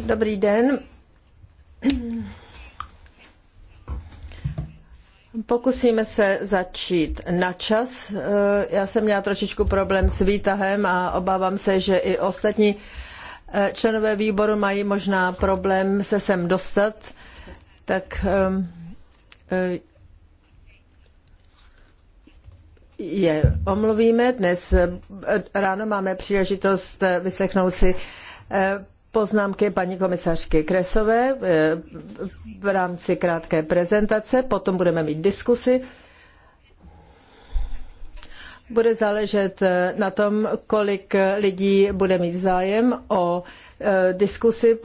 Dobrý den. Pokusíme se začít na čas. Já jsem měla trošičku problém s výtahem a obávám se, že i ostatní eh, členové výboru mají možná problém se sem dostat. Tak ehm, eh, je omluvíme. Dnes eh, ráno máme příležitost vyslechnout si Eh, poznámky paní komisařky Kresové eh, v rámci krátké prezentace, potom budeme mít diskusi. Bude záležet eh, na tom, kolik lidí bude mít zájem o diskusi.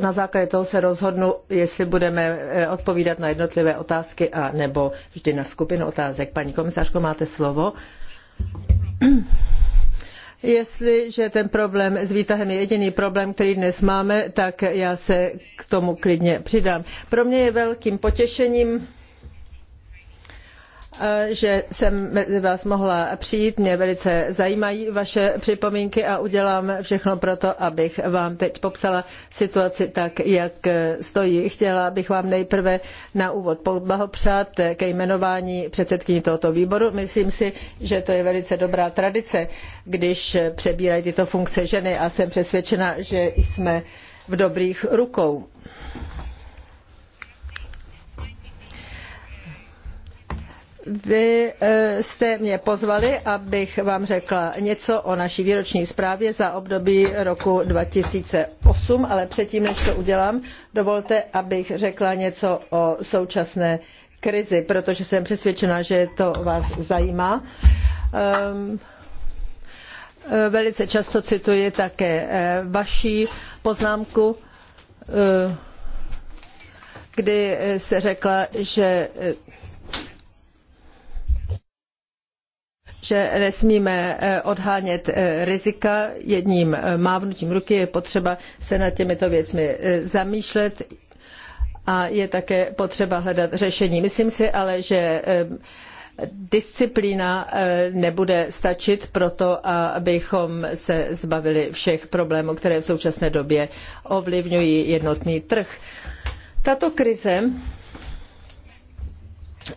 Na základě toho se rozhodnu, jestli budeme odpovídat na jednotlivé otázky a nebo vždy na skupinu otázek. Paní komisařko, máte slovo. Jestliže ten problém s výtahem je jediný problém, který dnes máme, tak já se k tomu klidně přidám. Pro mě je velkým potěšením že jsem mezi vás mohla přijít. Mě velice zajímají vaše připomínky a udělám všechno pro to, abych vám teď popsala situaci tak, jak e, stojí. Chtěla bych vám nejprve na úvod poblahopřát ke jmenování předsedkyní tohoto výboru. Myslím si, že to je velice dobrá tradice, když přebírají tyto funkce ženy a jsem přesvědčena, že jsme v dobrých rukou Vy eh, jste mě pozvali, abych vám řekla něco o naší výroční zprávě za období roku 2008, ale předtím, než to udělám, dovolte, abych řekla něco o současné krizi, protože jsem přesvědčena, že to vás zajímá. Um, velice často cituji také eh, vaší poznámku, kdy se řekla, že že nesmíme eh, odhánět eh, rizika jedním eh, mávnutím ruky, je potřeba se nad těmito věcmi zamýšlet a je také potřeba hledat řešení. Myslím si ale, že disciplína nebude stačit pro to, abychom se zbavili všech problémů, které v současné době ovlivňují jednotný trh. Tato krize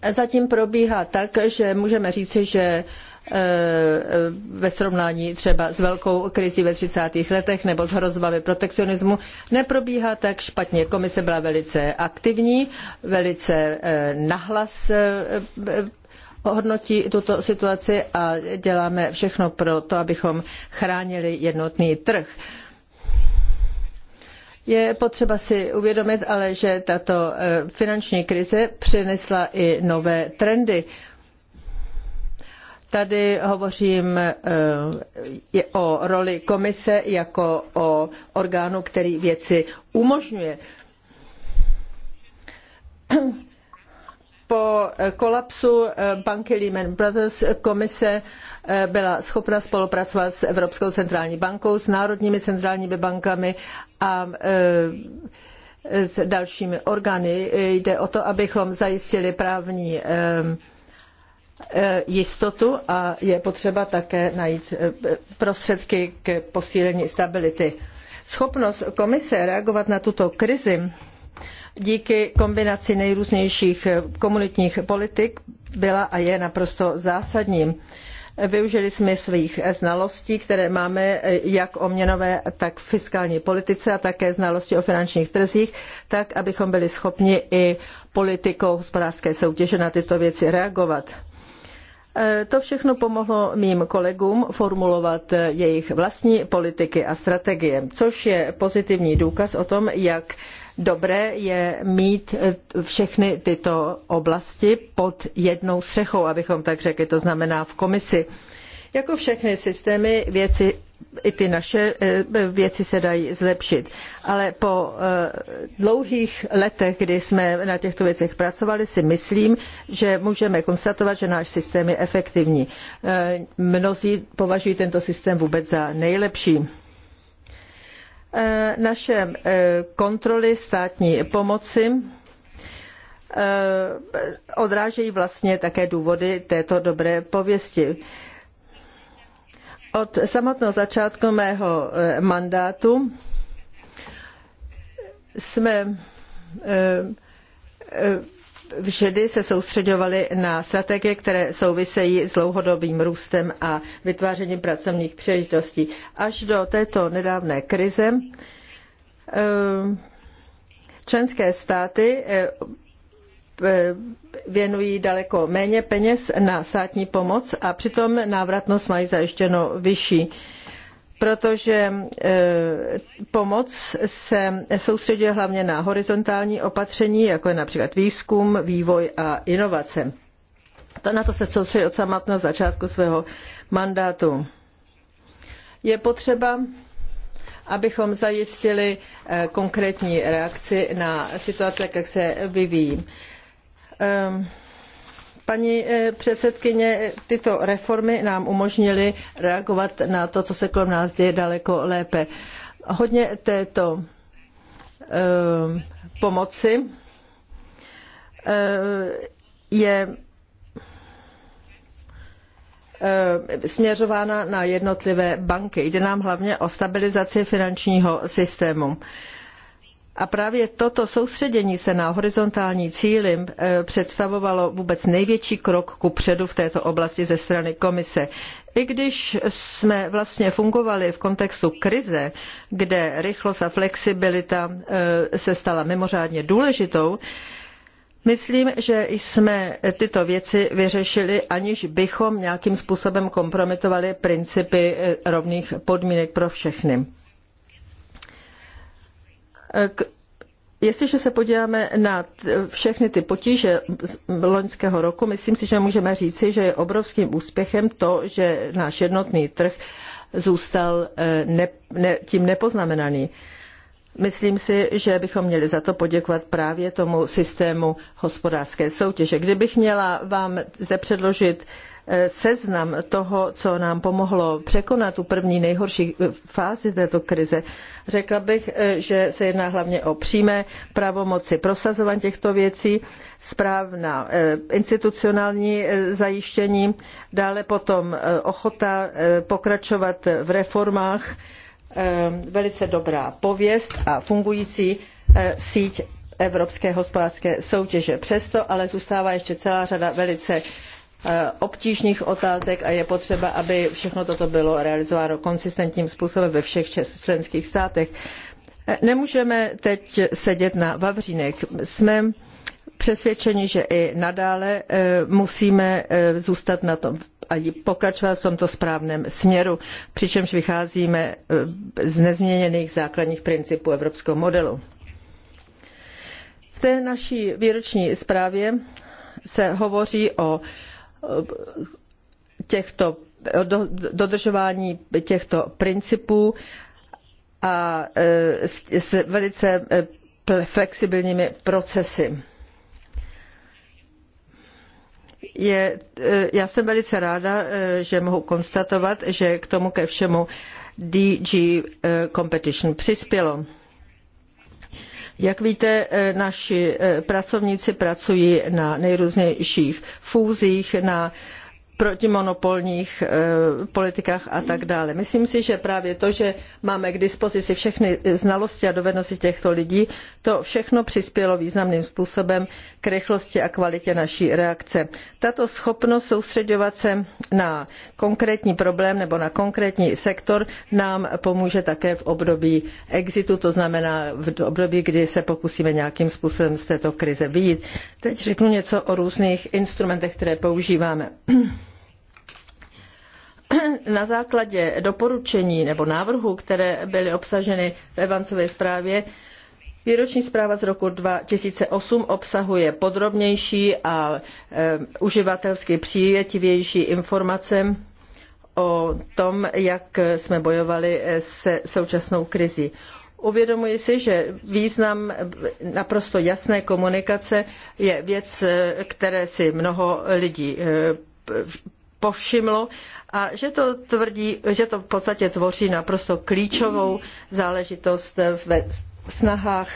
zatím probíhá tak, že můžeme říci, že Eh, eh, ve srovnání třeba s velkou krizí ve 30. letech nebo s hrozbami protekcionismu neprobíhá tak špatně. Komise byla velice aktivní, velice eh, nahlas hodnotí tuto situaci a děláme všechno pro to, abychom chránili jednotný trh. Je potřeba si uvědomit ale, že tato finanční krize přinesla i nové trendy. Tady hovořím eh, o roli komise jako o orgánu, který věci umožňuje. Po kolapsu eh, banky Lehman Brothers komise eh, byla schopna spolupracovat s Evropskou centrální bankou, s národními centrálními bankami a s dalšími orgány. Jde o to, abychom zajistili právní E, jistotu a je potřeba také najít e, prostředky k posílení stability. Schopnost komise reagovat na tuto krizi díky kombinaci nejrůznějších e, komunitních politik byla a je naprosto zásadní. Využili jsme svých znalostí, které máme jak o měnové, tak fiskální politice a také znalosti o finančních trzích, tak abychom byli schopni i politikou hospodářské soutěže na tyto věci reagovat. E, to všechno pomohlo mým kolegům formulovat jejich vlastní politiky a strategie, což je pozitivní důkaz o tom, jak dobré je mít všechny tyto oblasti pod jednou střechou, abychom tak řekli, to znamená v komisi. Jako všechny systémy věci i ty naše eh, věci se dají zlepšit. Ale po eh, dlouhých letech, kdy jsme na těchto věcech pracovali, si myslím, že můžeme konstatovat, že náš systém je efektivní. Eh, mnozí považují tento systém vůbec za nejlepší naše kontroly státní pomoci odrážejí vlastně také důvody této dobré pověsti. Od samotného začátku mého eh, mandátu jsme eh, eh, vždy se soustředovali na strategie, které souvisejí s dlouhodobým růstem a vytvářením pracovních příležitostí. Až do této nedávné krize členské státy Eh, věnují daleko méně peněz na státní pomoc a přitom návratnost mají zajištěno vyšší protože eh, pomoc se soustředuje hlavně na horizontální opatření, jako je například výzkum, vývoj a inovace. To na to se soustředí od samotného začátku svého mandátu. Je potřeba, abychom zajistili eh, konkrétní reakci na situace, jak se vyvíjí. Ehm, paní eh, předsedkyně, tyto reformy nám umožnily reagovat na to, co se kolem nás děje daleko lépe. Hodně této ehm, pomoci eh, je ehm, směřována na jednotlivé banky. Jde nám hlavně o stabilizaci finančního systému. A právě toto soustředění se na horizontální cíly eh, představovalo vůbec největší krok kupředu v této oblasti ze strany komise. I když jsme vlastně fungovali v kontextu krize, kde rychlost a flexibilita eh, se stala mimořádně důležitou, Myslím, že jsme tyto věci vyřešili, aniž bychom nějakým způsobem kompromitovali principy eh, rovných podmínek pro všechny. K, jestliže se podíváme na všechny ty potíže loňského roku, myslím si, že můžeme říci, že je obrovským úspěchem to, že náš jednotný trh zůstal eh, ne, ne, tím nepoznamenaný. Myslím si, že bychom měli za to poděkovat právě tomu systému hospodářské soutěže. Kdybych měla vám zepředložit předložit seznam toho, co nám pomohlo překonat tu první nejhorší fázi této krize. Řekla bych, eh, že se jedná hlavně o přímé pravomoci prosazování těchto věcí, správná eh, institucionální eh, zajištění, dále potom ochota pokračovat v reformách, velice dobrá pověst a fungující síť evropské hospodářské soutěže. Přesto ale zůstává ještě celá řada velice Eh, obtížných otázek a je potřeba, aby všechno toto bylo realizováno konsistentním způsobem ve všech členských státech. Eh, nemůžeme teď sedět na vavřínech. Jsme přesvědčeni, že i nadále eh, musíme zůstat na tom a pokračovat v tomto správném směru, přičemž vycházíme z nezměněných základních principů evropského modelu. V té naší výroční zprávě se hovoří o těchto, dodržování těchto principů a e, s velice e, flexibilními procesy. Je, e, já jsem velice ráda, že mohu konstatovat, že k tomu ke všemu DG Competition přispělo. Jak víte, eh, naši eh, pracovníci pracují na nejrůznějších fúzích, na protimonopolních eh, politikách a tak dále. Myslím si, že právě to, že máme k dispozici všechny znalosti a dovednosti těchto lidí, to všechno přispělo významným způsobem k rychlosti a kvalitě naší reakce. Tato schopnost soustředovat se na konkrétní problém nebo na konkrétní sektor nám pomůže také v období exitu, to znamená v období, kdy se pokusíme nějakým způsobem z této krize vyjít. Teď řeknu něco o různých instrumentech, které používáme. na základě doporučení nebo návrhů, které byly obsaženy v Evancové zprávě, Výroční zpráva z roku 2008 obsahuje podrobnější a e, uživatelsky přívětivější informace o tom, jak jsme bojovali eh, se současnou krizí. Uvědomuji si, že význam naprosto jasné komunikace je věc, eh, které si mnoho lidí povšimlo a že to tvrdí, že to v podstatě tvoří naprosto klíčovou záležitost ve snahách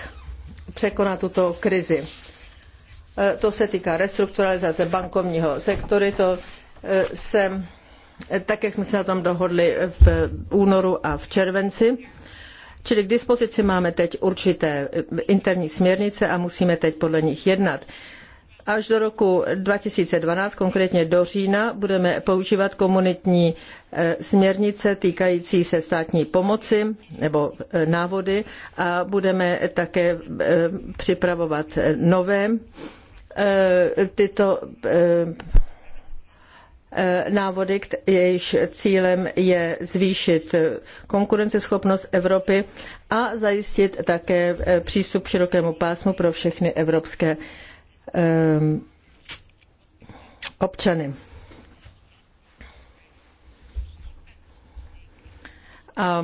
překonat tuto krizi. E, to se týká restrukturalizace bankovního sektoru, to e, se, e, tak jak jsme se na tom dohodli v únoru a v červenci, Čili k dispozici máme teď určité interní směrnice a musíme teď podle nich jednat. Až do roku 2012, konkrétně do října, budeme používat komunitní e, směrnice týkající se státní pomoci nebo e, návody a budeme také e, připravovat nové tyto návody, jejichž cílem je zvýšit konkurenceschopnost Evropy a zajistit také přístup k širokému pásmu pro všechny evropské Ehm, občany. A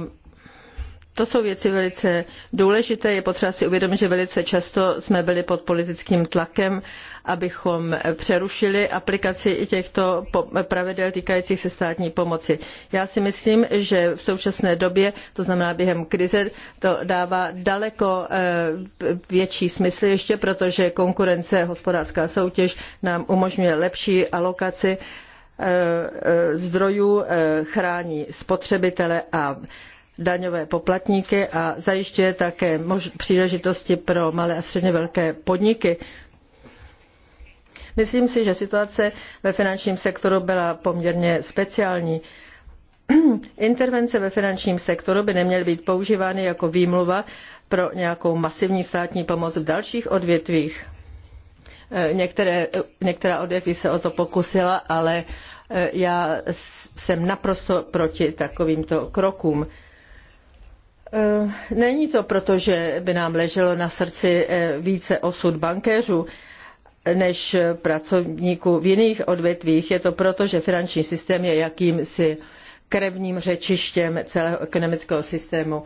to jsou věci velice důležité. Je potřeba si uvědomit, že velice často jsme byli pod politickým tlakem, abychom přerušili aplikaci těchto pravidel týkajících se státní pomoci. Já si myslím, že v současné době, to znamená během krize, to dává daleko eh, větší smysl ještě, protože konkurence, hospodářská soutěž nám umožňuje lepší alokaci eh, eh, zdrojů, chrání spotřebitele a daňové poplatníky a zajišťuje také příležitosti pro malé a středně velké podniky. Myslím si, že situace ve finančním sektoru byla poměrně speciální. Intervence ve finančním sektoru by neměly být používány jako výmluva pro nějakou masivní státní pomoc v dalších odvětvích. Eh, některé, eh, některá odvětví se o to pokusila, ale eh, já jsem naprosto proti takovýmto krokům. Eh, není to proto, že by nám leželo na srdci eh, více osud bankéřů než pracovníků v jiných odvětvích. Je to proto, že finanční systém je jakýmsi krevním řečištěm celého ekonomického systému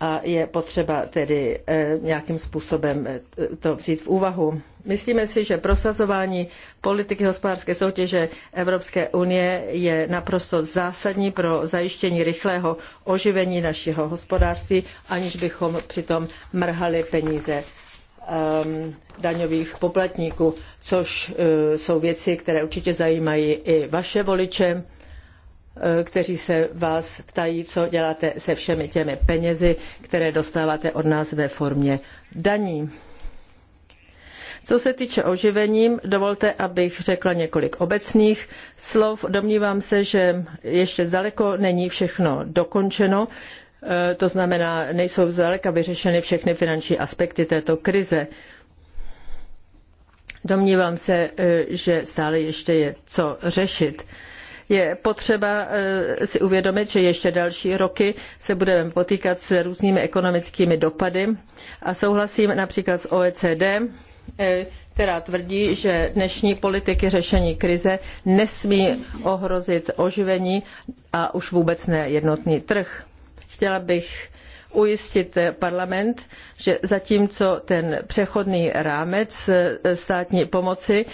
a je potřeba tedy eh, nějakým způsobem eh, to vzít v úvahu. Myslíme si, že prosazování politiky hospodářské soutěže Evropské unie je naprosto zásadní pro zajištění rychlého oživení našeho hospodářství, aniž bychom přitom mrhali peníze ehm, daňových poplatníků, což eh, jsou věci, které určitě zajímají i vaše voliče. Eh, kteří se vás ptají, co děláte se všemi těmi penězi, které dostáváte od nás ve formě daní. Co se týče oživení, dovolte, abych řekla několik obecných slov. Domnívám se, že ještě daleko není všechno dokončeno. Eh, to znamená, nejsou zdaleka vyřešeny všechny finanční aspekty této krize. Domnívám se, eh, že stále ještě je co řešit. Je potřeba eh, si uvědomit, že ještě další roky se budeme potýkat s různými ekonomickými dopady a souhlasím například s OECD, eh, která tvrdí, že dnešní politiky řešení krize nesmí ohrozit oživení a už vůbec ne jednotný trh. Chtěla bych ujistit parlament, že zatímco ten přechodný rámec eh, státní pomoci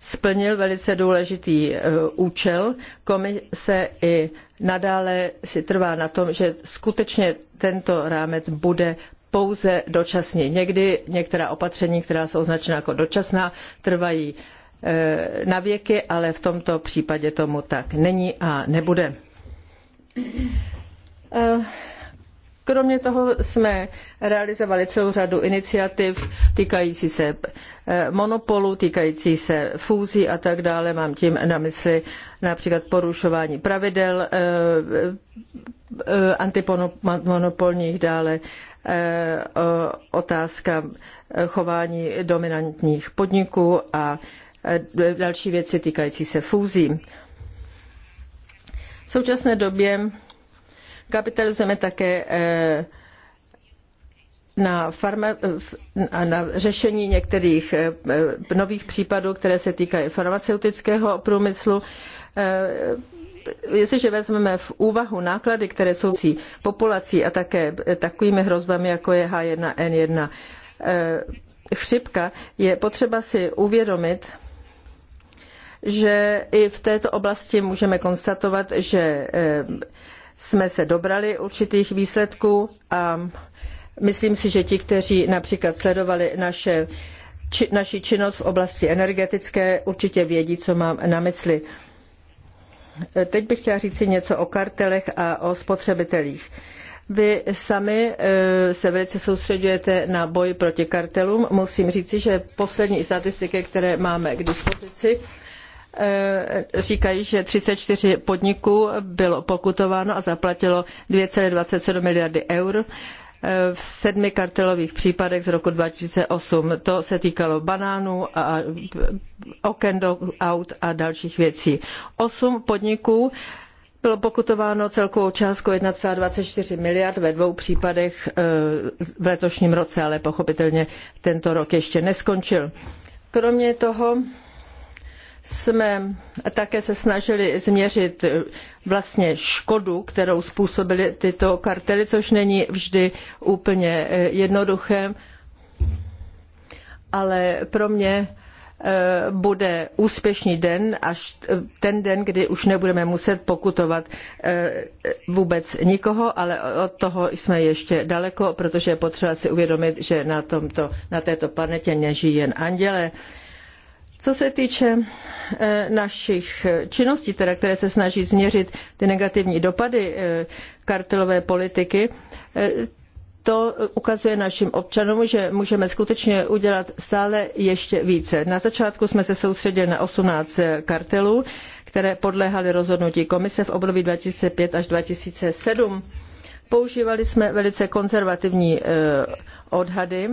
splnil velice důležitý e, účel. Komise i nadále si trvá na tom, že skutečně tento rámec bude pouze dočasně. Někdy některá opatření, která jsou označena jako dočasná, trvají e, na věky, ale v tomto případě tomu tak není a nebude. E, Kromě toho jsme realizovali celou řadu iniciativ týkající se eh, monopolu, týkající se fúzí a tak dále. Mám tím na mysli například porušování pravidel eh, eh, antimonopolních dále otázka chování dominantních podniků a další věci týkající se fúzí. V současné době Kapitalizujeme také eh, na, farma, eh, na řešení některých eh, nových případů, které se týkají farmaceutického průmyslu jestliže vezmeme v úvahu náklady, které jsou populací a také takovými hrozbami, jako je H1N1 chřipka, je potřeba si uvědomit, že i v této oblasti můžeme konstatovat, že jsme se dobrali určitých výsledků a myslím si, že ti, kteří například sledovali naše, či, naši činnost v oblasti energetické, určitě vědí, co mám na mysli. Teď bych chtěla říci něco o kartelech a o spotřebitelích. Vy sami eh, se velice soustředujete na boj proti kartelům. Musím říci, že poslední statistiky, které máme k dispozici, Eh, říkají, že 34 podniků bylo pokutováno a zaplatilo 2,27 miliardy eur eh, v sedmi kartelových případech z roku 2008. To se týkalo banánů a oken do aut a dalších věcí. Osm podniků bylo pokutováno celkovou částkou 1,24 miliard ve dvou případech eh, v letošním roce, ale pochopitelně tento rok ještě neskončil. Kromě toho jsme také se snažili změřit eh, vlastně škodu, kterou způsobily tyto kartely, což není vždy úplně eh, jednoduché, ale pro mě eh, bude úspěšný den, až ten den, kdy už nebudeme muset pokutovat vůbec nikoho, ale od toho jsme ještě daleko, protože je potřeba si uvědomit, že na, tomto, na této planetě nežijí jen anděle. Co se týče eh, našich činností, teda, které se snaží změřit ty negativní dopady eh, kartelové politiky, eh, to ukazuje našim občanům, že můžeme skutečně udělat stále ještě více. Na začátku jsme se soustředili na 18 kartelů, které podléhaly rozhodnutí komise v období 2005 až 2007. Používali jsme velice konzervativní odhady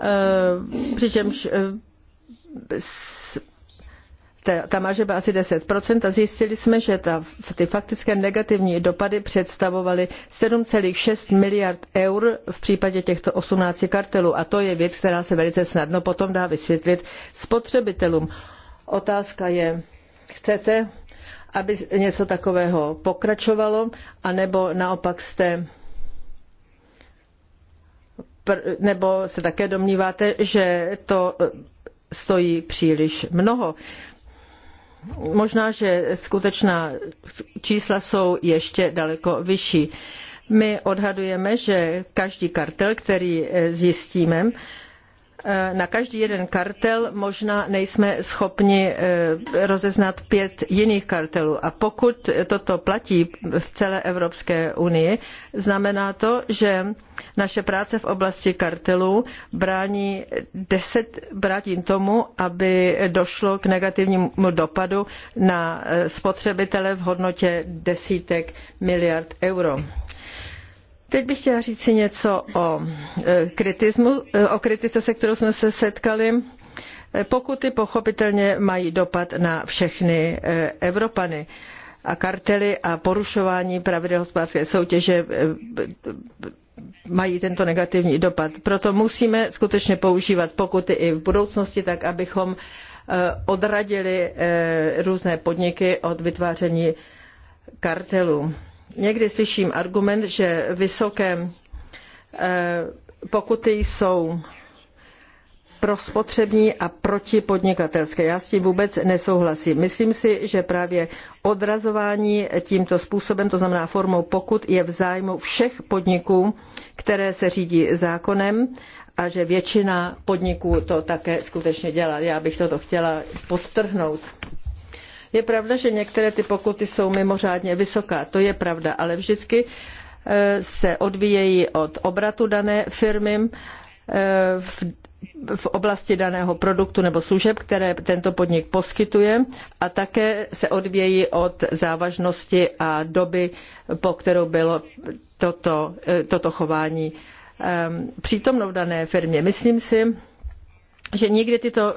Eh, přičemž eh, ta marže byla asi 10% a zjistili jsme, že ta, ty faktické negativní dopady představovaly 7,6 miliard eur v případě těchto 18 kartelů a to je věc, která se velice snadno potom dá vysvětlit spotřebitelům. Otázka je, chcete, aby něco takového pokračovalo, anebo naopak jste nebo se také domníváte, že to eh, stojí příliš mnoho. Možná, že skutečná čísla jsou ještě daleko vyšší. My odhadujeme, že každý kartel, který eh, zjistíme, na každý jeden kartel možná nejsme schopni eh, rozeznat pět jiných kartelů. A pokud toto platí v celé Evropské unii, znamená to, že naše práce v oblasti kartelů brání deset brání tomu, aby došlo k negativnímu dopadu na eh, spotřebitele v hodnotě desítek miliard euro. Teď bych chtěla říct si něco o, e, kritismu, e, o kritice, se kterou jsme se setkali. E, pokuty pochopitelně mají dopad na všechny Evropany a kartely a porušování pravidel hospodářské soutěže mají tento negativní dopad. Proto musíme skutečně používat pokuty i v budoucnosti, tak abychom odradili různé podniky od vytváření kartelů. Někdy slyším argument, že vysoké eh, pokuty jsou prospotřební a protipodnikatelské. Já s tím vůbec nesouhlasím. Myslím si, že právě odrazování tímto způsobem, to znamená formou pokut, je v zájmu všech podniků, které se řídí zákonem a že většina podniků to také skutečně dělá. Já bych toto chtěla podtrhnout. Je pravda, že některé ty pokuty jsou mimořádně vysoká, to je pravda, ale vždycky eh, se odvíjejí od obratu dané firmy eh, v oblasti daného produktu nebo služeb, které tento podnik poskytuje a také se odvíjejí od závažnosti a doby, po kterou bylo toto, eh, toto chování přítomno v dané firmě. Myslím si, že nikdy tyto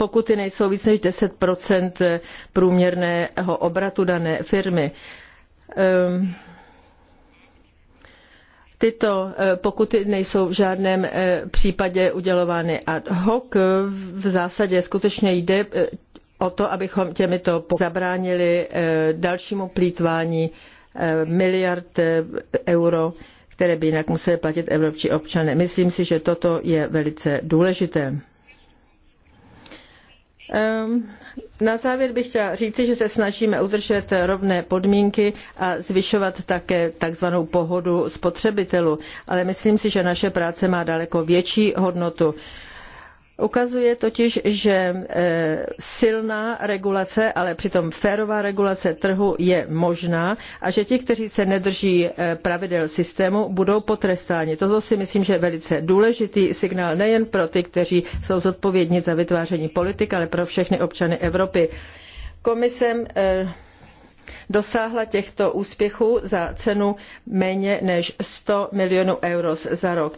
pokuty nejsou více než 10 průměrného obratu dané firmy. Ehm, tyto eh, pokuty nejsou v žádném eh, případě udělovány ad hoc. V zásadě skutečně jde eh, o to, abychom těmito zabránili dalšímu plítvání miliard euro, které by jinak museli platit evropští občané. Myslím si, že toto je velice důležité. Ehm, na závěr bych chtěla říci, že se snažíme udržet rovné podmínky a zvyšovat také takzvanou pohodu spotřebitelů, ale myslím si, že naše práce má daleko větší hodnotu. Ukazuje totiž, že e, silná regulace, ale přitom férová regulace trhu je možná a že ti, kteří se nedrží e, pravidel systému, budou potrestáni. Toto si myslím, že je velice důležitý signál nejen pro ty, kteří jsou zodpovědní za vytváření politik, ale pro všechny občany Evropy. Komisem e, dosáhla těchto úspěchů za cenu méně než 100 milionů euro za rok.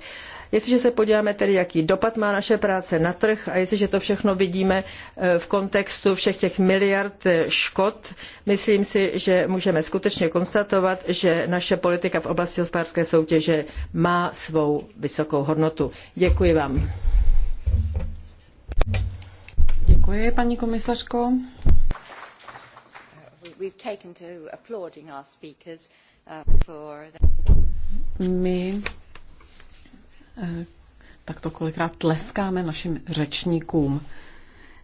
Jestliže se podíváme tedy, jaký dopad má naše práce na trh a jestliže to všechno vidíme eh, v kontextu všech těch miliard eh, škod, myslím si, že můžeme skutečně konstatovat, že naše politika v oblasti hospodářské soutěže má svou vysokou hodnotu. Děkuji vám. Děkuji, paní komisařko. Uh, My Eh, takto kolikrát tleskáme našim řečníkům.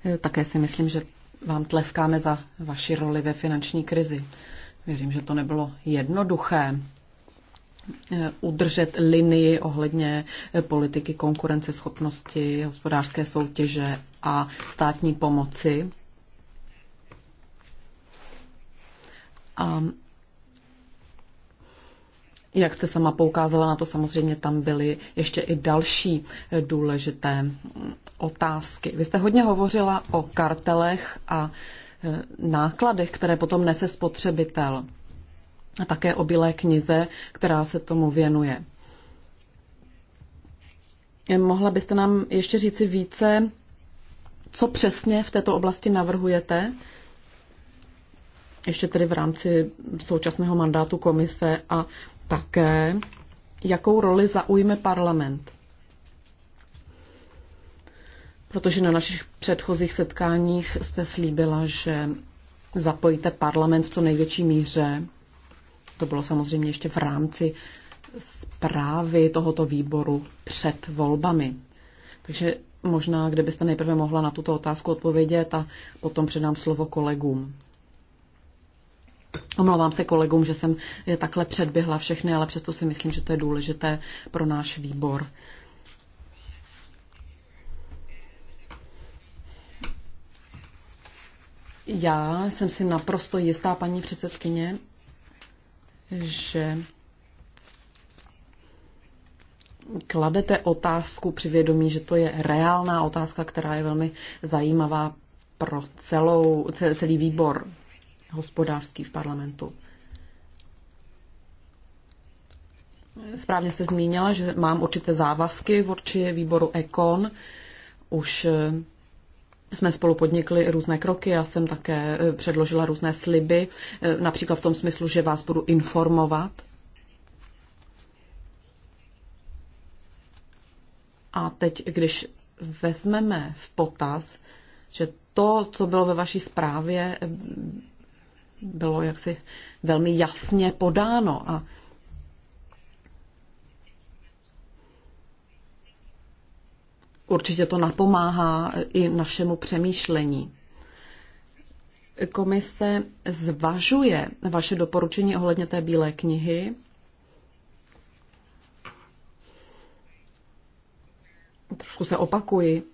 Eh, také si myslím, že vám tleskáme za vaši roli ve finanční krizi. Věřím, že to nebylo jednoduché eh, udržet linii ohledně politiky konkurenceschopnosti, hospodářské soutěže a státní pomoci. A jak jste sama poukázala na to, samozřejmě tam byly ještě i další eh, důležité mm, otázky. Vy jste hodně hovořila o kartelech a eh, nákladech, které potom nese spotřebitel. A také o bílé knize, která se tomu věnuje. Eh, mohla byste nám ještě říci více, co přesně v této oblasti navrhujete? Ještě tedy v rámci současného mandátu komise a také, jakou roli zaujme parlament. Protože na našich předchozích setkáních jste slíbila, že zapojíte parlament v co největší míře. To bylo samozřejmě ještě v rámci zprávy tohoto výboru před volbami. Takže možná, kdybyste nejprve mohla na tuto otázku odpovědět a potom předám slovo kolegům. Omlouvám se kolegům, že jsem je takhle předběhla všechny, ale přesto si myslím, že to je důležité pro náš výbor. Já jsem si naprosto jistá, paní předsedkyně, že kladete otázku při vědomí, že to je reálná otázka, která je velmi zajímavá pro celou, celý výbor hospodářský v parlamentu. Správně jste zmínila, že mám určité závazky v určitě výboru Ekon. Už eh, jsme spolu podnikli různé kroky, já jsem také eh, předložila různé sliby, eh, například v tom smyslu, že vás budu informovat. A teď, když vezmeme v potaz, že to, co bylo ve vaší zprávě, bylo jaksi velmi jasně podáno. A určitě to napomáhá i našemu přemýšlení. Komise zvažuje vaše doporučení ohledně té bílé knihy. Trošku se opakuji,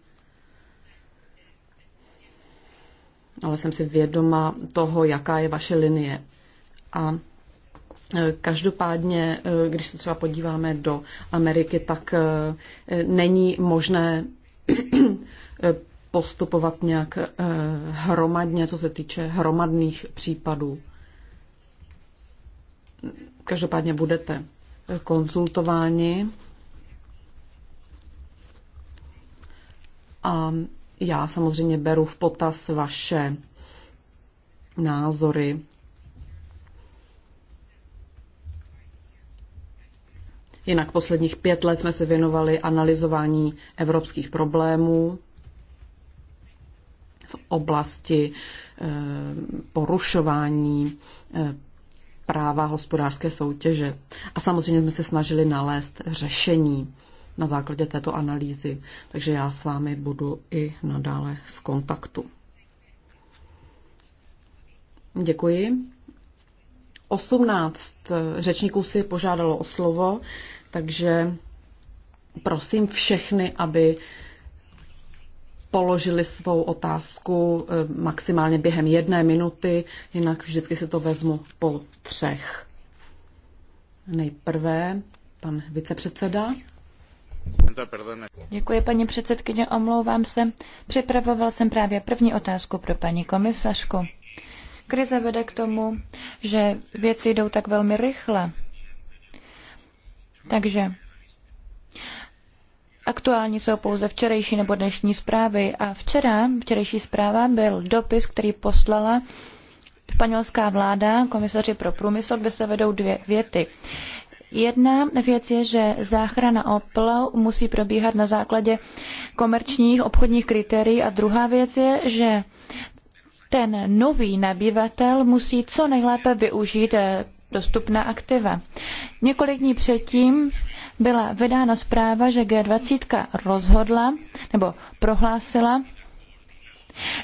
ale jsem si vědoma toho, jaká je vaše linie. A e, Každopádně, e, když se třeba podíváme do Ameriky, tak e, není možné postupovat nějak hromadně, co se týče hromadných případů. Každopádně budete konzultováni a já samozřejmě beru v potaz vaše názory. Jinak posledních pět let jsme se věnovali analyzování evropských problémů v oblasti eh, porušování eh, práva hospodářské soutěže. A samozřejmě jsme se snažili nalézt řešení na základě této analýzy. Takže já s vámi budu i nadále v kontaktu. Děkuji. 18 eh, řečníků si požádalo o slovo, takže prosím všechny, aby položili svou otázku eh, maximálně během jedné minuty, jinak vždycky si to vezmu po třech. Nejprve pan vicepředseda. Děkuji, paní předsedkyně, omlouvám se. Připravoval jsem právě první otázku pro paní komisařku. Krize vede k tomu, že věci jdou tak velmi rychle. Takže aktuální jsou pouze včerejší nebo dnešní zprávy. A včera, včerejší zpráva byl dopis, který poslala španělská vláda komisaři pro průmysl, kde se vedou dvě věty. Jedna věc je, že záchrana Opel musí probíhat na základě komerčních obchodních kritérií a druhá věc je, že ten nový nabývatel musí co nejlépe využít eh, dostupná aktiva. Několik dní předtím byla vydána zpráva, že G20 rozhodla nebo prohlásila,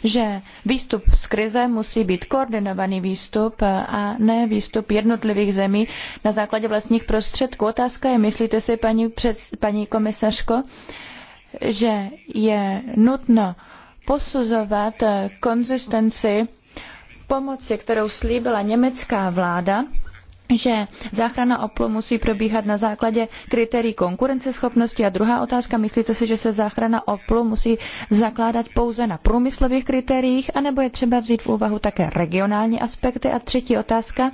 že výstup z krize musí být koordinovaný výstup a ne výstup jednotlivých zemí na základě vlastních prostředků. Otázka je, myslíte si, paní, před, paní komisařko, že je nutno posuzovat konzistenci pomoci, kterou slíbila německá vláda že záchrana Oplu musí probíhat na základě kritérií konkurenceschopnosti. A druhá otázka, myslíte si, že se záchrana Oplu musí zakládat pouze na průmyslových kritériích, anebo je třeba vzít v úvahu také regionální aspekty? A třetí otázka,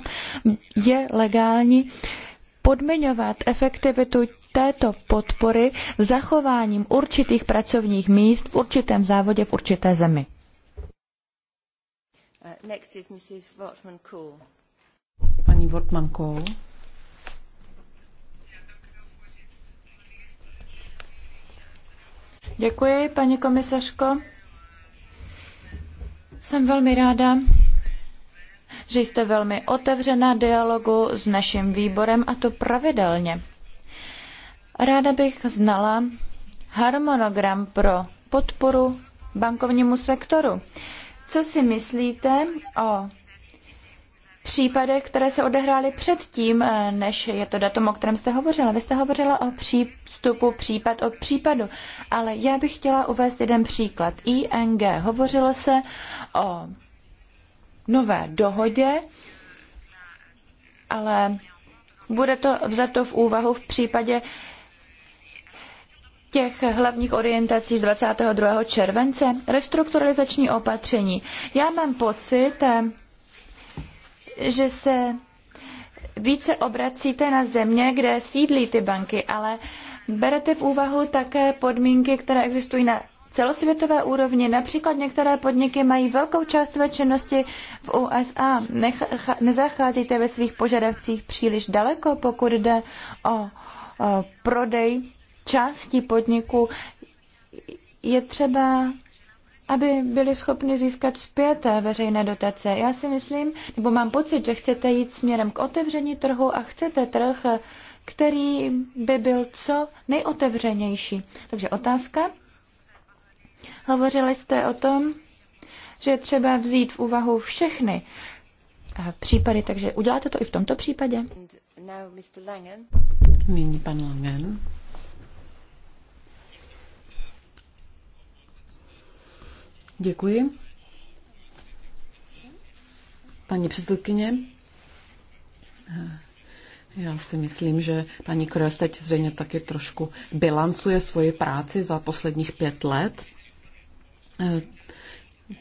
je legální podmiňovat efektivitu této podpory zachováním určitých pracovních míst v určitém závodě v určité zemi? Uh, Paní Wortmankou. Děkuji, paní komisařko. Jsem velmi ráda, že jste velmi otevřená dialogu s naším výborem a to pravidelně. Ráda bych znala harmonogram pro podporu bankovnímu sektoru. Co si myslíte o případech, které se odehrály předtím, eh, než je to datum, o kterém jste hovořila. Vy jste hovořila o přístupu případ od případu, ale já bych chtěla uvést jeden příklad. ING. Hovořilo se o nové dohodě, ale bude to vzato v úvahu v případě těch hlavních orientací z 22. července, restrukturalizační opatření. Já mám pocit, eh, že se více obracíte na země, kde sídlí ty banky, ale berete v úvahu také podmínky, které existují na celosvětové úrovni. Například některé podniky mají velkou část své činnosti v USA. Nech- nezacházíte ve svých požadavcích příliš daleko, pokud jde o, o prodej části podniku. Je třeba aby byli schopni získat zpět veřejné dotace. Já si myslím, nebo mám pocit, že chcete jít směrem k otevření trhu a chcete trh, který by byl co nejotevřenější. Takže otázka. Hovořili jste o tom, že je třeba vzít v úvahu všechny eh, případy, takže uděláte to i v tomto případě? Nyní pan Langen. Děkuji. Paní předsedkyně, já si myslím, že paní Kroes teď zřejmě taky trošku bilancuje svoji práci za posledních pět let.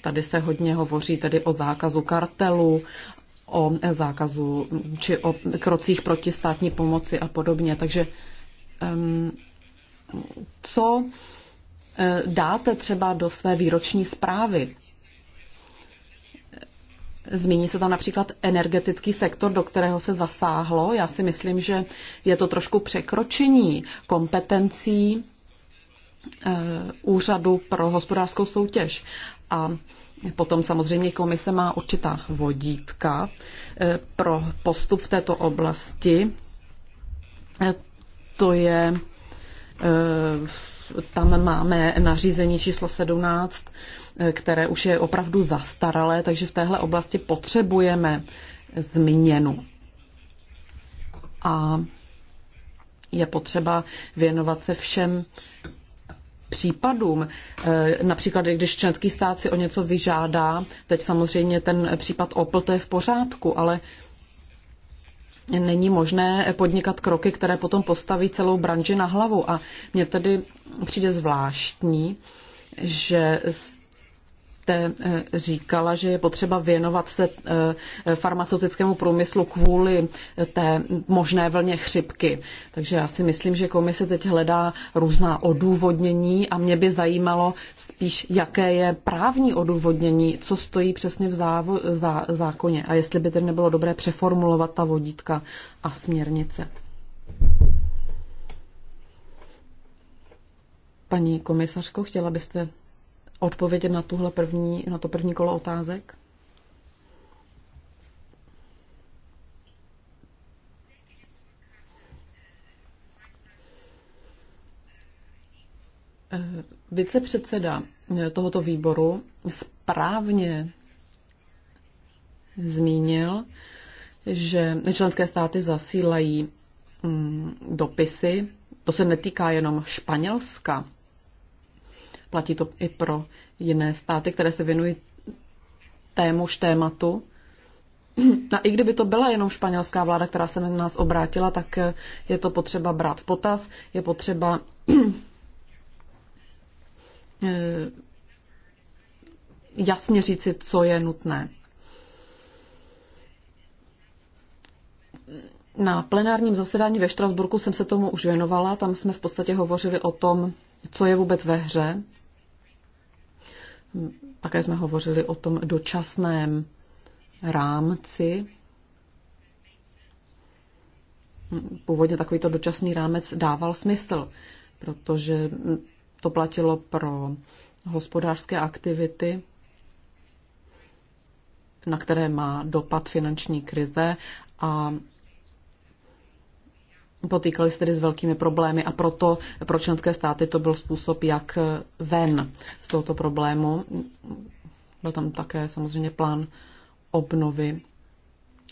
Tady se hodně hovoří tedy o zákazu kartelu, o zákazu či o krocích proti státní pomoci a podobně. Takže ehm, co Eh, dáte třeba do své výroční zprávy. Zmíní se tam například energetický sektor, do kterého se zasáhlo. Já si myslím, že je to trošku překročení kompetencí eh, úřadu pro hospodářskou soutěž. A potom samozřejmě komise má určitá vodítka eh, pro postup v této oblasti. To je tam máme nařízení číslo 17, eh, které už je opravdu zastaralé, takže v téhle oblasti potřebujeme změnu. A je potřeba věnovat se všem případům. Eh, například, když členský stát si o něco vyžádá, teď samozřejmě ten případ Opl to je v pořádku, ale není možné podnikat kroky, které potom postaví celou branži na hlavu. A mně tedy přijde zvláštní, že jste eh, říkala, že je potřeba věnovat se eh, farmaceutickému průmyslu kvůli eh, té možné vlně chřipky. Takže já si myslím, že komise teď hledá různá odůvodnění a mě by zajímalo spíš, jaké je právní odůvodnění, co stojí přesně v závo- zá- zákoně a jestli by tedy nebylo dobré přeformulovat ta vodítka a směrnice. Paní komisařko, chtěla byste odpovědět na, tuhle první, na to první kolo otázek? Eh, vicepředseda eh, tohoto výboru správně zmínil, že členské státy zasílají mm, dopisy. To se netýká jenom Španělska, Platí to i pro jiné státy, které se věnují témuž tématu. A i kdyby to byla jenom španělská vláda, která se na nás obrátila, tak eh, je to potřeba brát v potaz, je potřeba eh, jasně říci, co je nutné. Na plenárním zasedání ve Štrasburku jsem se tomu už věnovala, tam jsme v podstatě hovořili o tom, co je vůbec ve hře také jsme hovořili o tom dočasném rámci. Původně takovýto dočasný rámec dával smysl, protože to platilo pro hospodářské aktivity, na které má dopad finanční krize a potýkali se tedy s velkými problémy a proto pro členské státy to byl způsob, jak ven z tohoto problému. Byl tam také samozřejmě plán obnovy.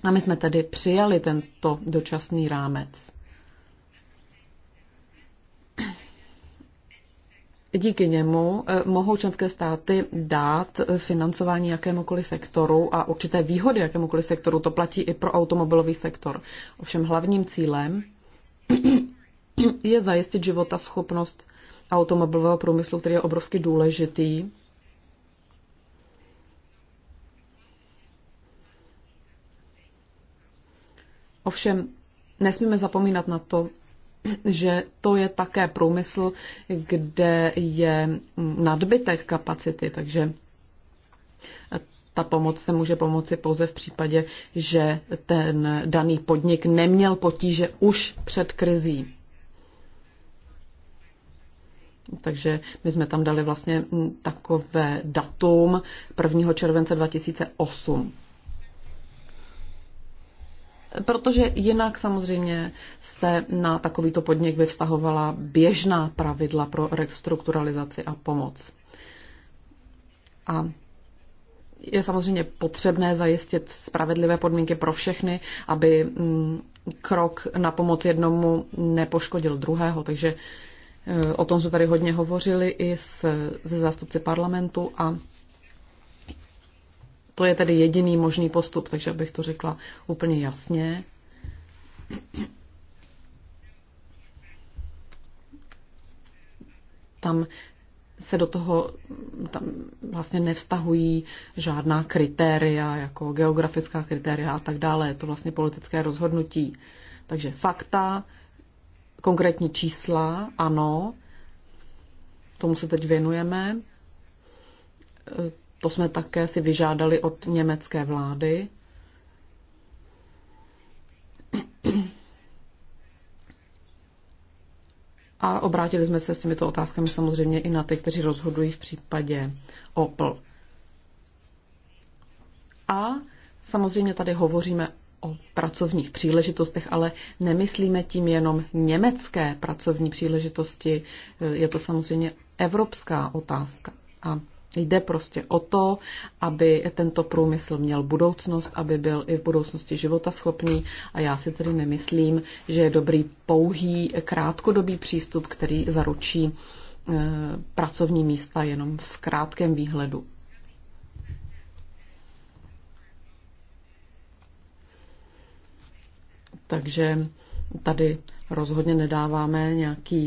A my jsme tedy přijali tento dočasný rámec. Díky němu eh, mohou členské státy dát financování jakémukoliv sektoru a určité výhody jakémukoliv sektoru. To platí i pro automobilový sektor. Ovšem hlavním cílem je zajistit života schopnost automobilového průmyslu, který je obrovsky důležitý. Ovšem, nesmíme zapomínat na to, že to je také průmysl, kde je nadbytek kapacity, takže ta pomoc se může pomoci pouze v případě, že ten daný podnik neměl potíže už před krizí. Takže my jsme tam dali vlastně mm, takové datum 1. července 2008. Protože jinak samozřejmě se na takovýto podnik by vztahovala běžná pravidla pro restrukturalizaci a pomoc. A je samozřejmě potřebné zajistit spravedlivé podmínky pro všechny, aby mm, krok na pomoc jednomu nepoškodil druhého. Takže e, o tom jsme tady hodně hovořili i se zástupci parlamentu a to je tedy jediný možný postup, takže abych to řekla úplně jasně. Tam se do toho tam vlastně nevztahují žádná kritéria, jako geografická kritéria a tak dále. Je to vlastně politické rozhodnutí. Takže fakta, konkrétní čísla, ano, tomu se teď věnujeme. E, to jsme také si vyžádali od německé vlády. a obrátili jsme se s těmito otázkami samozřejmě i na ty, kteří rozhodují v případě Opel. A samozřejmě tady hovoříme o pracovních příležitostech, ale nemyslíme tím jenom německé pracovní příležitosti, je to samozřejmě evropská otázka. A Jde prostě o to, aby tento průmysl měl budoucnost, aby byl i v budoucnosti životaschopný a já si tedy nemyslím, že je dobrý pouhý krátkodobý přístup, který zaručí eh, pracovní místa jenom v krátkém výhledu. Takže tady rozhodně nedáváme nějaký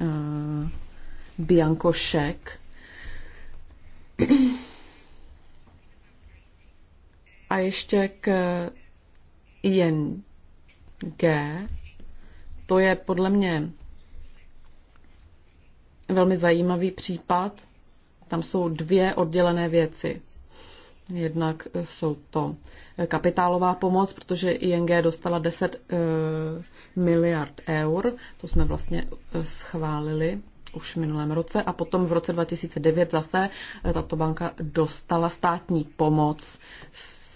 e, eh, biankošek, a ještě k ING. To je podle mě velmi zajímavý případ. Tam jsou dvě oddělené věci. Jednak jsou to kapitálová pomoc, protože ING dostala 10 eh, miliard eur, to jsme vlastně eh, schválili už v minulém roce a potom v roce 2009 zase eh, tato banka dostala státní pomoc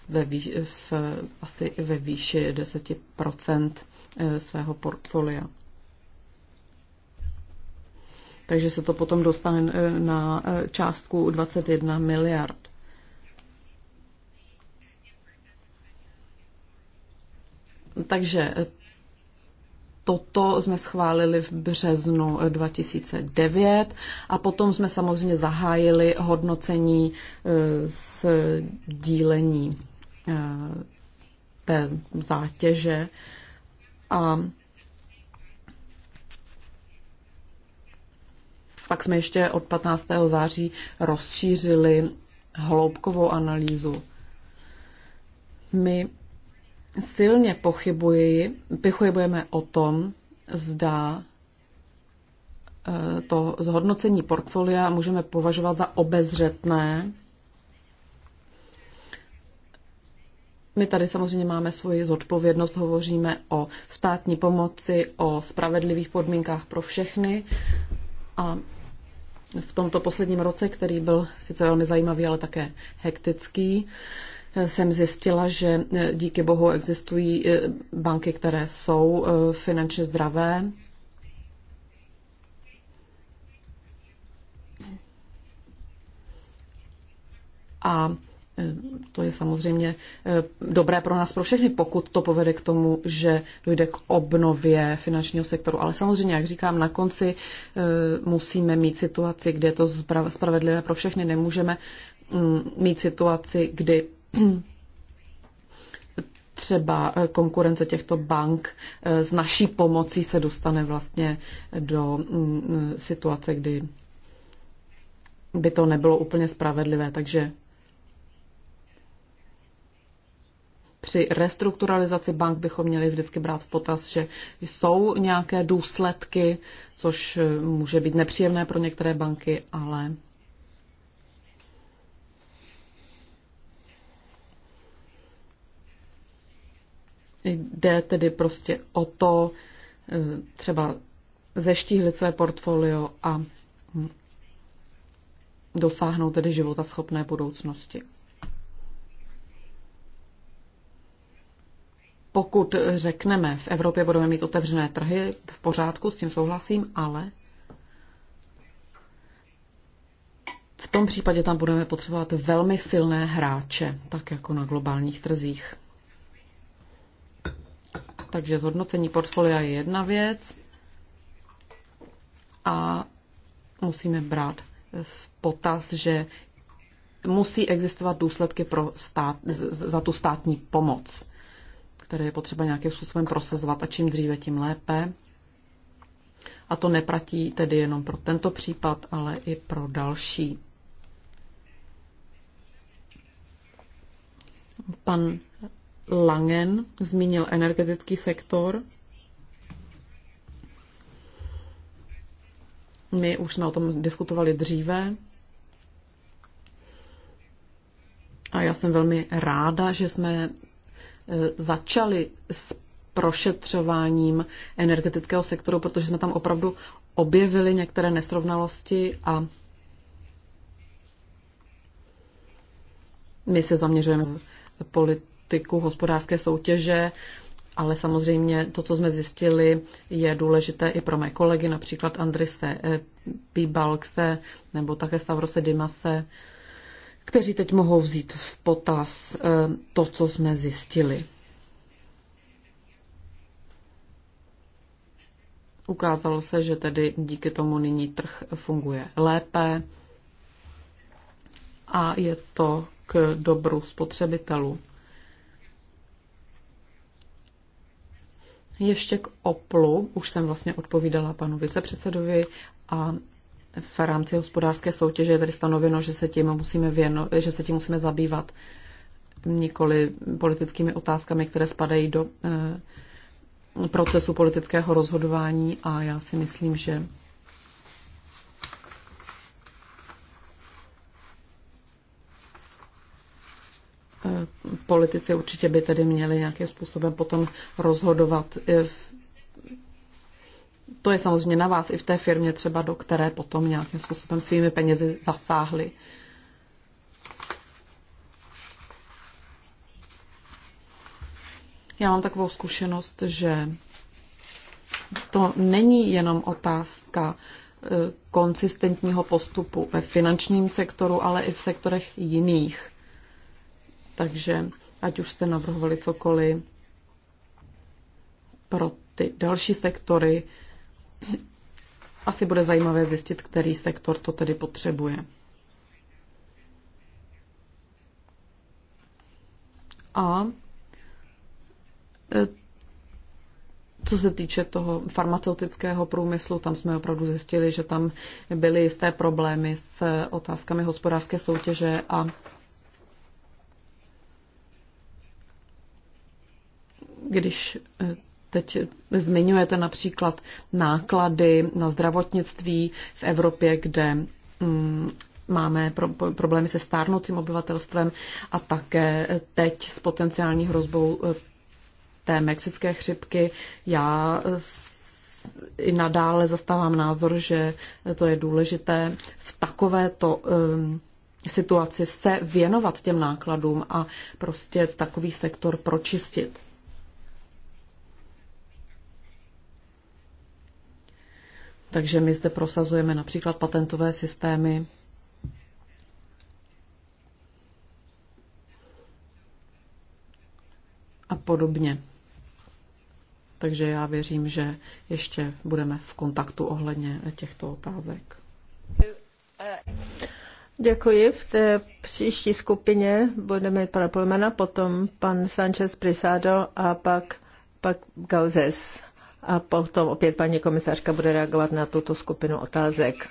ve výš, v, asi ve výši 10% eh, svého portfolia. Takže se to potom dostane eh, na částku 21 miliard. Takže Toto jsme schválili v březnu 2009 eh, a potom jsme samozřejmě zahájili hodnocení eh, s dílení eh, té zátěže a pak jsme ještě od 15. září rozšířili hloubkovou analýzu. My silně pochybuji, pochybujeme o tom, zda eh, to zhodnocení portfolia můžeme považovat za obezřetné. My tady samozřejmě máme svoji zodpovědnost, hovoříme o státní pomoci, o spravedlivých podmínkách pro všechny. A v tomto posledním roce, který byl sice velmi zajímavý, ale také hektický, jsem zjistila, že e, díky bohu existují e, banky, které jsou e, finančně zdravé. A to je samozřejmě dobré pro nás, pro všechny, pokud to povede k tomu, že dojde k obnově finančního sektoru. Ale samozřejmě, jak říkám, na konci musíme mít situaci, kde je to spravedlivé pro všechny. Nemůžeme mm, mít situaci, kdy třeba eh, konkurence těchto bank eh, s naší pomocí se dostane vlastně do mm, eh, situace, kdy by to nebylo úplně spravedlivé. Takže při restrukturalizaci bank bychom měli vždycky brát v potaz, že jsou nějaké důsledky, což může být nepříjemné pro některé banky, ale Jde tedy prostě o to eh, třeba zeštíhlit své portfolio a hm, dosáhnout tedy života schopné budoucnosti. Pokud řekneme, v Evropě budeme mít otevřené trhy, v pořádku, s tím souhlasím, ale v tom případě tam budeme potřebovat velmi silné hráče, tak jako na globálních trzích. Takže zhodnocení portfolia je jedna věc a musíme brát v potaz, že musí existovat důsledky pro stát, za tu státní pomoc, které je potřeba nějakým způsobem prosazovat a čím dříve, tím lépe. A to neplatí tedy jenom pro tento případ, ale i pro další. Pan Langen zmínil energetický sektor. My už jsme o tom diskutovali dříve. A já jsem velmi ráda, že jsme e, začali s prošetřováním energetického sektoru, protože jsme tam opravdu objevili některé nesrovnalosti a my se zaměřujeme polit politiku hospodářské soutěže, ale samozřejmě to, co jsme zjistili, je důležité i pro mé kolegy, například Andrise eh, P. Balkse nebo také Stavrose Dimase, kteří teď mohou vzít v potaz eh, to, co jsme zjistili. Ukázalo se, že tedy díky tomu nyní trh funguje lépe a je to k dobru spotřebitelů. Ještě k OPLu, už jsem vlastně odpovídala panu vicepředsedovi a v rámci hospodářské soutěže je tady stanoveno, že se tím musíme, věno, že se tím musíme zabývat nikoli politickými otázkami, které spadají do eh, procesu politického rozhodování a já si myslím, že Eh, politici určitě by tedy měli nějakým způsobem potom rozhodovat. Eh, to je samozřejmě na vás i v té firmě třeba, do které potom nějakým způsobem svými penězi zasáhli. Já mám takovou zkušenost, že to není jenom otázka eh, konsistentního postupu ve finančním sektoru, ale i v sektorech jiných. Takže ať už jste navrhovali cokoliv pro ty další sektory, asi bude zajímavé zjistit, který sektor to tedy potřebuje. A e, co se týče toho farmaceutického průmyslu, tam jsme opravdu zjistili, že tam byly jisté problémy s otázkami hospodářské soutěže a když eh, teď zmiňujete například náklady na zdravotnictví v Evropě, kde mm, máme pro, problémy se stárnoucím obyvatelstvem a také eh, teď s potenciální hrozbou eh, té mexické chřipky. Já i nadále zastávám názor, že to je důležité v takovéto um, situaci se věnovat těm nákladům a prostě takový sektor pročistit. Takže my zde prosazujeme například patentové systémy. A podobně. Takže já věřím, že ještě budeme v kontaktu ohledně těchto otázek. Děkuji. V té příští skupině budeme mít pana Pulmana, potom pan Sanchez Prisado a pak, pak Gauzes a potom opět paní komisařka bude reagovat na tuto skupinu otázek.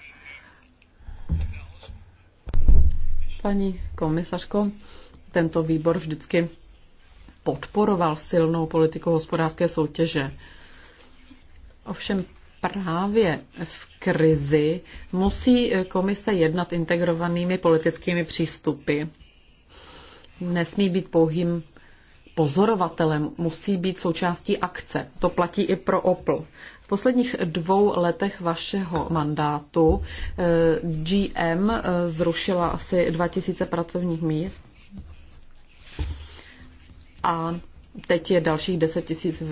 Paní komisařko, tento výbor vždycky podporoval silnou politiku hospodářské soutěže. Ovšem právě v krizi musí komise jednat integrovanými politickými přístupy. Nesmí být pouhým pozorovatelem, musí být součástí akce. To platí i pro Opel. V posledních dvou letech vašeho mandátu eh, GM eh, zrušila asi 2000 pracovních míst a teď je dalších 10 tisíc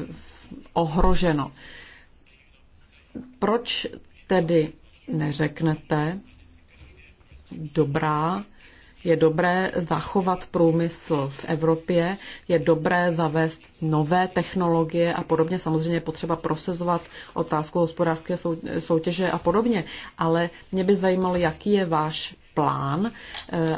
ohroženo. Proč tedy neřeknete, dobrá, je dobré zachovat průmysl v Evropě, je dobré zavést nové technologie a podobně. Samozřejmě je potřeba prosazovat otázku hospodářské soutěže a podobně. Ale mě by zajímalo, jaký je váš plán, eh,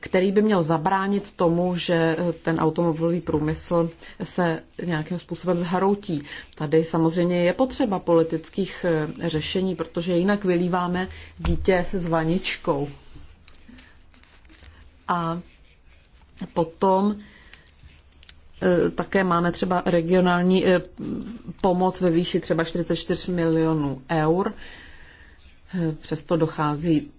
který by měl zabránit tomu, že ten automobilový průmysl se nějakým způsobem zhroutí. Tady samozřejmě je potřeba politických eh, řešení, protože jinak vylíváme dítě s vaničkou. A potom e, také máme třeba regionální e, pomoc ve výši třeba 44 milionů eur. E, přesto dochází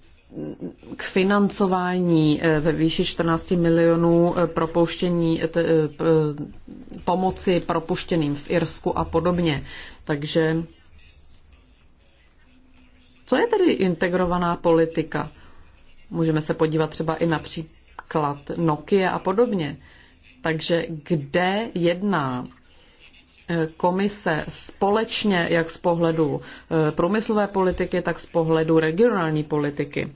k financování ve výši 14 milionů propouštění pomoci propuštěným v Irsku a podobně. Takže co je tedy integrovaná politika? Můžeme se podívat třeba i na pří, klad Nokia a podobně. Takže kde jedná eh, komise společně, jak z pohledu eh, průmyslové politiky, tak z pohledu regionální politiky.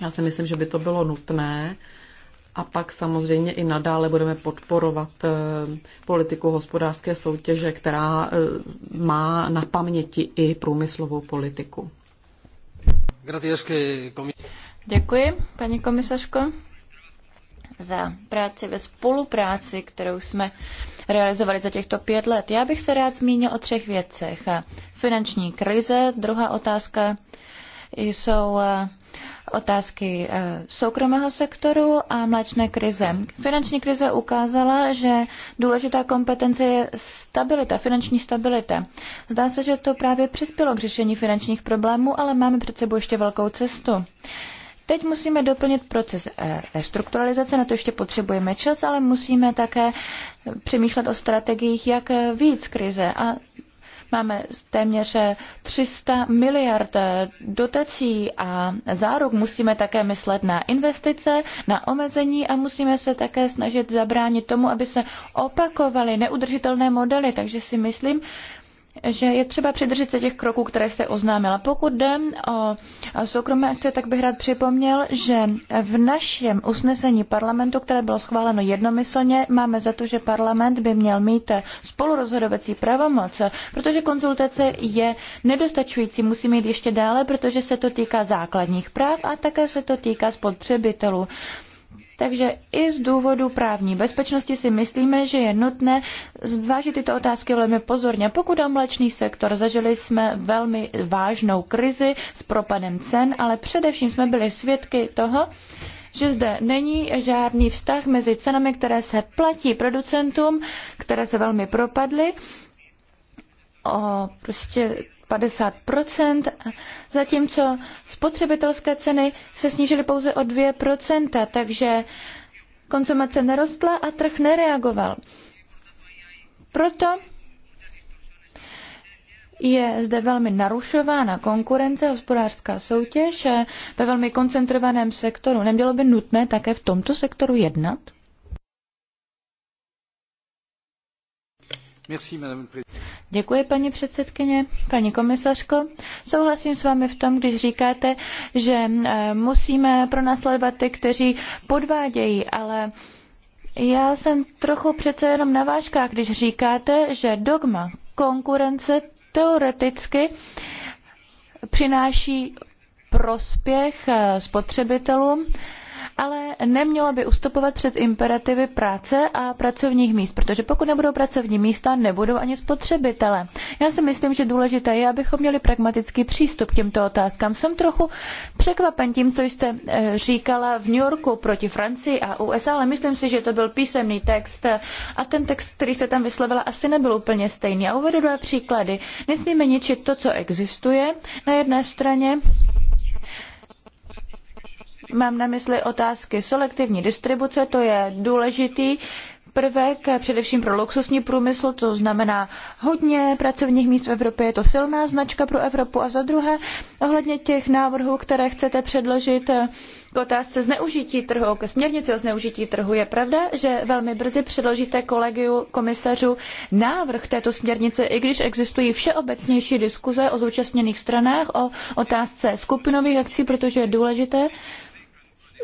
Já si myslím, že by to bylo nutné. A pak samozřejmě i nadále budeme podporovat eh, politiku hospodářské soutěže, která má na paměti i průmyslovou politiku. Děkuji, paní komisařko za práci ve spolupráci, kterou jsme realizovali za těchto pět let. Já bych se rád zmínil o třech věcech. Finanční krize, druhá otázka jsou eh, otázky eh, soukromého sektoru a mléčné krize. Finanční krize ukázala, že důležitá kompetence je stabilita, finanční stabilita. Zdá se, že to právě přispělo k řešení finančních problémů, ale máme před sebou ještě velkou cestu. Teď musíme doplnit proces eh, restrukturalizace, na to ještě potřebujeme čas, ale musíme také přemýšlet o strategiích, jak víc krize. A máme téměř 300 miliard dotací a záruk. Musíme také myslet na investice, na omezení a musíme se také snažit zabránit tomu, aby se opakovaly neudržitelné modely. Takže si myslím, že je třeba přidržet se těch kroků, které jste oznámila. Pokud jde o soukromé akce, tak bych rád připomněl, že v našem usnesení parlamentu, které bylo schváleno jednomyslně, máme za to, že parlament by měl mít spolurozhodovací pravomoc, protože konzultace je nedostačující, musí mít ještě dále, protože se to týká základních práv a také se to týká spotřebitelů. Takže i z důvodu právní bezpečnosti si myslíme, že je nutné zvážit tyto otázky velmi pozorně. Pokud o mléčný sektor, zažili jsme velmi vážnou krizi s propadem cen, ale především jsme byli svědky toho, že zde není žádný vztah mezi cenami, které se platí producentům, které se velmi propadly, o prostě 50 zatímco spotřebitelské ceny se snížily pouze o 2 takže konzumace nerostla a trh nereagoval. Proto je zde velmi narušována konkurence, hospodářská soutěž ve velmi koncentrovaném sektoru. Nemělo by nutné také v tomto sektoru jednat? Děkuji, paní předsedkyně, paní komisařko. Souhlasím s vámi v tom, když říkáte, že eh, musíme pronásledovat ty, kteří podvádějí, ale já jsem trochu přece jenom na vážkách, když říkáte, že dogma konkurence teoreticky přináší prospěch eh, spotřebitelům, ale nemělo by ustupovat před imperativy práce a pracovních míst, protože pokud nebudou pracovní místa, nebudou ani spotřebitele. Já si myslím, že důležité je, abychom měli pragmatický přístup k těmto otázkám. Jsem trochu překvapen tím, co jste eh, říkala v New Yorku proti Francii a USA, ale myslím si, že to byl písemný text eh, a ten text, který jste tam vyslovila, asi nebyl úplně stejný. A uvedu dva příklady. Nesmíme ničit to, co existuje na jedné straně Mám na mysli otázky selektivní distribuce, to je důležitý prvek především pro luxusní průmysl, to znamená hodně pracovních míst v Evropě, je to silná značka pro Evropu. A za druhé, ohledně těch návrhů, které chcete předložit k otázce zneužití trhu, ke směrnici o zneužití trhu, je pravda, že velmi brzy předložíte kolegiu komisařů návrh této směrnice, i když existují všeobecnější diskuze o zúčastněných stranách, o otázce skupinových akcí, protože je důležité,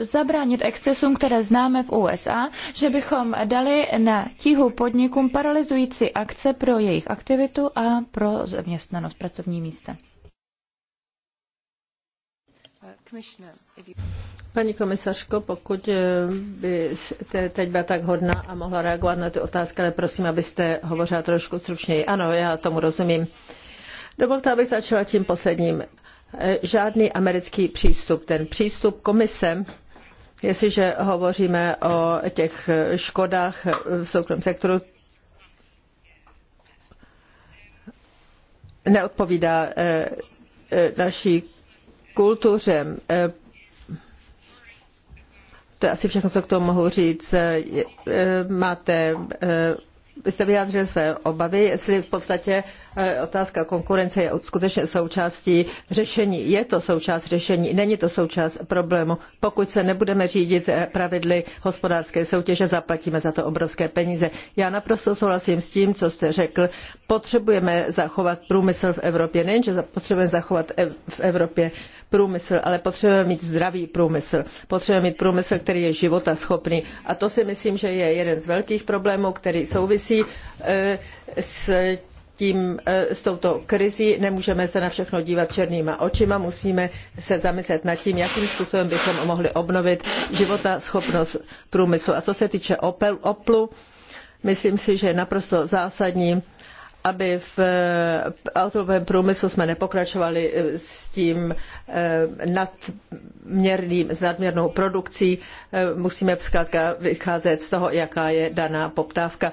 zabránit excesům, které známe v USA, že bychom dali na tíhu podnikům paralyzující akce pro jejich aktivitu a pro zaměstnanost pracovní místa. Paní komisařko, pokud eh, byste teď byla tak hodná a mohla reagovat na ty otázky, ale prosím, abyste hovořila trošku stručněji. Ano, já tomu rozumím. Dovolte, abych začala tím posledním. Eh, žádný americký přístup. Ten přístup komise Jestliže hovoříme o těch škodách v soukromém sektoru, neodpovídá eh, eh, naší kultuře. Eh, to je asi všechno, co k tomu mohu říct. Máte, vy jste vyjádřili své obavy, jestli v podstatě Eh, otázka konkurence je skutečně součástí řešení. Je to součást řešení, není to součást problému. Pokud se nebudeme řídit eh, pravidly hospodářské soutěže, zaplatíme za to obrovské peníze. Já naprosto souhlasím s tím, co jste řekl. Potřebujeme zachovat průmysl v Evropě. Nejenže potřebujeme zachovat e- v Evropě průmysl, ale potřebujeme mít zdravý průmysl. Potřebujeme mít průmysl, který je životaschopný. A to si myslím, že je jeden z velkých problémů, který souvisí eh, s tím, e, s touto krizí, nemůžeme se na všechno dívat černýma očima, musíme se zamyslet nad tím, jakým způsobem bychom mohli obnovit života schopnost průmyslu. A co se týče Opel, Oplu, myslím si, že je naprosto zásadní, aby v e, automobilovém průmyslu jsme nepokračovali e, s tím nadměrným, s nadměrnou produkcí. Musíme zkrátka vycházet z toho, jaká je daná poptávka.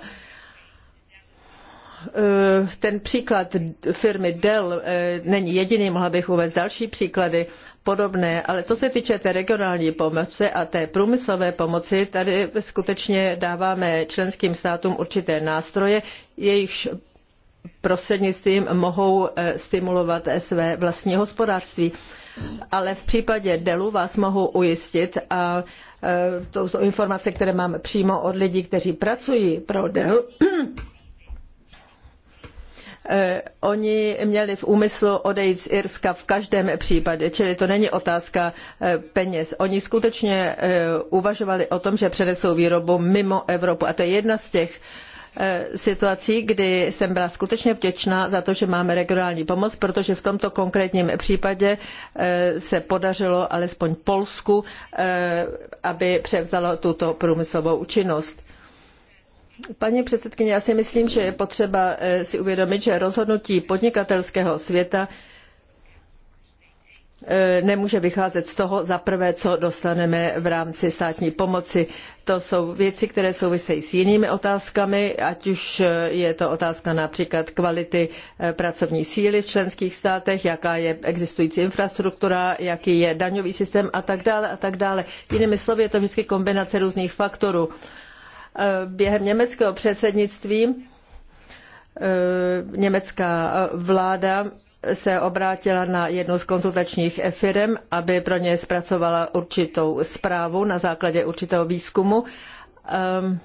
Eh, ten příklad firmy Dell eh, není jediný, mohla bych uvést další příklady podobné, ale co se týče té regionální pomoci a té průmyslové pomoci, tady skutečně dáváme členským státům určité nástroje, jejichž prostřednictvím mohou eh, stimulovat své vlastní hospodářství. Ale v případě Delu vás mohu ujistit a to jsou informace, které mám přímo od lidí, kteří pracují pro Dell, Eh, oni měli v úmyslu odejít z Irska v každém případě, čili to není otázka eh, peněz. Oni skutečně eh, uvažovali o tom, že přenesou výrobu mimo Evropu a to je jedna z těch situací, kdy jsem byla skutečně vděčná za to, že máme regionální pomoc, protože v tomto konkrétním případě se podařilo alespoň Polsku, aby převzalo tuto průmyslovou činnost. Paní předsedkyně, já si myslím, že je potřeba eh, si uvědomit, že rozhodnutí podnikatelského světa eh, nemůže vycházet z toho, za prvé, co dostaneme v rámci státní pomoci. To jsou věci, které souvisejí s jinými otázkami, ať už eh, je to otázka například kvality pracovní síly v členských státech, jaká je existující infrastruktura, jaký je daňový systém a tak dále a tak dále. Jinými slovy, je to vždycky kombinace různých faktorů. Eh, během německého předsednictví eh, německá vláda se obrátila na jednu z konzultačních firm, aby pro ně zpracovala určitou zprávu na základě určitého výzkumu. Ehm,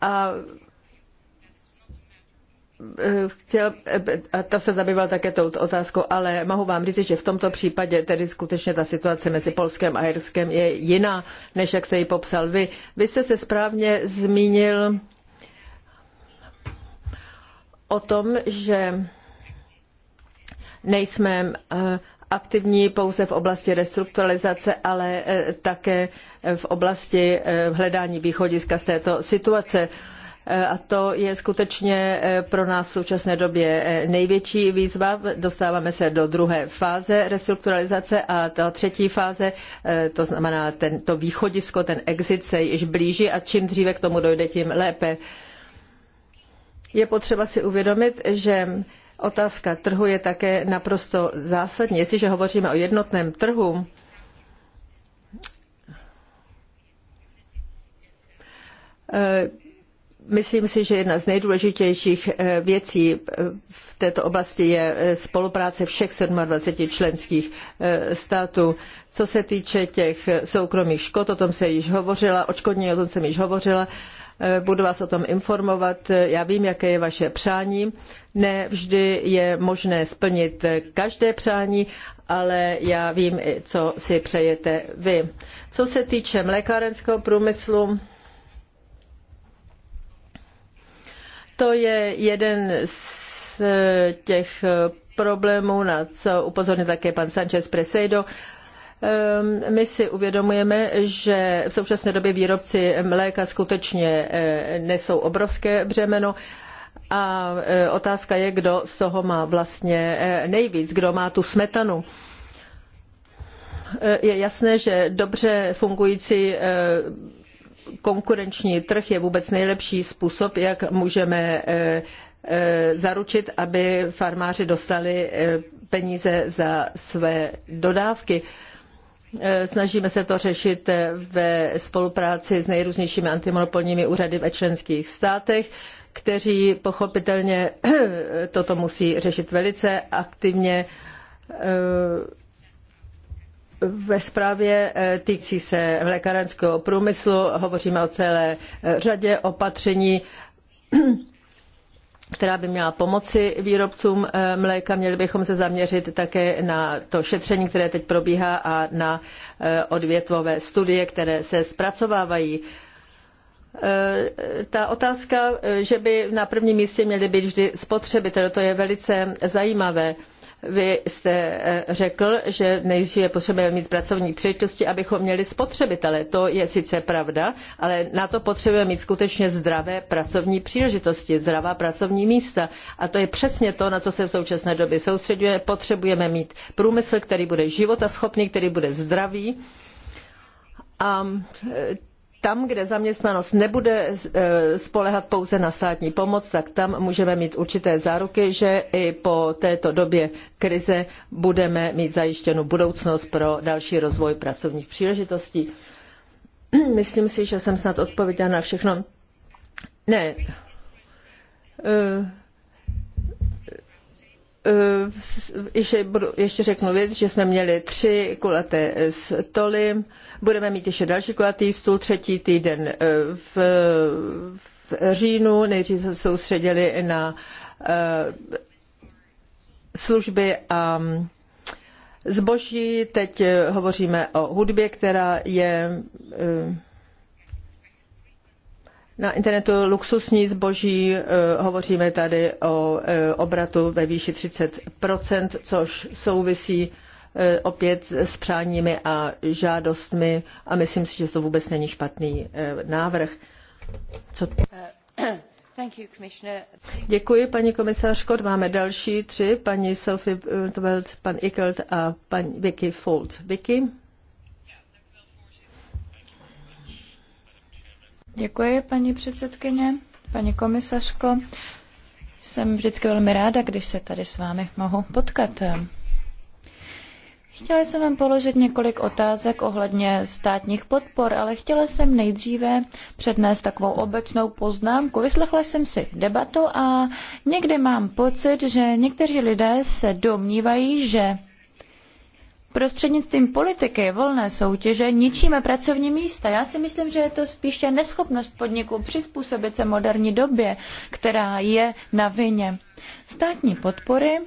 a chtěl, a to se zabýval také tou otázkou, ale mohu vám říct, že v tomto případě tedy skutečně ta situace mezi Polskem a Irskem je jiná, než jak se ji popsal vy. Vy jste se správně zmínil o tom, že nejsme eh, aktivní pouze v oblasti restrukturalizace, ale eh, také v oblasti eh, hledání východiska z této situace. Eh, a to je skutečně eh, pro nás v současné době eh, největší výzva. Dostáváme se do druhé fáze restrukturalizace a ta třetí fáze, to znamená ten, to východisko, ten exit se již blíží a čím dříve k tomu dojde, tím lépe. Je potřeba si uvědomit, že otázka trhu je také naprosto zásadní. Jestliže hovoříme o jednotném trhu, Myslím si, že jedna z nejdůležitějších eh, věcí eh, v této oblasti je eh, spolupráce všech 27 členských států. Co se týče těch soukromých škod, o tom se již hovořila, očkodnění o tom jsem již hovořila, budu vás o tom informovat. Já vím, jaké je vaše přání. Ne vždy je možné splnit každé přání, ale já vím, co si přejete vy. Co se týče mlékárenského průmyslu, To je jeden z eh, těch eh, problémů, na co upozornil také pan Sanchez Presedo. Ehm, my si uvědomujeme, že v současné době výrobci mléka skutečně eh, nesou obrovské břemeno a otázka je, kdo z toho má vlastně nejvíc, kdo má tu smetanu je jasné, že dobře fungující konkurenční trh je vůbec nejlepší způsob, jak můžeme eh, eh, zaručit, aby farmáři dostali eh, peníze za své dodávky. Snažíme se to řešit ve spolupráci s nejrůznějšími antimonopolními úřady ve členských státech, kteří pochopitelně toto musí řešit velice aktivně ve zprávě eh, týkající se lékárenského průmyslu hovoříme o celé eh, řadě opatření, která by měla pomoci výrobcům eh, mléka. Měli bychom se zaměřit také na to šetření, které teď probíhá a na odvětvové studie, které se zpracovávají. Ta otázka, že by na prvním místě měly být vždy spotřebitel, to je velice zajímavé. Vy jste eh, řekl, že nejdříve potřebujeme mít pracovní příležitosti, abychom měli spotřebitele. To je sice pravda, ale na to potřebujeme mít skutečně zdravé pracovní příležitosti, zdravá pracovní místa. A to je přesně to, na co se v současné době soustředuje. Potřebujeme mít průmysl, který bude životaschopný, který bude zdravý. A tam, kde zaměstnanost nebude eh, spolehat pouze na státní pomoc, tak tam můžeme mít určité záruky, že i po této době krize budeme mít zajištěnu budoucnost pro další rozvoj pracovních příležitostí. Myslím si, že jsem snad odpověděla na všechno. Ne. Eh, Eh, ještě, ještě řeknu věc, že jsme měli tři kulaté eh, stoly, budeme mít ještě další kulatý stůl třetí týden eh, v, v říjnu, nejdřív se soustředili na služby a mm, zboží, teď hovoříme o hudbě, která je na internetu luxusní zboží, eh, hovoříme tady o eh, obratu ve výši 30%, což souvisí eh, opět s přáními a žádostmi a myslím si, že to vůbec není špatný návrh. Co... You, Děkuji, paní komisařko. Máme další tři, paní Sophie Welt, pan Ickelt a paní Vicky Fold. Vicky? Děkuji, paní předsedkyně, paní komisařko. Jsem vždycky velmi ráda, když se tady s vámi mohu potkat. Chtěla jsem vám položit několik otázek ohledně státních podpor, ale chtěla jsem nejdříve přednést takovou obecnou poznámku. Vyslechla jsem si debatu a někdy mám pocit, že někteří lidé se domnívají, že Prostřednictvím politiky volné soutěže ničíme pracovní místa. Já si myslím, že je to spíše neschopnost podniků přizpůsobit se moderní době, která je na vině. Státní podpory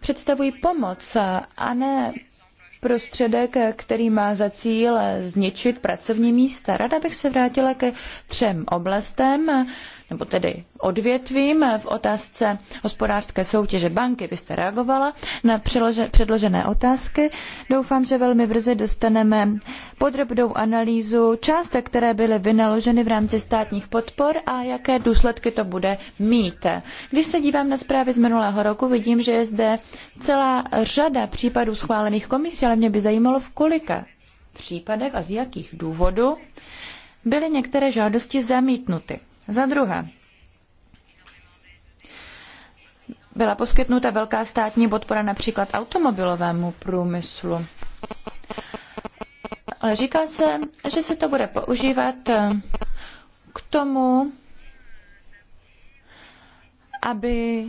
představují pomoc a ne prostředek, který má za cíl zničit pracovní místa. Rada bych se vrátila ke třem oblastem, nebo tedy odvětvím v otázce hospodářské soutěže banky. Vy jste reagovala na předložené otázky. Doufám, že velmi brzy dostaneme podrobnou analýzu částek, které byly vynaloženy v rámci státních podpor a jaké důsledky to bude mít. Když se dívám na zprávy z minulého roku, vidím, že je zde celá řada případů schválených komisí, ale mě by zajímalo, v kolika případech a z jakých důvodů byly některé žádosti zamítnuty. Za druhé, byla poskytnuta velká státní podpora například automobilovému průmyslu. Ale říká se, že se to bude používat eh, k tomu, aby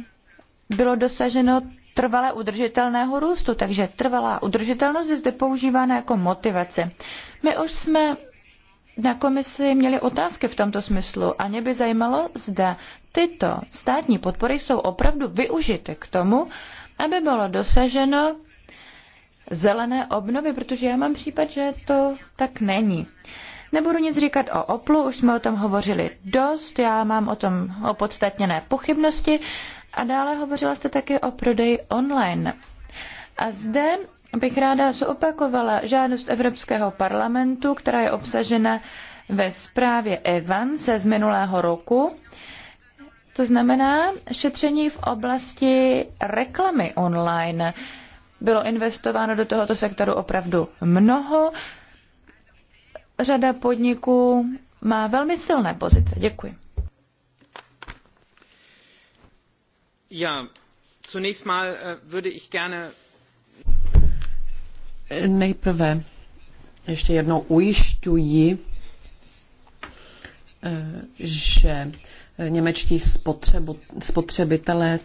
bylo dosaženo trvale udržitelného růstu. Takže trvalá udržitelnost je zde používána jako motivace. My už jsme na komisi měli otázky v tomto smyslu a mě by zajímalo, zda tyto státní podpory jsou opravdu využity k tomu, aby bylo dosaženo zelené obnovy, protože já mám případ, že to tak není. Nebudu nic říkat o Oplu, už jsme o tom hovořili dost, já mám o tom opodstatněné pochybnosti. A dále hovořila jste také o prodeji online. A zde bych ráda zopakovala žádost Evropského parlamentu, která je obsažena ve zprávě Evan z minulého roku. To znamená šetření v oblasti reklamy online. Bylo investováno do tohoto sektoru opravdu mnoho. Řada podniků má velmi silné pozice. Děkuji. Ja, zunächst mal äh, würde ich gerne Nejprve ještě jednou ujišťuji, eh, že němečtí spotřebitelé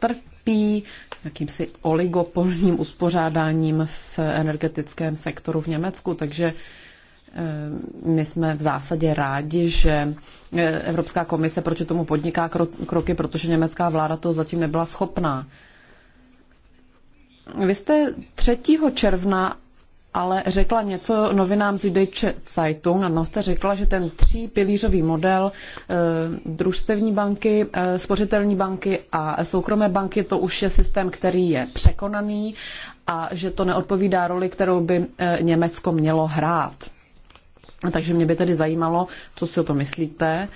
trpí jakýmsi oligopolním uspořádáním v energetickém sektoru v Německu, takže eh, my jsme v zásadě rádi, že eh, Evropská komise proti tomu podniká kroky, protože německá vláda to zatím nebyla schopná. Vy jste 3. června ale řekla něco novinám z Deutsche Zeitung a jste řekla, že ten třípilířový model eh, družstevní banky, eh, spořitelní banky a soukromé banky, to už je systém, který je překonaný a že to neodpovídá roli, kterou by eh, Německo mělo hrát. Takže mě by tedy zajímalo, co si o to myslíte.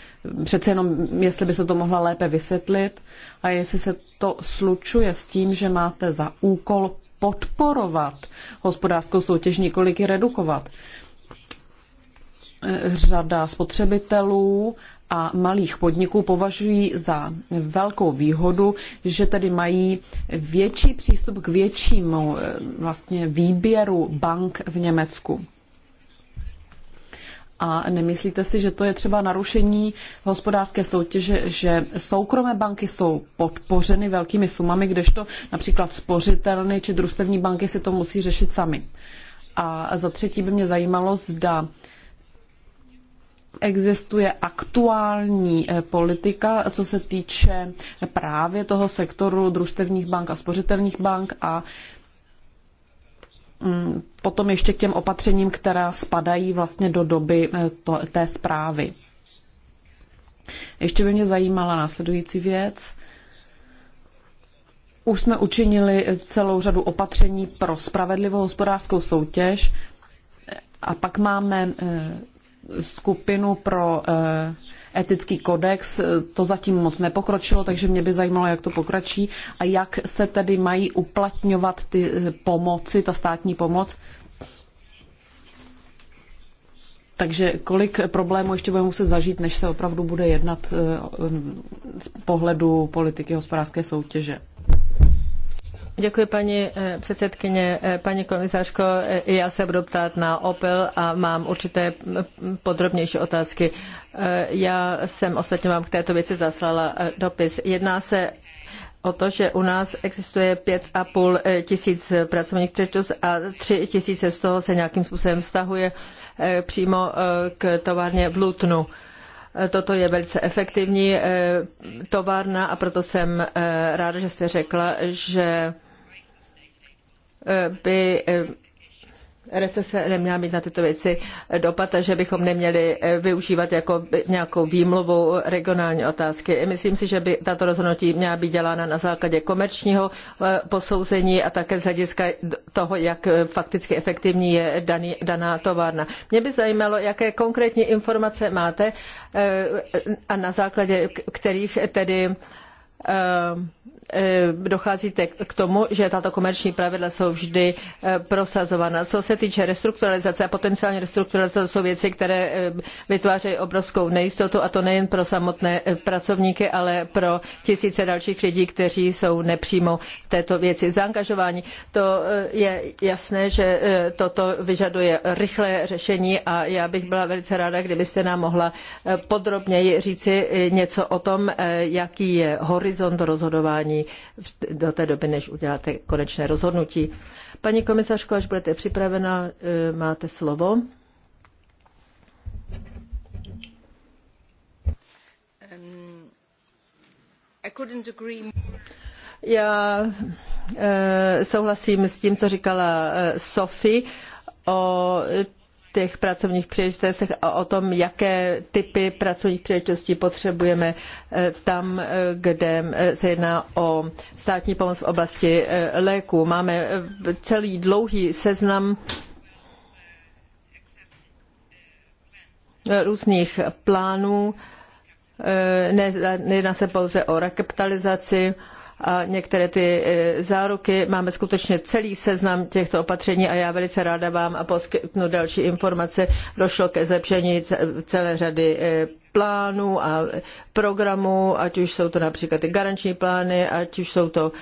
Přece jenom, jestli by se to mohla lépe vysvětlit a jestli se to slučuje s tím, že máte za úkol podporovat hospodářskou soutěž, nikoliv ji redukovat. Řada spotřebitelů a malých podniků považují za velkou výhodu, že tedy mají větší přístup k většímu eh, vlastně výběru bank v Německu. A nemyslíte si, že to je třeba narušení hospodářské soutěže, že soukromé banky jsou podpořeny velkými sumami, kdežto například spořitelny či družstevní banky si to musí řešit sami. A za třetí by mě zajímalo, zda existuje aktuální eh, politika, co se týče právě toho sektoru družstevních bank a spořitelních bank a mm, potom ještě k těm opatřením, která spadají vlastně do doby eh, to, té zprávy. Ještě by mě zajímala následující věc. Už jsme učinili eh, celou řadu opatření pro spravedlivou hospodářskou soutěž a pak máme eh, skupinu pro etický kodex. To zatím moc nepokročilo, takže mě by zajímalo, jak to pokračí a jak se tedy mají uplatňovat ty pomoci, ta státní pomoc Takže kolik problémů ještě budeme muset zažít, než se opravdu bude jednat eh, z pohledu politiky hospodářské soutěže? Děkuji, paní eh, předsedkyně. Eh, paní komisařko, já se budu ptát na Opel a mám určité podrobnější otázky. Já jsem ostatně vám k této věci zaslala dopis. Jedná se o to, že u nás existuje pět a půl eh, tisíc pracovních příležitostí a tři tisíce z toho se nějakým způsobem vztahuje eh, přímo eh, k továrně v Lutnu. Toto je velice efektivní továrna a proto jsem ráda, že jste řekla, že by recese neměla mít na tyto věci dopad a že bychom neměli eh, využívat jako nějakou výmluvu regionální otázky. Myslím si, že by tato rozhodnutí měla být dělána na základě komerčního eh, posouzení a také z hlediska toho, jak eh, fakticky efektivní je daný, daná továrna. Mě by zajímalo, jaké konkrétní informace máte a na základě kterých tedy Eh, docházíte k tomu, že tato komerční pravidla jsou vždy eh, prosazována. Co se týče restrukturalizace a potenciální restrukturalizace, to jsou věci, které eh, vytvářejí obrovskou nejistotu a to nejen pro samotné pracovníky, ale pro tisíce dalších lidí, kteří jsou nepřímo v této věci zaangažováni. To je jasné, že toto vyžaduje rychlé řešení a já bych byla velice ráda, kdybyste nám mohla podrobněji říci něco o tom, jaký je horizont rozhodování do té doby, než uděláte konečné rozhodnutí. Paní komisařko, až budete připravena, eh, máte slovo. Um, Já eh, souhlasím s tím, co říkala eh, Sophie o těch pracovních příležitostech a o tom, jaké typy pracovních příležitostí potřebujeme eh, tam, eh, kde eh, se jedná o státní pomoc v oblasti léků. Máme celý dlouhý seznam různých plánů. Nejedná se pouze o rekapitalizaci, některé ty e, záruky. Máme skutečně celý seznam těchto opatření a já velice ráda vám poskytnu další informace. Došlo ke zlepšení celé řady e, plánů a programů, ať už jsou to například ty garanční plány, ať už jsou to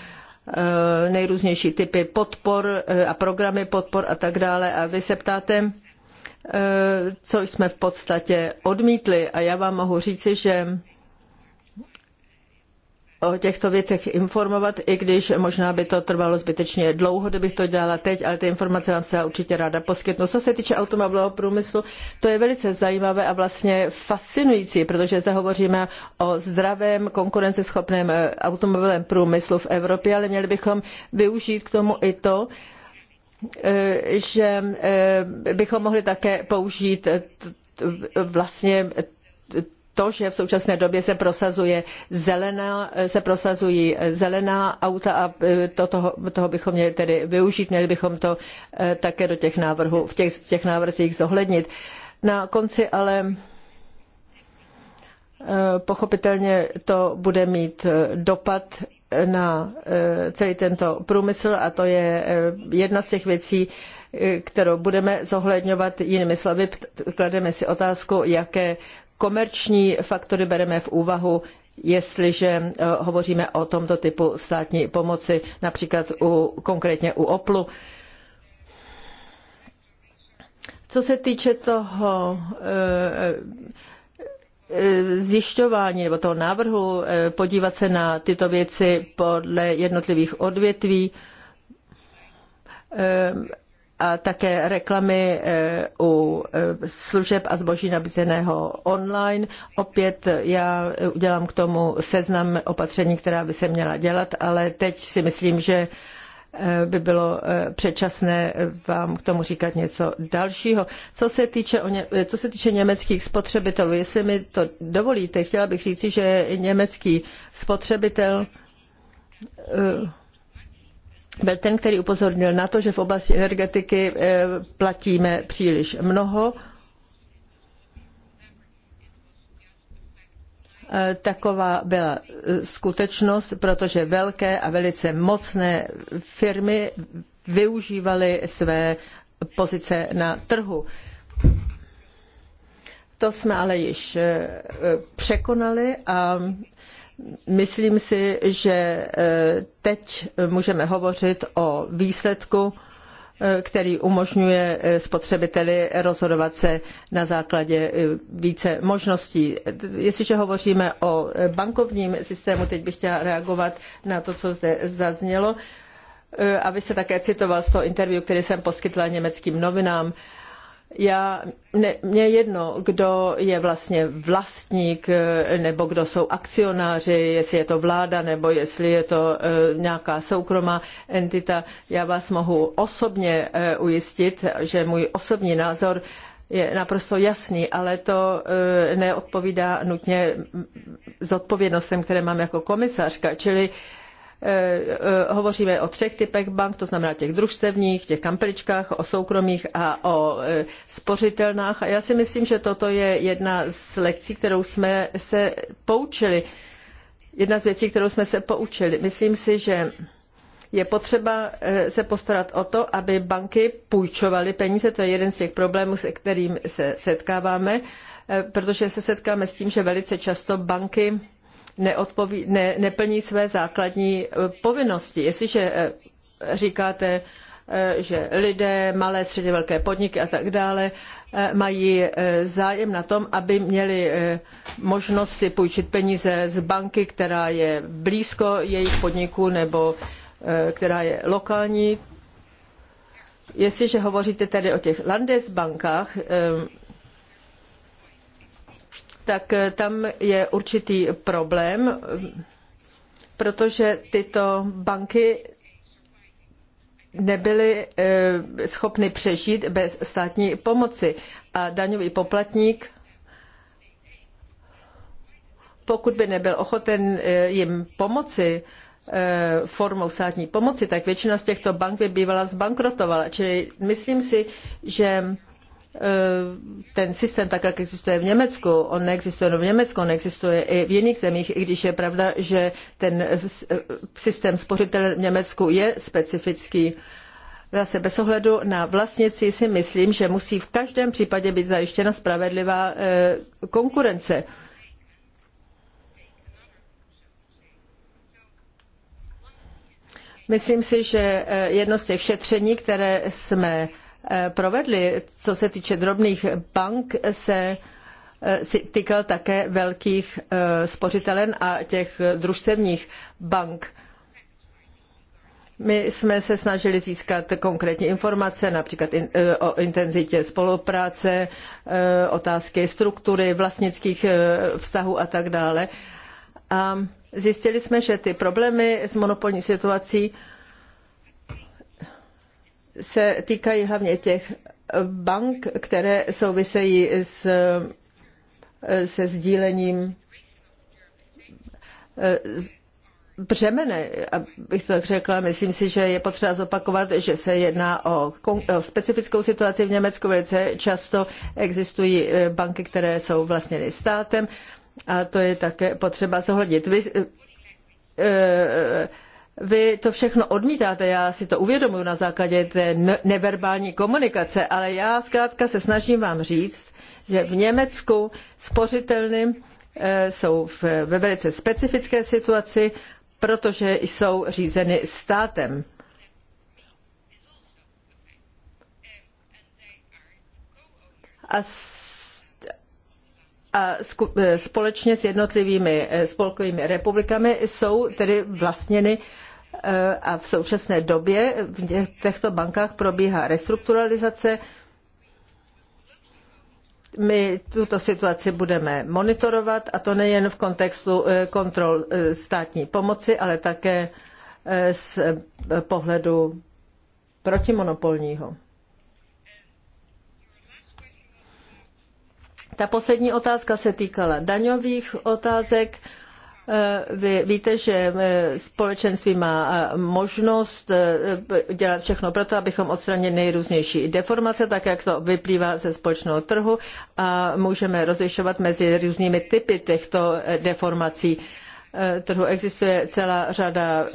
e, nejrůznější typy podpor a programy podpor a tak dále. A vy se ptáte, co jsme v podstatě odmítli. A já vám mohu říci, že o těchto věcech informovat, i když možná by to trvalo zbytečně dlouho, kdybych to dělala teď, ale ty informace vám se určitě ráda poskytnu. Co se týče automobilového průmyslu, to je velice zajímavé a vlastně fascinující, protože se hovoříme o zdravém, konkurenceschopném eh, automobilovém průmyslu v Evropě, ale měli bychom využít k tomu i to, eh, že eh, bychom mohli také použít vlastně to, že v současné době se prosazuje zelená, se prosazují zelená auta a e, to, toho, toho bychom měli tedy využít, měli bychom to e, také do těch návrhů, v těch, těch návrzích zohlednit. Na konci ale e, pochopitelně to bude mít dopad na celý tento průmysl a to je jedna z těch věcí, kterou budeme zohledňovat. Jinými slovy, klademe si otázku, jaké komerční faktory bereme v úvahu, jestliže eh, hovoříme o tomto typu státní pomoci, například u, konkrétně u Oplu. Co se týče toho eh, eh, zjišťování nebo toho návrhu podívat se na tyto věci podle jednotlivých odvětví, a také reklamy e, u e, služeb a zboží nabízeného online. Opět já udělám k tomu seznam opatření, která by se měla dělat, ale teď si myslím, že e, by bylo předčasné vám k tomu říkat něco dalšího. Co se týče, co se týče německých spotřebitelů, jestli mi to dovolíte, chtěla bych říci, že německý spotřebitel byl ten, který upozornil na to, že v oblasti energetiky eh, platíme příliš mnoho. Eh, taková byla eh, skutečnost, protože velké a velice mocné firmy využívaly své pozice na trhu. To jsme ale již překonali a Myslím si, že eh, teď můžeme hovořit o výsledku, eh, který umožňuje eh, spotřebiteli rozhodovat se na základě více možností. Jestliže hovoříme o bankovním systému, teď bych chtěla reagovat na to, co zde zaznělo. A vy jste také citoval z toho interview, které jsem poskytla německým novinám. Já, ne, mě jedno, kdo je vlastně vlastník, eh, nebo kdo jsou akcionáři, jestli je to vláda, nebo jestli je to eh, nějaká soukromá entita. Já vás mohu osobně eh, ujistit, že můj osobní názor je naprosto jasný, ale to neodpovídá nutně zodpovědnostem, které mám jako komisařka. Čili Eh, eh, hovoříme o třech typech bank, to znamená těch družstevních, těch kampeličkách, o soukromých a o eh, spořitelnách. A já si myslím, že toto je jedna z lekcí, kterou jsme se poučili. Jedna z věcí, kterou jsme se poučili. Myslím si, že je potřeba se postarat o to, aby banky půjčovaly peníze. To je jeden z těch problémů, se kterým se setkáváme, protože se setkáme s tím, že velice často banky neodpoví, ne, neplní své základní e, povinnosti. Jestliže e, říkáte, e, že lidé, malé, středně velké podniky a tak dále mají zájem na tom, aby měli možnost si půjčit peníze z banky, která je blízko jejich podniku nebo která je lokální. Jestliže hovoříte tedy o těch Landesbankách, tak eh, tam je určitý problém, protože tyto banky nebyly eh, schopny přežít bez státní pomoci a daňový poplatník pokud by nebyl ochoten eh, jim pomoci formou státní pomoci, tak většina z těchto bank by bývala zbankrotovala. Čili myslím si, že Eh, ten systém, tak jak existuje v Německu, on neexistuje jenom v Německu, on existuje i v jiných zemích, i když je pravda, že ten eh, systém spořitele v Německu je specifický. Zase bez ohledu na vlastnictví si myslím, že musí v každém případě být zajištěna spravedlivá eh, konkurence. Myslím si, že jedno z těch šetření, které jsme provedli, co se týče drobných bank, se eh, týkal také velkých eh, spořitelen a těch družstevních bank. My jsme se snažili získat konkrétní informace, například eh, o intenzitě spolupráce, otázky struktury vlastnických vztahů a tak dále. A zjistili jsme, že ty problémy s monopolní situací se týkají hlavně těch bank, které souvisejí s, se sdílením eh, břemene, abych to tak řekla. Myslím si, že je potřeba zopakovat, že se jedná o, specifickou situaci v Německu. Velice často existují eh, banky, které jsou vlastněny státem a to je také potřeba zohlednit. Vy, eh, vy to všechno odmítáte, já si to uvědomuji na základě té neverbální komunikace, ale já zkrátka se snažím vám říct, že v Německu spořitelny eh, jsou ve velice specifické situaci, protože jsou řízeny státem. A, a eh, společně s jednotlivými eh, spolkovými republikami jsou tedy vlastněny Eh, a v současné době v těchto bankách probíhá restrukturalizace. My tuto situaci budeme monitorovat a to nejen v kontextu eh, kontrol eh, státní pomoci, ale také z pohledu protimonopolního. Ta poslední otázka se týkala daňových otázek. Eh, vy víte, že eh, společenství má eh, možnost dělat všechno proto, abychom odstranili nejrůznější deformace, tak jak to vyplývá ze společného trhu a můžeme rozlišovat mezi různými typy těchto deformací trhu existuje celá řada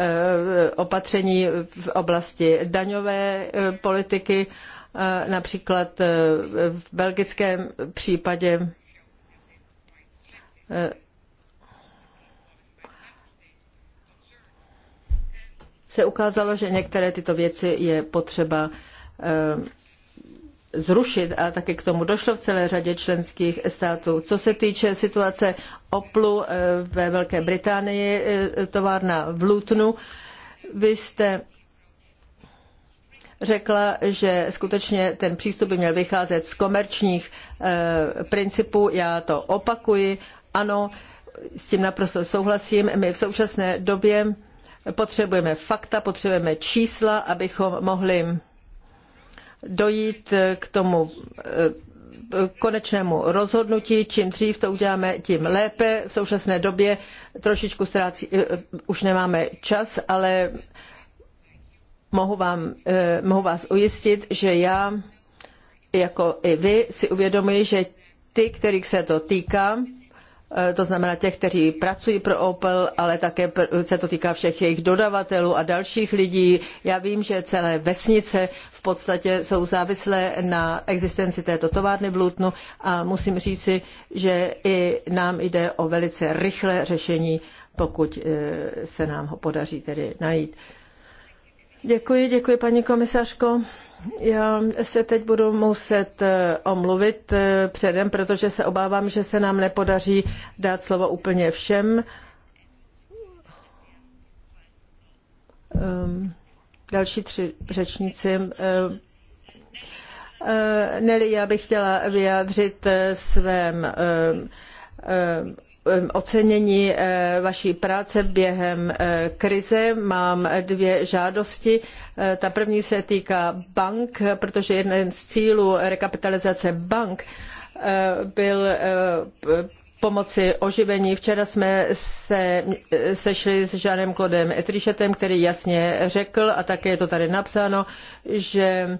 opatření v oblasti daňové politiky, například v belgickém případě se ukázalo, že některé tyto věci je potřeba eh, zrušit a také k tomu došlo v celé řadě členských států. Co se týče situace Oplu eh, ve Velké Británii, eh, továrna v Lutnu, vy jste řekla, že skutečně ten přístup by měl vycházet z komerčních principů. Já to opakuji. Ano, s tím naprosto souhlasím. My v současné době Potřebujeme fakta, potřebujeme čísla, abychom mohli dojít k tomu eh, konečnému rozhodnutí. Čím dřív to uděláme, tím lépe. V současné době trošičku ztrácí, eh, už nemáme čas, ale mohu, vám, eh, mohu vás ujistit, že já, jako i vy, si uvědomuji, že ty, kterých se to týká, Eh, to znamená těch, kteří pracují pro Opel, ale také se to týká všech jejich dodavatelů a dalších lidí. Já vím, že celé vesnice v podstatě jsou závislé na existenci této továrny v Lutnu a musím říci, že i nám jde o velice rychlé řešení, pokud eh, se nám ho podaří tedy najít. Děkuji, děkuji paní komisařko. Já se teď budu muset eh, omluvit eh, předem, protože se obávám, že se nám nepodaří dát slovo úplně všem. Ehm, další tři řečníci. Eh, Neli, já bych chtěla vyjádřit svém Eh, ocenění eh, vaší práce během eh, krize. Mám dvě žádosti. Ta první se týká bank, protože jeden z cílů rekapitalizace bank byl pomoci oživení. Včera jsme se sešli s Žánem Klodem Etrišetem, který jasně řekl, a také je to tady napsáno, že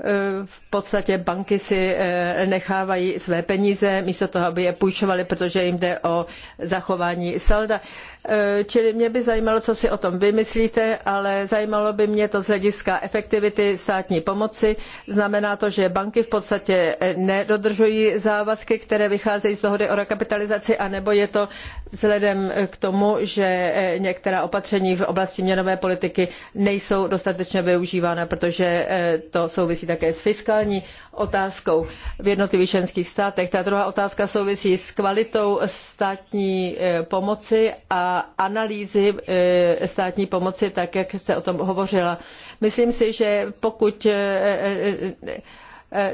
Eh, v podstatě banky si eh, nechávají své peníze místo toho, aby je půjčovaly, protože jim jde o zachování salda. Eh, čili mě by zajímalo, co si o tom vymyslíte, ale zajímalo by mě to z hlediska efektivity státní pomoci. Znamená to, že banky v podstatě nedodržují závazky, které vycházejí z dohody o rekapitalizaci, anebo je to vzhledem k tomu, že některá opatření v oblasti měnové politiky nejsou dostatečně využívána, protože to souvisí souvisí také s fiskální otázkou v jednotlivých členských státech. Ta druhá otázka souvisí s kvalitou státní e, pomoci a analýzy e, státní pomoci, tak jak jste o tom hovořila. Myslím si, že pokud e,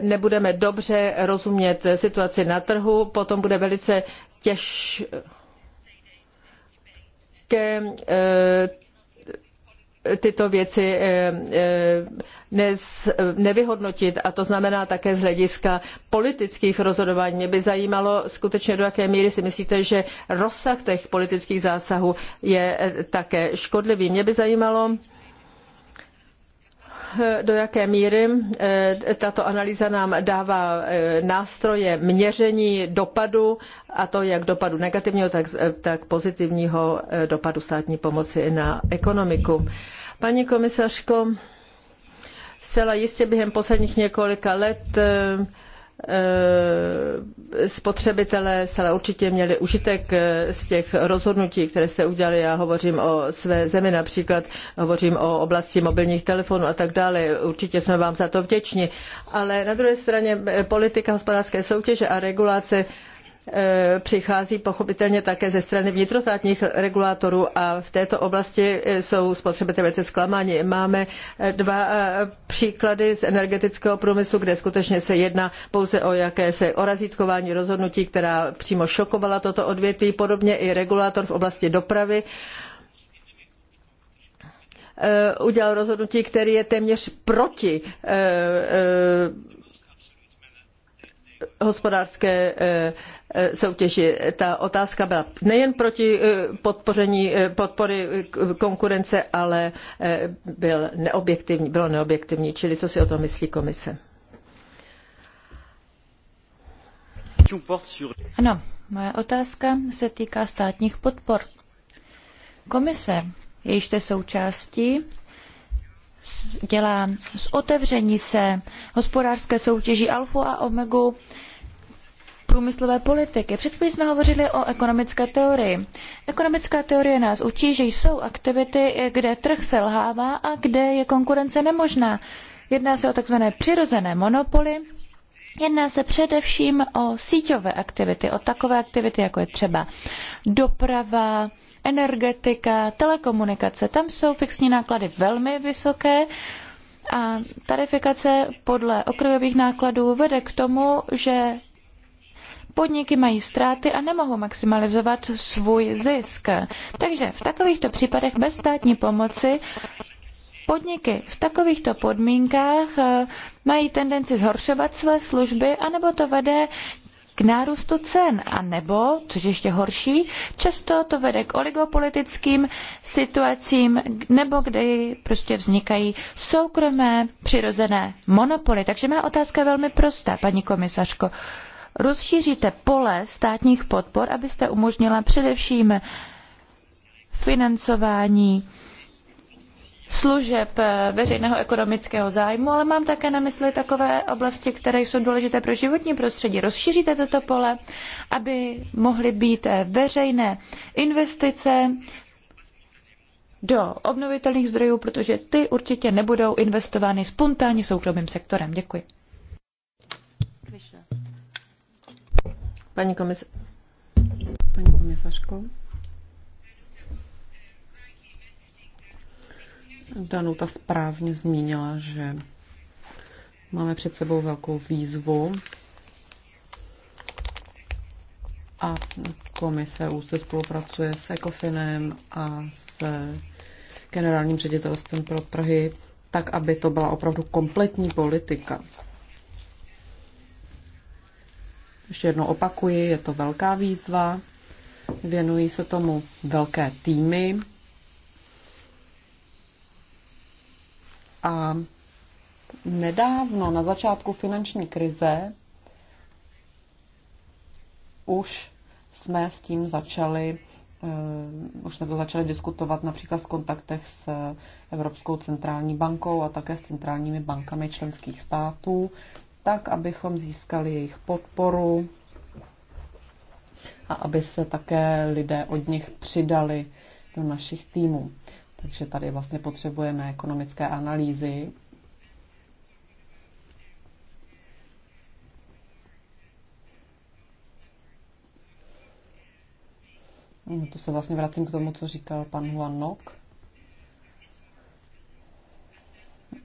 nebudeme dobře rozumět situaci na trhu, potom bude velice těžké tyto věci eh, eh, nevyhodnotit a to znamená také z hlediska politických rozhodování. Mě by zajímalo skutečně, do jaké míry si myslíte, že rozsah těch politických zásahů je eh, také škodlivý. Mě by zajímalo, do jaké míry eh, tato analýza nám dává eh, nástroje měření dopadu, a to jak dopadu negativního, tak, eh, tak pozitivního dopadu státní pomoci na ekonomiku. Paní komisařko, zcela jistě během posledních několika let Eh, spotřebitelé zcela určitě měli užitek eh, z těch rozhodnutí, které jste udělali. Já hovořím o své zemi například, hovořím o oblasti mobilních telefonů a tak dále. Určitě jsme vám za to vděční. Ale na druhé straně eh, politika hospodářské soutěže a regulace Eh, přichází pochopitelně také ze strany vnitrostátních regulátorů a v této oblasti eh, jsou spotřebitelé velice zklamáni. Máme eh, dva příklady z energetického průmyslu, kde skutečně se jedná pouze o jakési orazítkování rozhodnutí, která přímo šokovala toto odvětví, podobně i regulátor v oblasti dopravy udělal rozhodnutí, které je téměř proti hospodářské Eh, soutěži. Ta otázka byla nejen proti eh, podpoření eh, podpory konkurence, ale byl neobjektivní, bylo neobjektivní. Čili co si o tom myslí komise? Ano, moje otázka se týká státních podpor. Komise, jejíž jste součástí, dělá z otevření se hospodářské soutěží alfu a omegu průmyslové politiky. Před chvílí jsme hovořili o ekonomické teorii. Ekonomická teorie nás učí, že jsou aktivity, kde trh selhává a kde je konkurence nemožná. Jedná se o tzv. přirozené monopoly, Jedná se především o síťové aktivity, o takové aktivity, jako je třeba doprava, energetika, telekomunikace. Tam jsou fixní náklady velmi vysoké a tarifikace podle okrajových nákladů vede k tomu, že podniky mají ztráty a nemohou maximalizovat svůj zisk. Takže v takovýchto případech bez státní pomoci podniky v takovýchto podmínkách eh, mají tendenci zhoršovat své služby, anebo to vede k nárůstu cen, a nebo, což ještě horší, často to vede k oligopolitickým situacím, nebo kdy prostě vznikají soukromé přirozené monopoly. Takže má otázka je velmi prostá, paní komisařko rozšíříte pole státních podpor, abyste umožnila především financování služeb eh, veřejného ekonomického zájmu, ale mám také na mysli takové oblasti, které jsou důležité pro životní prostředí. Rozšíříte toto pole, aby mohly být eh, veřejné investice do obnovitelných zdrojů, protože ty určitě nebudou investovány spontánně soukromým sektorem. Děkuji. Paní, komis- Paní komisařko. Danuta správně zmínila, že máme před sebou velkou výzvu a komise úzce spolupracuje s Ecofinem a s generálním ředitelstvem pro Prahy, tak, aby to byla opravdu kompletní politika. Ještě jednou opakuji, je to velká výzva, věnují se tomu velké týmy a nedávno na začátku finanční krize už jsme s tím začali Uh, už jsme to začali diskutovat například v kontaktech s Evropskou centrální bankou a také s centrálními bankami členských států tak abychom získali jejich podporu a aby se také lidé od nich přidali do našich týmů. Takže tady vlastně potřebujeme ekonomické analýzy. No to se vlastně vracím k tomu, co říkal pan Huan Nok.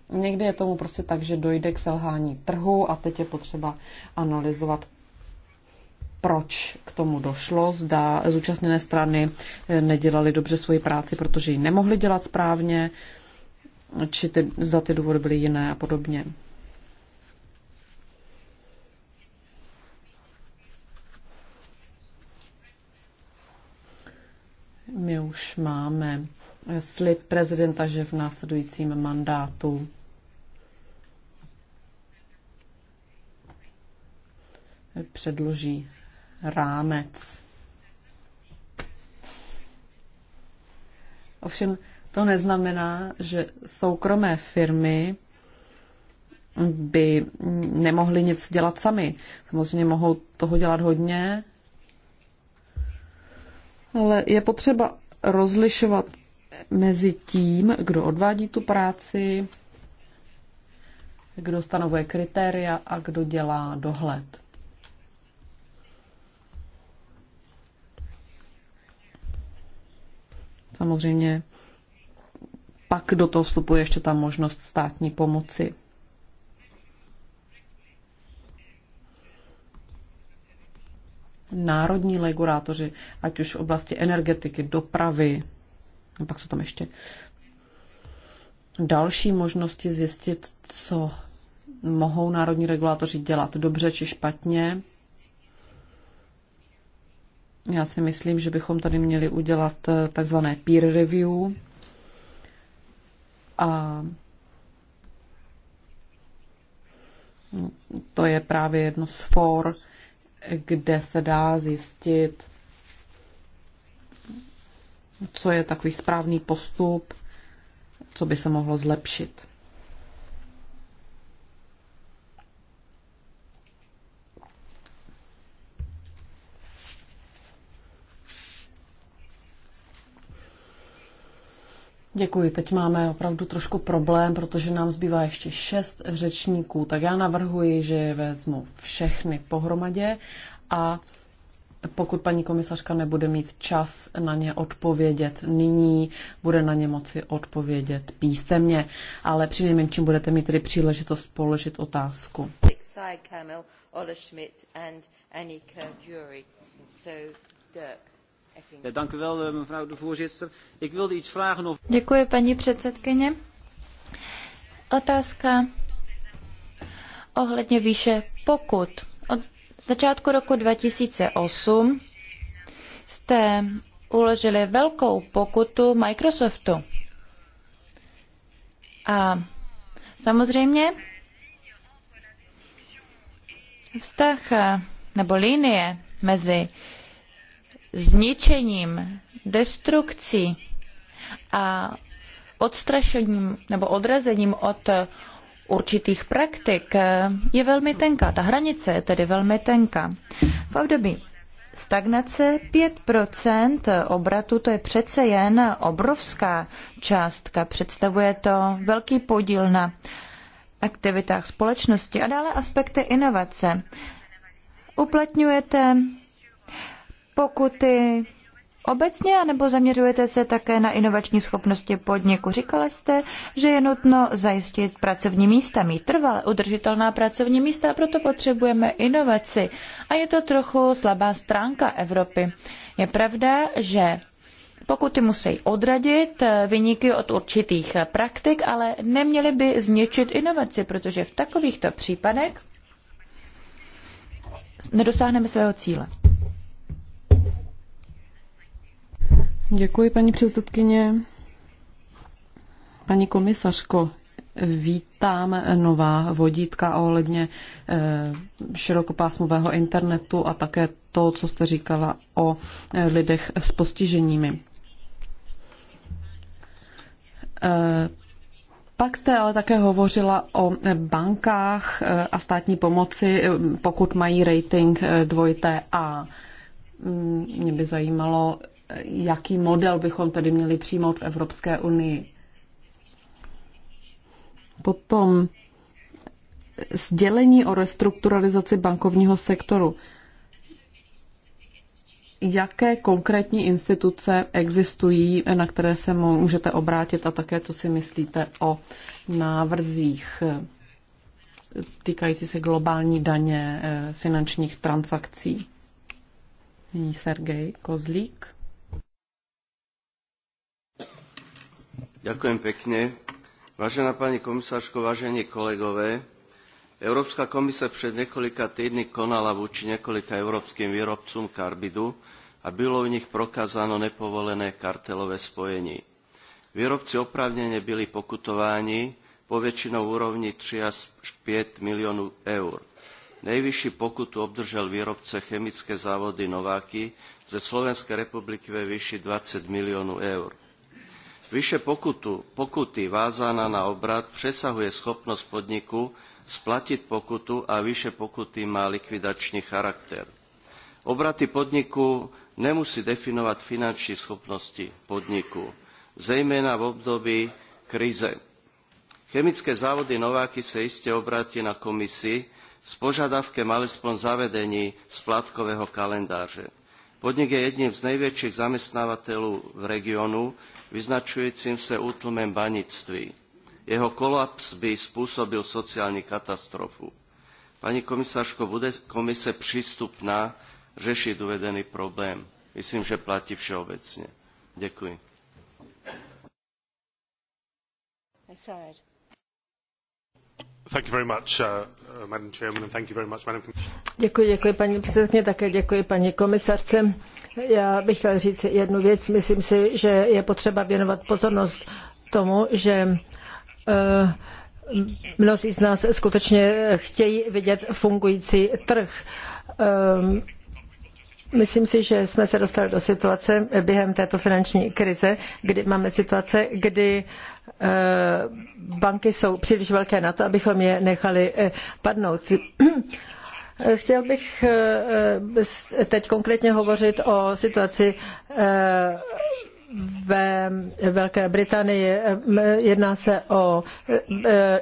Někdy je tomu prostě tak, že dojde k selhání trhu a teď je potřeba analyzovat, proč k tomu došlo. Zda zúčastněné strany eh, nedělaly dobře svoji práci, protože ji nemohli dělat správně, či ty, zda ty důvody byly jiné a podobně. My už máme slib prezidenta, že v následujícím mandátu předloží rámec. Ovšem to neznamená, že soukromé firmy by nemohly nic dělat sami. Samozřejmě mohou toho dělat hodně, ale je potřeba rozlišovat mezi tím, kdo odvádí tu práci, kdo stanovuje kritéria a kdo dělá dohled. Samozřejmě pak do toho vstupuje ještě ta možnost státní pomoci. Národní regulátoři, ať už v oblasti energetiky, dopravy, a pak jsou tam ještě další možnosti zjistit, co mohou národní regulátoři dělat dobře či špatně. Já si myslím, že bychom tady měli udělat eh, takzvané peer review a to je právě jedno z for, kde se dá zjistit, co je takový správný postup, co by se mohlo zlepšit. Děkuji. Teď máme opravdu trošku problém, protože nám zbývá ještě šest řečníků. Tak já navrhuji, že je vezmu všechny pohromadě a pokud paní komisařka nebude mít čas na ně odpovědět nyní, bude na ně moci odpovědět písemně, ale při nejmenším budete mít tedy příležitost položit otázku. Eh, Děkuji, paní předsedkyně. Otázka ohledně výše pokud. V začátku roku 2008 jste uložili velkou pokutu Microsoftu. A samozřejmě vztah nebo linie mezi zničením, destrukcí a odstrašením nebo odrazením od určitých praktik eh, je velmi tenká. Ta hranice je tedy velmi tenká. V období stagnace 5% obratu, to je přece jen obrovská částka. Představuje to velký podíl na aktivitách společnosti a dále aspekty inovace. Uplatňujete pokuty, obecně, anebo zaměřujete se také na inovační schopnosti podniku? Říkala jste, že je nutno zajistit pracovní místa, mít trvalé udržitelná pracovní místa, a proto potřebujeme inovaci. A je to trochu slabá stránka Evropy. Je pravda, že pokud ty musí odradit vyniky od určitých praktik, ale neměly by zničit inovaci, protože v takovýchto případech nedosáhneme svého cíle. Děkuji, paní předsedkyně. Paní komisařko, vítám nová vodítka ohledně eh, širokopásmového internetu a také to, co jste říkala o eh, lidech s postiženími. Eh, pak jste ale také hovořila o bankách a státní pomoci, pokud mají rating dvojité A. Mm, mě by zajímalo, jaký model bychom tedy měli přijmout v Evropské unii. Potom sdělení o restrukturalizaci bankovního sektoru. Jaké konkrétní instituce existují, na které se můžete obrátit a také, co si myslíte o návrzích týkající se globální daně eh, finančních transakcí? Nyní Sergej Kozlík. Ďakujem pekne. Vážená pani komisárko, vážení kolegové, Európska komise pred několika týdny konala voči několika európskym výrobcom karbidu a bylo v nich prokázáno nepovolené kartelové spojení. Výrobci oprávnene byli pokutováni po väčšinou úrovni 3 až 5 miliónov eur. Nejvyšší pokutu obdržel výrobce chemické závody Nováky ze Slovenskej republiky ve výši 20 miliónov eur. Výše pokutu, pokuty vázaná na obrat přesahuje schopnost podniku splatit pokutu a výše pokuty má likvidační charakter. Obraty podniku nemusí definovat finanční schopnosti podniku, zejména v období krize. Chemické závody Nováky se jistě obrátí na komisi s požadavkem alespoň zavedení splátkového kalendáře. Podnik je jedním z největších zaměstnavatelů v regionu vyznačujícím se útlmem banictví. Jeho kolaps by způsobil sociální katastrofu. Paní komisařko, bude komise přístupná řešit uvedený problém? Myslím, že platí všeobecně. Děkuji. Děkuji, děkuji paní předsedkyně, také děkuji paní komisarce. Já bych chtěla říct jednu věc. Myslím si, že je potřeba věnovat pozornost tomu, že eh, mnozí z nás skutečně chtějí vidět fungující trh. Eh, Myslím si, že jsme se dostali do situace během této finanční krize, kdy máme situace, kdy eh, banky jsou příliš velké na to, abychom je nechali eh, padnout. Eh, chtěl bych teď konkrétně hovořit o situaci ve Velké Británii. Jedná se o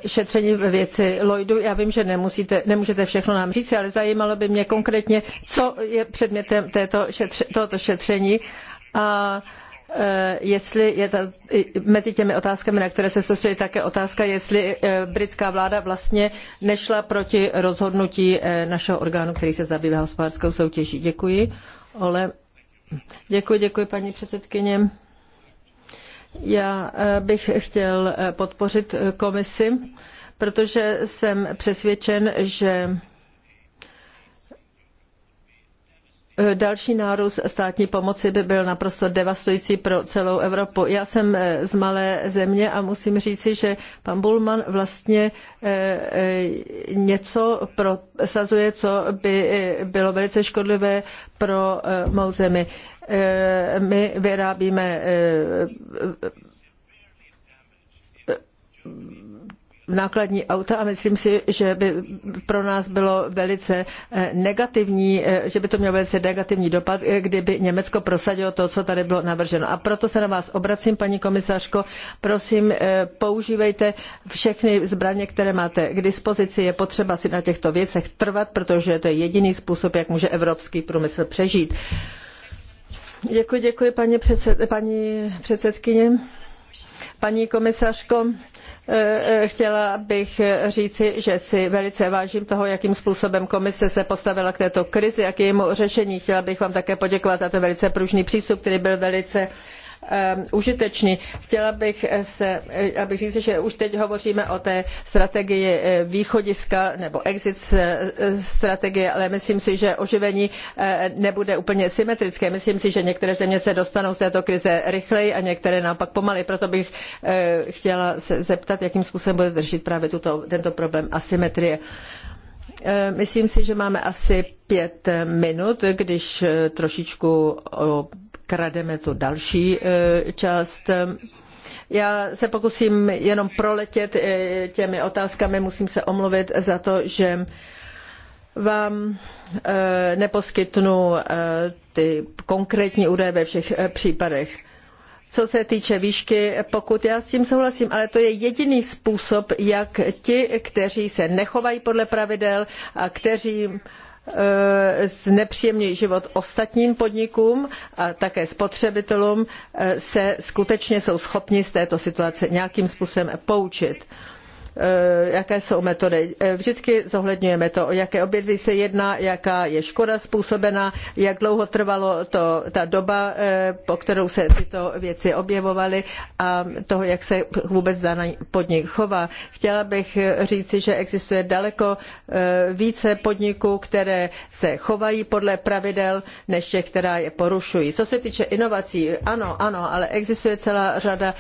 šetření ve věci Lloydu. Já vím, že nemusíte, nemůžete všechno nám říct, ale zajímalo by mě konkrétně, co je předmětem této šetře, tohoto šetření a e, jestli je ta, mezi těmi otázkami, na které se soustředí také otázka, jestli e, britská vláda vlastně nešla proti rozhodnutí e, našeho orgánu, který se zabývá hospodářskou soutěží. Děkuji. Ole Děkuji, děkuji paní předsedkyně. Já eh, bych chtěl eh, podpořit eh, komisi, protože jsem přesvědčen, že Eh, další nárůst státní pomoci by byl naprosto devastující pro celou Evropu. Já jsem eh, z malé země a musím říci, že pan Bulman vlastně eh, něco prosazuje, co by bylo velice škodlivé pro mou zemi. My vyrábíme nákladní auta a myslím si, že by pro nás bylo velice eh, negativní, eh, že by to mělo velice negativní dopad, eh, kdyby Německo prosadilo to, co tady bylo navrženo. A proto se na vás obracím, paní komisařko, prosím, používejte všechny zbraně, které máte k dispozici. Je potřeba si na těchto věcech trvat, protože to je jediný způsob, jak může evropský průmysl přežít. Děkuji, děkuji, paní, předsed, paní předsedkyně. Paní komisařko, Eh, eh, chtěla bych říci, že si velice vážím toho, jakým způsobem komise se postavila k této krizi a k jejímu řešení. Chtěla bych vám také poděkovat za ten velice pružný přístup, který byl velice Ehm, užitečný. Chtěla bych, se, eh, abych říct, že už teď hovoříme o té strategii eh, východiska nebo exit eh, strategie, ale myslím si, že oživení nebude úplně symetrické. Myslím si, že některé země se dostanou z této krize rychleji a některé naopak pomaleji. Proto bych chtěla se zeptat, jakým způsobem bude držet právě tuto, tento problém asymetrie. Myslím si, že máme asi pět minut, když trošičku krademe tu další e, část. Já se pokusím jenom proletět e, těmi otázkami, musím se omluvit za to, že vám e, neposkytnu ty konkrétní údaje ve všech případech. Co se týče výšky pokud, já s tím souhlasím, ale to je jediný způsob, jak ti, kteří se nechovají podle pravidel a kteří Eh, znepříjemňují život ostatním podnikům a také spotřebitelům, eh, se skutečně jsou schopni z této situace nějakým způsobem poučit. Eh, jaké jsou metody. Eh, vždycky zohledňujeme to, o jaké obědvy se jedná, jaká je škoda způsobena, jak dlouho trvalo to, ta doba, eh, po kterou se tyto věci objevovaly a toho, jak se vůbec daný podnik chová. Chtěla bych říci, že existuje daleko více podniků, které se chovají podle pravidel, než těch, která je porušují. Co se týče inovací, ano, ano, ale existuje celá řada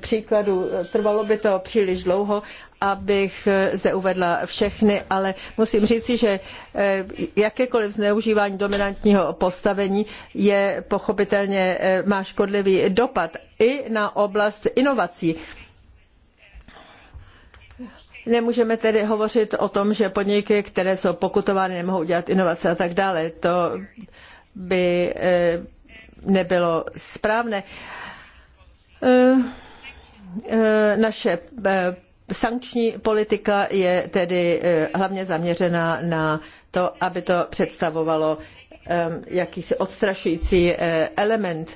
příkladů. Trvalo by to příliš dlouho, abych eh, zde uvedla všechny, ale musím říci, že eh, jakékoliv zneužívání dominantního postavení je pochopitelně eh, má škodlivý dopad i na oblast inovací. Nemůžeme tedy hovořit o tom, že podniky, které jsou pokutovány, nemohou dělat inovace a tak dále. To by nebylo správné. Naše Sankční politika je tedy eh, hlavně zaměřena na to, aby to představovalo ehm, jakýsi odstrašující eh, element.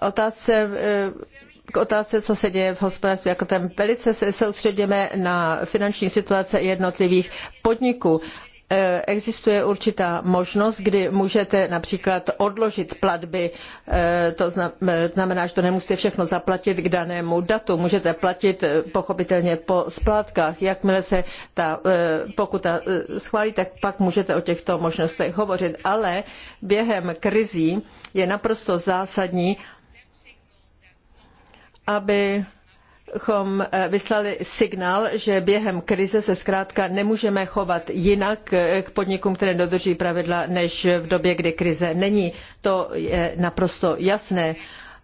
Otázce eh, k otázce, co se děje v hospodářství jako ten Velice se soustředíme na finanční situace jednotlivých podniků, Eh, existuje určitá možnost, kdy můžete například odložit platby, eh, to eh, znamená, že to nemusíte všechno zaplatit k danému datu. Můžete platit pochopitelně po splátkách. Jakmile se ta pokuta schválí, tak pak můžete o těchto možnostech hovořit. Ale během krizí je naprosto zásadní, aby abychom eh, vyslali signál, že během krize se zkrátka nemůžeme chovat jinak eh, k podnikům, které dodržují pravidla, než v době, kdy krize není. To je naprosto jasné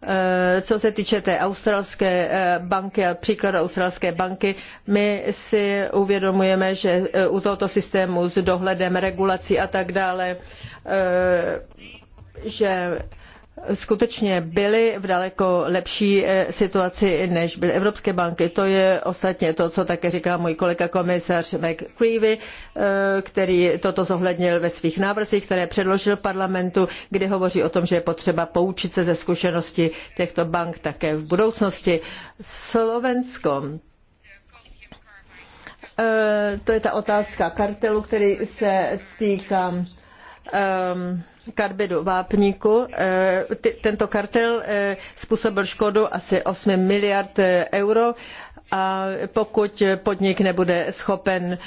eh, co se týče té australské banky a příkladu australské banky, my si uvědomujeme, že u tohoto systému s dohledem, regulací a tak dále, že skutečně byly v daleko lepší eh, situaci, než byly evropské banky. To je ostatně to, co také říká můj kolega komisař McCreevy, eh, který toto zohlednil ve svých návrzích, které předložil parlamentu, kde hovoří o tom, že je potřeba poučit se ze zkušenosti těchto bank také v budoucnosti. Slovensko eh, to je ta otázka kartelu, který se týká Ehm, karbidu vápníku. Eh, tento kartel eh, způsobil škodu asi 8 miliard eh, euro a pokud podnik nebude schopen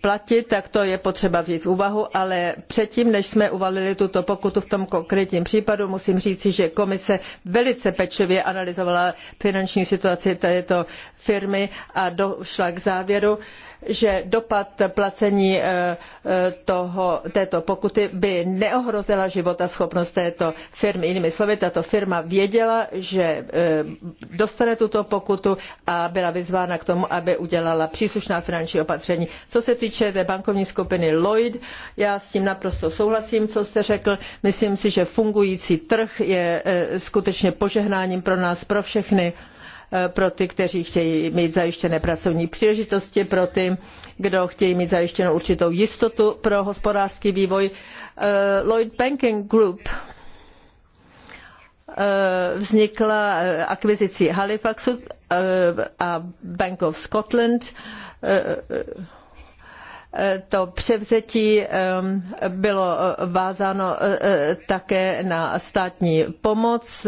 platit, tak to je potřeba vzít v úvahu, ale předtím, než jsme uvalili tuto pokutu v tom konkrétním případu, musím říci, že komise velice pečlivě analyzovala finanční situaci této firmy a došla k závěru, že dopad placení eh, eh, toho, této pokuty by neohrozila životaschopnost této firmy. Jinými slovy, tato firma věděla, že eh, dostane tuto pokutu a byla vyzvána k tomu, aby udělala příslušná finanční opatření. Co se týče té bankovní skupiny Lloyd, já s tím naprosto souhlasím, co jste řekl. Myslím si, že fungující trh je skutečně požehnáním pro nás, pro všechny. Eh, pro ty, kteří chtějí mít zajištěné pracovní příležitosti, pro ty, kdo chtějí mít zajištěnou určitou jistotu pro hospodářský vývoj. Eh, Lloyd Banking Group eh, vznikla akvizicí Halifaxu a Bank of Scotland. To převzetí bylo vázáno také na státní pomoc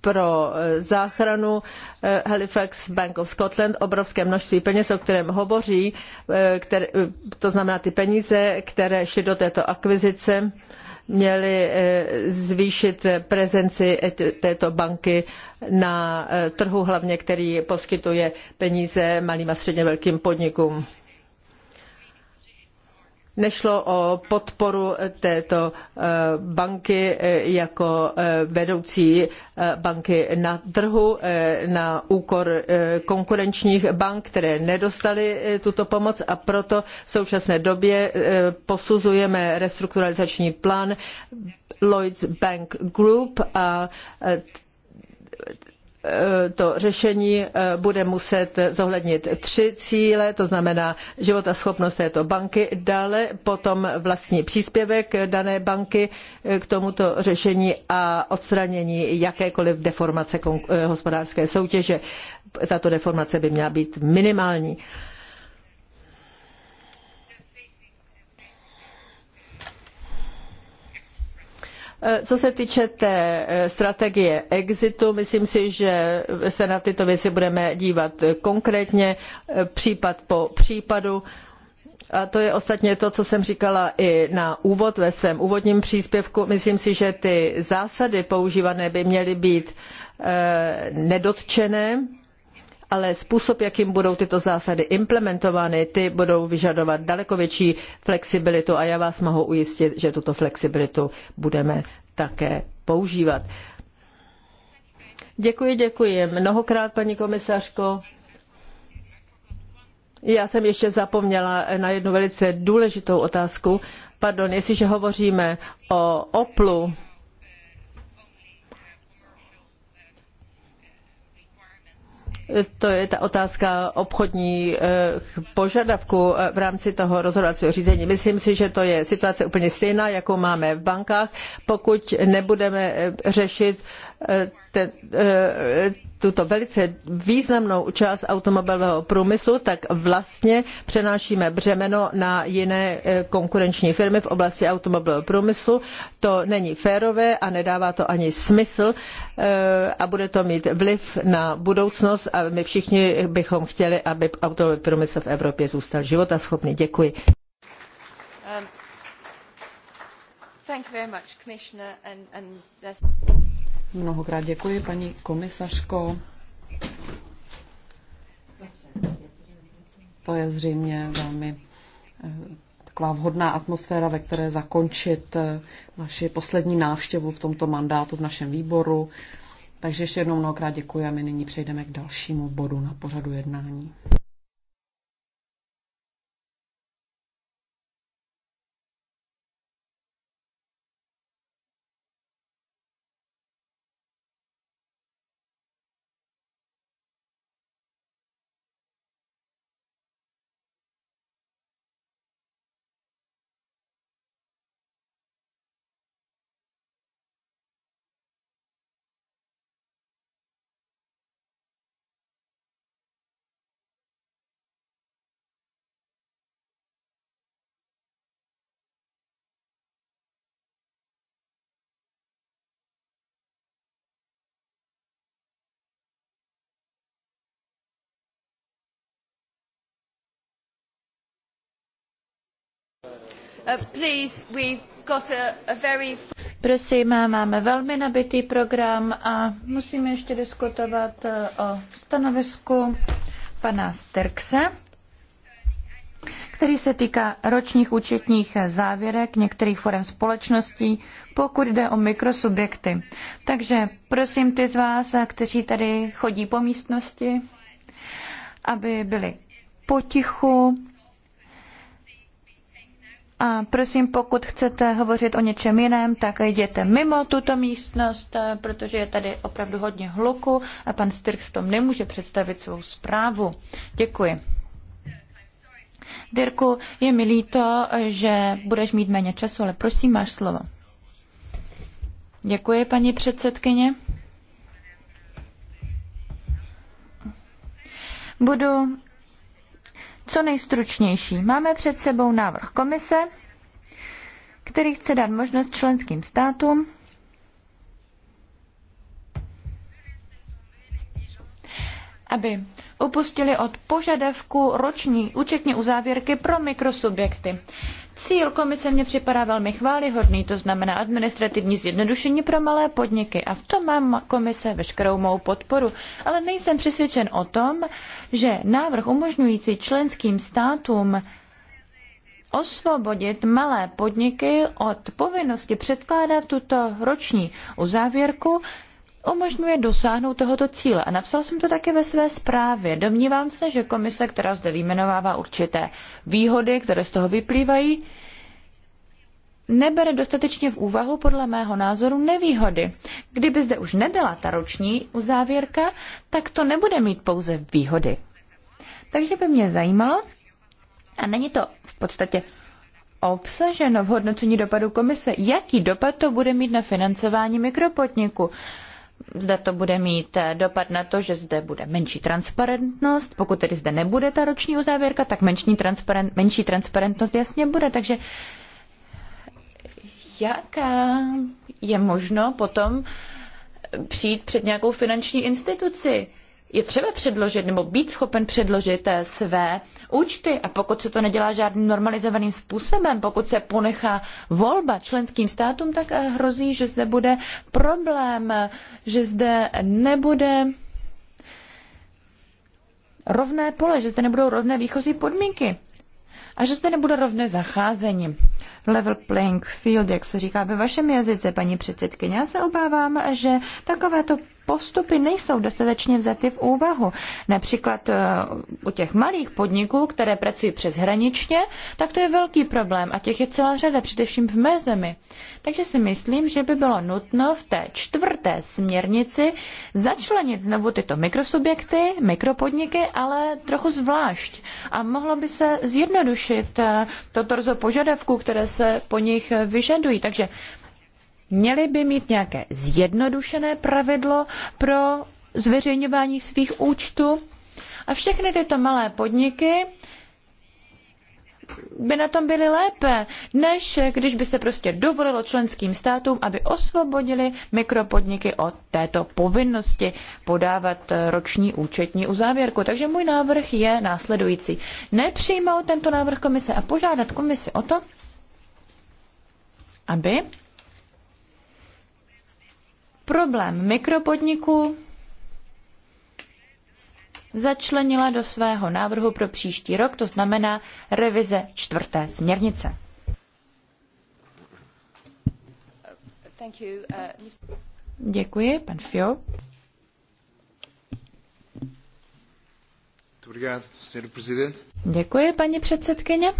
pro eh, záchranu eh, Halifax Bank of Scotland obrovské množství peněz, o kterém hovoří, eh, které, to znamená ty peníze, které šly do této akvizice, měly zvýšit prezenci této banky na trhu, hlavně který poskytuje peníze malým a středně velkým podnikům. Nešlo o podporu této eh, banky eh, jako eh, vedoucí banky na trhu na úkor konkurenčních bank, které nedostaly tuto pomoc a proto v současné době posuzujeme restrukturalizační plán Lloyds Bank Group a Eh, to řešení eh, bude muset zohlednit tři cíle, to znamená životaschopnost této banky, dále potom vlastní příspěvek dané banky eh, k tomuto řešení a odstranění jakékoliv deformace hospodářské soutěže. Tato deformace by měla být minimální. Eh, co se týče té eh, strategie exitu, myslím si, že se na tyto věci budeme dívat eh, konkrétně, případ po případu. A to je ostatně to, co jsem říkala i na úvod ve svém úvodním příspěvku. Myslím si, že ty zásady používané by měly být nedotčené ale způsob, jakým budou tyto zásady implementovány, ty budou vyžadovat daleko větší flexibilitu a já vás mohu ujistit, že tuto flexibilitu budeme také používat. Děkuji, děkuji. Mnohokrát, paní komisařko. Já jsem ještě zapomněla na jednu velice důležitou otázku. Pardon, jestliže hovoříme o Oplu, To je ta otázka obchodních eh, požadavků eh, v rámci toho rozhodovacího řízení. Myslím si, že to je situace úplně stejná, jakou máme v bankách. Pokud nebudeme eh, řešit te, e, tuto velice významnou část automobilového průmyslu, tak vlastně přenášíme břemeno na jiné e, konkurenční firmy v oblasti automobilového průmyslu. To není férové a nedává to ani smysl e, a bude to mít vliv na budoucnost a my všichni bychom chtěli, aby automobilový průmysl v Evropě zůstal životaschopný. Děkuji. Um, Mnohokrát děkuji, paní komisařko. To je zřejmě velmi eh, taková vhodná atmosféra, ve které zakončit eh, naši poslední návštěvu v tomto mandátu v našem výboru. Takže ještě jednou mnohokrát děkuji a my nyní přejdeme k dalšímu bodu na pořadu jednání. Uh, a, Prosím, máme velmi nabitý program a musíme ještě diskutovat uh, o stanovisku pana Sterkse, který se týká ročních účetních závěrek některých forem společností, pokud jde o mikrosubjekty. Takže prosím ty z vás, kteří tady chodí po místnosti, aby byli potichu, a prosím, pokud chcete hovořit o něčem jiném, tak jděte mimo tuto místnost, eh, protože je tady opravdu hodně hluku a pan Styrks tom nemůže představit svou zprávu. Děkuji. Dirku, je mi líto, že budeš mít méně času, ale prosím, máš slovo. Děkuji, paní předsedkyně. Budu co nejstručnější. Máme před sebou návrh komise, který chce dát možnost členským státům aby upustili od požadavku roční účetní uzávěrky pro mikrosubjekty. Cíl komise mně připadá velmi chválihodný, to znamená administrativní zjednodušení pro malé podniky a v tom mám komise veškerou mou podporu. Ale nejsem přesvědčen o tom, že návrh umožňující členským státům osvobodit malé podniky od povinnosti předkládat tuto roční uzávěrku umožňuje dosáhnout tohoto cíle. A napsal jsem to také ve své zprávě. Domnívám se, že komise, která zde vyjmenovává určité výhody, které z toho vyplývají, nebere dostatečně v úvahu podle mého názoru nevýhody. Kdyby zde už nebyla ta roční uzávěrka, tak to nebude mít pouze výhody. Takže by mě zajímalo, a není to v podstatě obsaženo v hodnocení dopadu komise, jaký dopad to bude mít na financování mikropotniku zda to bude mít eh, dopad na to, že zde bude menší transparentnost. Pokud tedy zde nebude ta roční uzávěrka, tak menší, transparent, menší transparentnost jasně bude. Takže jaká je možno potom přijít před nějakou finanční instituci? je třeba předložit nebo být schopen předložit eh, své účty. A pokud se to nedělá žádným normalizovaným způsobem, pokud se ponechá volba členským státům, tak eh, hrozí, že zde bude problém, eh, že zde nebude rovné pole, že zde nebudou rovné výchozí podmínky a že zde nebude rovné zacházení level playing field, jak se říká ve vašem jazyce, paní předsedkyně. Já se obávám, že takovéto postupy nejsou dostatečně vzaty v úvahu. Například eh, u těch malých podniků, které pracují přeshraničně, tak to je velký problém a těch je celá řada, především v mé zemi. Takže si myslím, že by bylo nutno v té čtvrté směrnici začlenit znovu tyto mikrosubjekty, mikropodniky, ale trochu zvlášť. A mohlo by se zjednodušit eh, to torzo požadavků, které se po nich vyžadují. Takže měli by mít nějaké zjednodušené pravidlo pro zveřejňování svých účtů a všechny tyto malé podniky by na tom byly lépe, než když by se prostě dovolilo členským státům, aby osvobodili mikropodniky od této povinnosti podávat eh, roční účetní uzávěrku. Takže můj návrh je následující. Nepřijmout tento návrh komise a požádat komisi o to, aby problém mikropodniků začlenila do svého návrhu pro příští rok, to znamená revize čtvrté směrnice. Uh, Děkuji, pan Fio. Děkuji, paní předsedkyně.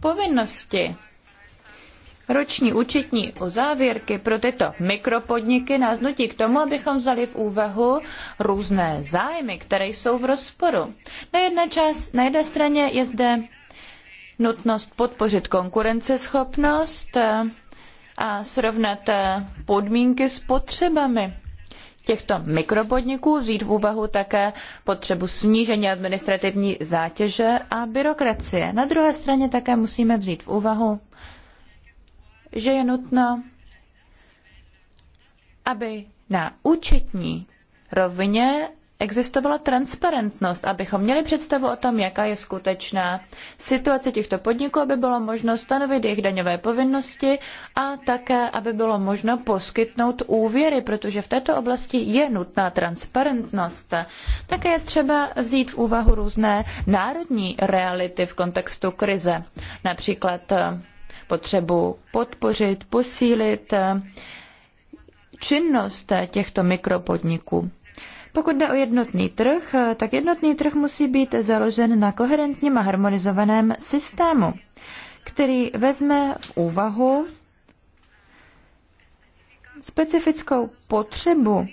povinnosti. Roční účetní uzávěrky pro tyto mikropodniky nás nutí k tomu, abychom vzali v úvahu různé zájmy, které jsou v rozporu. Na jedné, čas, na jedné straně je zde nutnost podpořit konkurenceschopnost a srovnat podmínky s potřebami těchto mikropodniků vzít v úvahu také potřebu snížení administrativní zátěže a byrokracie. Na druhé straně také musíme vzít v úvahu, že je nutno, aby na účetní rovině existovala transparentnost, abychom měli představu o tom, jaká je skutečná situace těchto podniků, aby bylo možno stanovit jejich daňové povinnosti a také, aby bylo možno poskytnout úvěry, protože v této oblasti je nutná transparentnost. Také je třeba vzít v úvahu různé národní reality v kontextu krize, například eh, potřebu podpořit, posílit eh, činnost eh, těchto mikropodniků. Pokud jde o jednotný trh, tak jednotný trh musí být založen na koherentním a harmonizovaném systému, který vezme v úvahu specifickou potřebu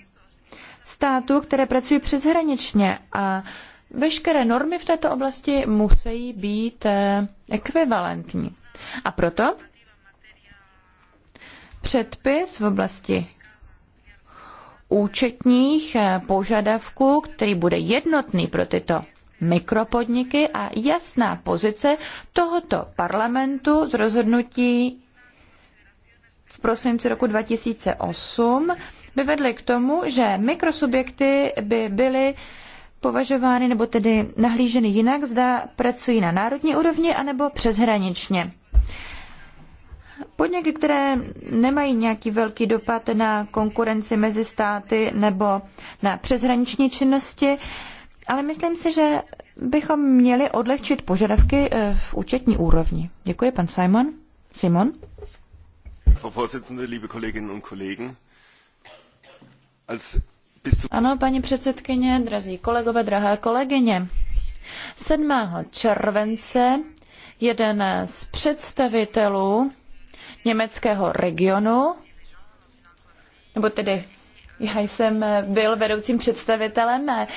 států, které pracují přeshraničně a veškeré normy v této oblasti musí být eh, ekvivalentní. A proto předpis v oblasti účetních eh, požadavků, který bude jednotný pro tyto mikropodniky a jasná pozice tohoto parlamentu z rozhodnutí v prosinci roku 2008 by vedly k tomu, že mikrosubjekty by byly považovány nebo tedy nahlíženy jinak, zda pracují na národní úrovni anebo přeshraničně. Podniky, které nemají nějaký velký dopad na konkurenci mezi státy nebo na přeshraniční činnosti, ale myslím si, že bychom měli odlehčit požadavky eh, v účetní úrovni. Děkuji, pan Simon. Simon? Ano, paní předsedkyně, drazí kolegové, drahé kolegyně. 7. července jeden z představitelů německého regionu, nebo tedy já jsem byl vedoucím představitelem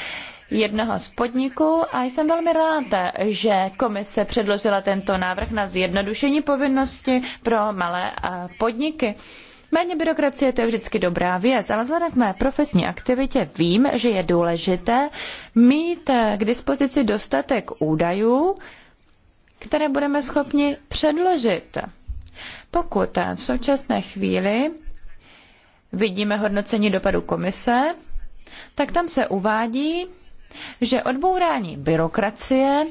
jednoho z podniků a jsem velmi ráda, že komise předložila tento návrh na zjednodušení povinnosti pro malé podniky. Méně byrokracie to je vždycky dobrá věc, ale vzhledem k mé profesní aktivitě vím, že je důležité mít k dispozici dostatek údajů, které budeme schopni předložit pokud v současné chvíli vidíme hodnocení dopadu komise, tak tam se uvádí, že odbourání byrokracie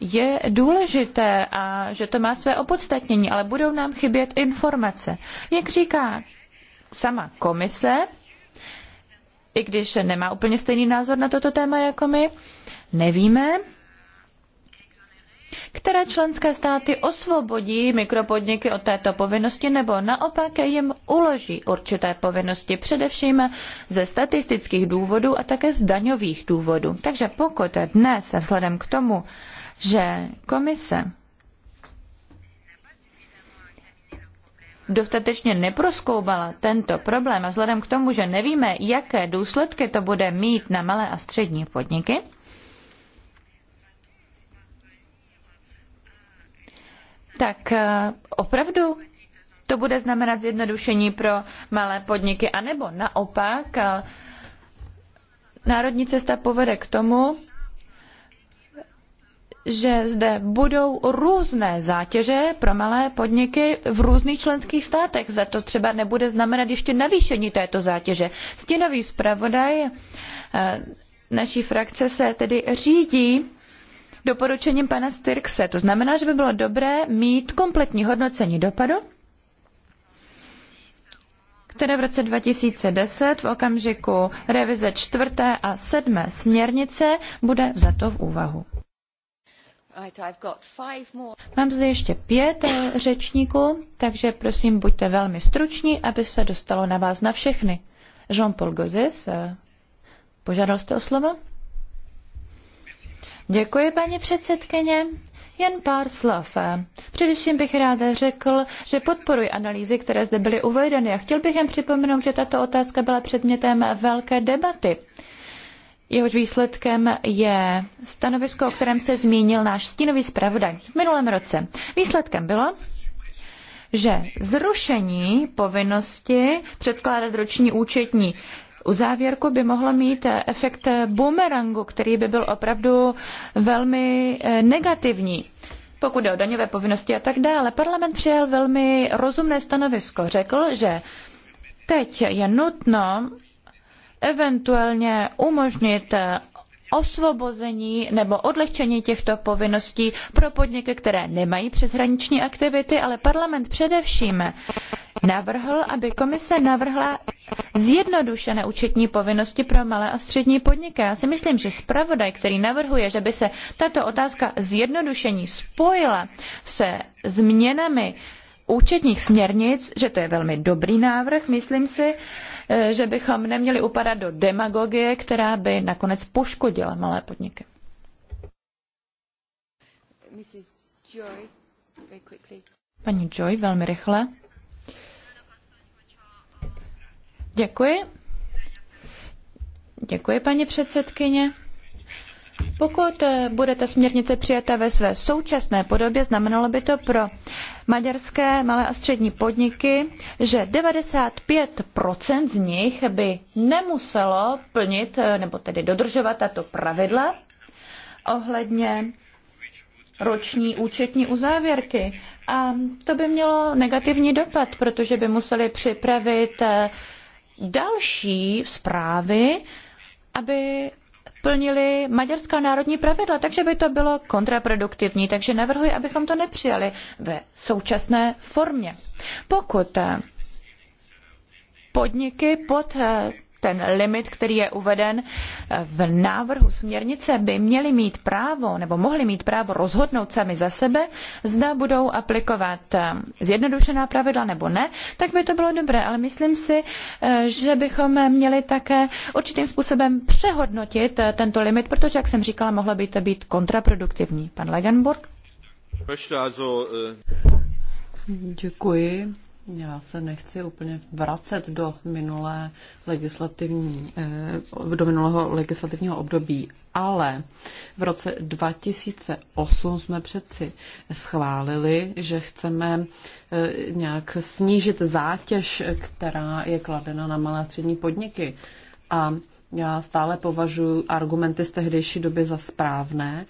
je důležité a že to má své opodstatnění, ale budou nám chybět informace. Jak říká sama komise, i když nemá úplně stejný názor na toto téma jako my, nevíme, které členské státy osvobodí mikropodniky od této povinnosti nebo naopak jim uloží určité povinnosti, především ze statistických důvodů a také z daňových důvodů. Takže pokud dnes, vzhledem k tomu, že komise dostatečně neproskoubala tento problém a vzhledem k tomu, že nevíme, jaké důsledky to bude mít na malé a střední podniky, tak eh, opravdu to bude znamenat zjednodušení pro malé podniky, anebo naopak eh, národní cesta povede k tomu, že zde budou různé zátěže pro malé podniky v různých členských státech. Za to třeba nebude znamenat ještě navýšení této zátěže. Stínový zpravodaj eh, naší frakce se tedy řídí doporučením pana Styrkse. To znamená, že by bylo dobré mít kompletní hodnocení dopadu, které v roce 2010 v okamžiku revize čtvrté a sedmé směrnice bude za to v úvahu. Mám zde ještě pět eh, řečníků, takže prosím, buďte velmi struční, aby se dostalo na vás na všechny. Jean-Paul Gozes, eh, požádal jste o slovo? Děkuji, paní předsedkyně. Jen pár slov. Především bych ráda řekl, že podporuji analýzy, které zde byly uvedeny a chtěl bych jen připomenout, že tato otázka byla předmětem velké debaty. Jehož výsledkem je stanovisko, o kterém se zmínil náš stínový zpravodaj v minulém roce. Výsledkem bylo, že zrušení povinnosti předkládat roční účetní uzávěrku by mohlo mít efekt bumerangu, který by byl opravdu velmi eh, negativní pokud jde o daňové povinnosti a tak dále. Parlament přijal velmi rozumné stanovisko. Řekl, že teď je nutno eventuálně umožnit osvobození nebo odlehčení těchto povinností pro podniky, které nemají přeshraniční aktivity, ale parlament především navrhl, aby komise navrhla zjednodušené účetní povinnosti pro malé a střední podniky. Já si myslím, že zpravodaj, který navrhuje, že by se tato otázka zjednodušení spojila se změnami účetních směrnic, že to je velmi dobrý návrh, myslím si, Eh, že bychom neměli upadat do demagogie, která by nakonec poškodila malé podniky. Joy, Paní Joy, velmi rychle. Děkuji. Děkuji, paní předsedkyně. Pokud eh, budete směrnice přijata ve své současné podobě, znamenalo by to pro maďarské malé a střední podniky, že 95 z nich by nemuselo plnit eh, nebo tedy dodržovat tato pravidla ohledně roční účetní uzávěrky. A to by mělo negativní dopad, protože by museli připravit eh, další zprávy, aby plnili maďarská národní pravidla, takže by to bylo kontraproduktivní. Takže navrhuji, abychom to nepřijali ve současné formě. Pokud eh, podniky pod eh, ten limit, který je uveden eh, v návrhu směrnice, by měli mít právo nebo mohli mít právo rozhodnout sami za sebe, zda budou aplikovat eh, zjednodušená pravidla nebo ne, tak by to bylo dobré. Ale myslím si, eh, že bychom měli také určitým způsobem přehodnotit tento limit, protože, jak jsem říkala, mohlo by to být kontraproduktivní. Pan Legenburg? Děkuji. Já se nechci úplně vracet do minulé legislativní, eh, do minulého legislativního období, ale v roce 2008 jsme přeci schválili, že chceme eh, nějak snížit zátěž, která je kladena na malé a střední podniky. A já stále považuji argumenty z tehdejší doby za správné,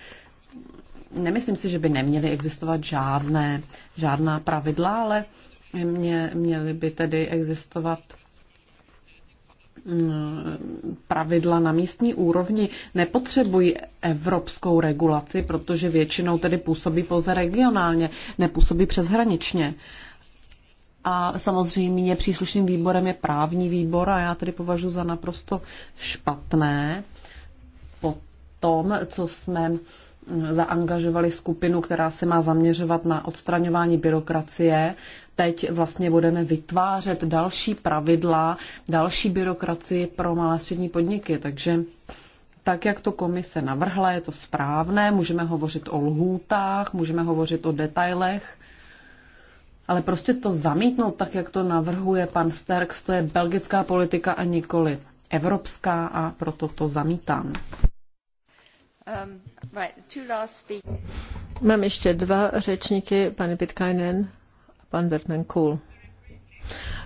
nemyslím si, že by neměly existovat žádné, žádná pravidla, ale mě, měly by tedy existovat mm, pravidla na místní úrovni nepotřebují evropskou regulaci, protože většinou tedy působí pouze regionálně, nepůsobí přeshraničně. A samozřejmě příslušným výborem je právní výbor a já tedy považuji za naprosto špatné po tom, co jsme mm, zaangažovali skupinu, která se má zaměřovat na odstraňování byrokracie, teď vlastně budeme vytvářet další pravidla, další byrokracii pro malé střední podniky. Takže tak, jak to komise navrhla, je to správné. Můžeme hovořit o lhůtách, můžeme hovořit o detailech, ale prostě to zamítnout tak, jak to navrhuje pan Sterks, to je belgická politika a nikoli evropská a proto to zamítám. Um, right, Mám ještě dva řečníky, pane Pitkainen pan Vernon Kuhl.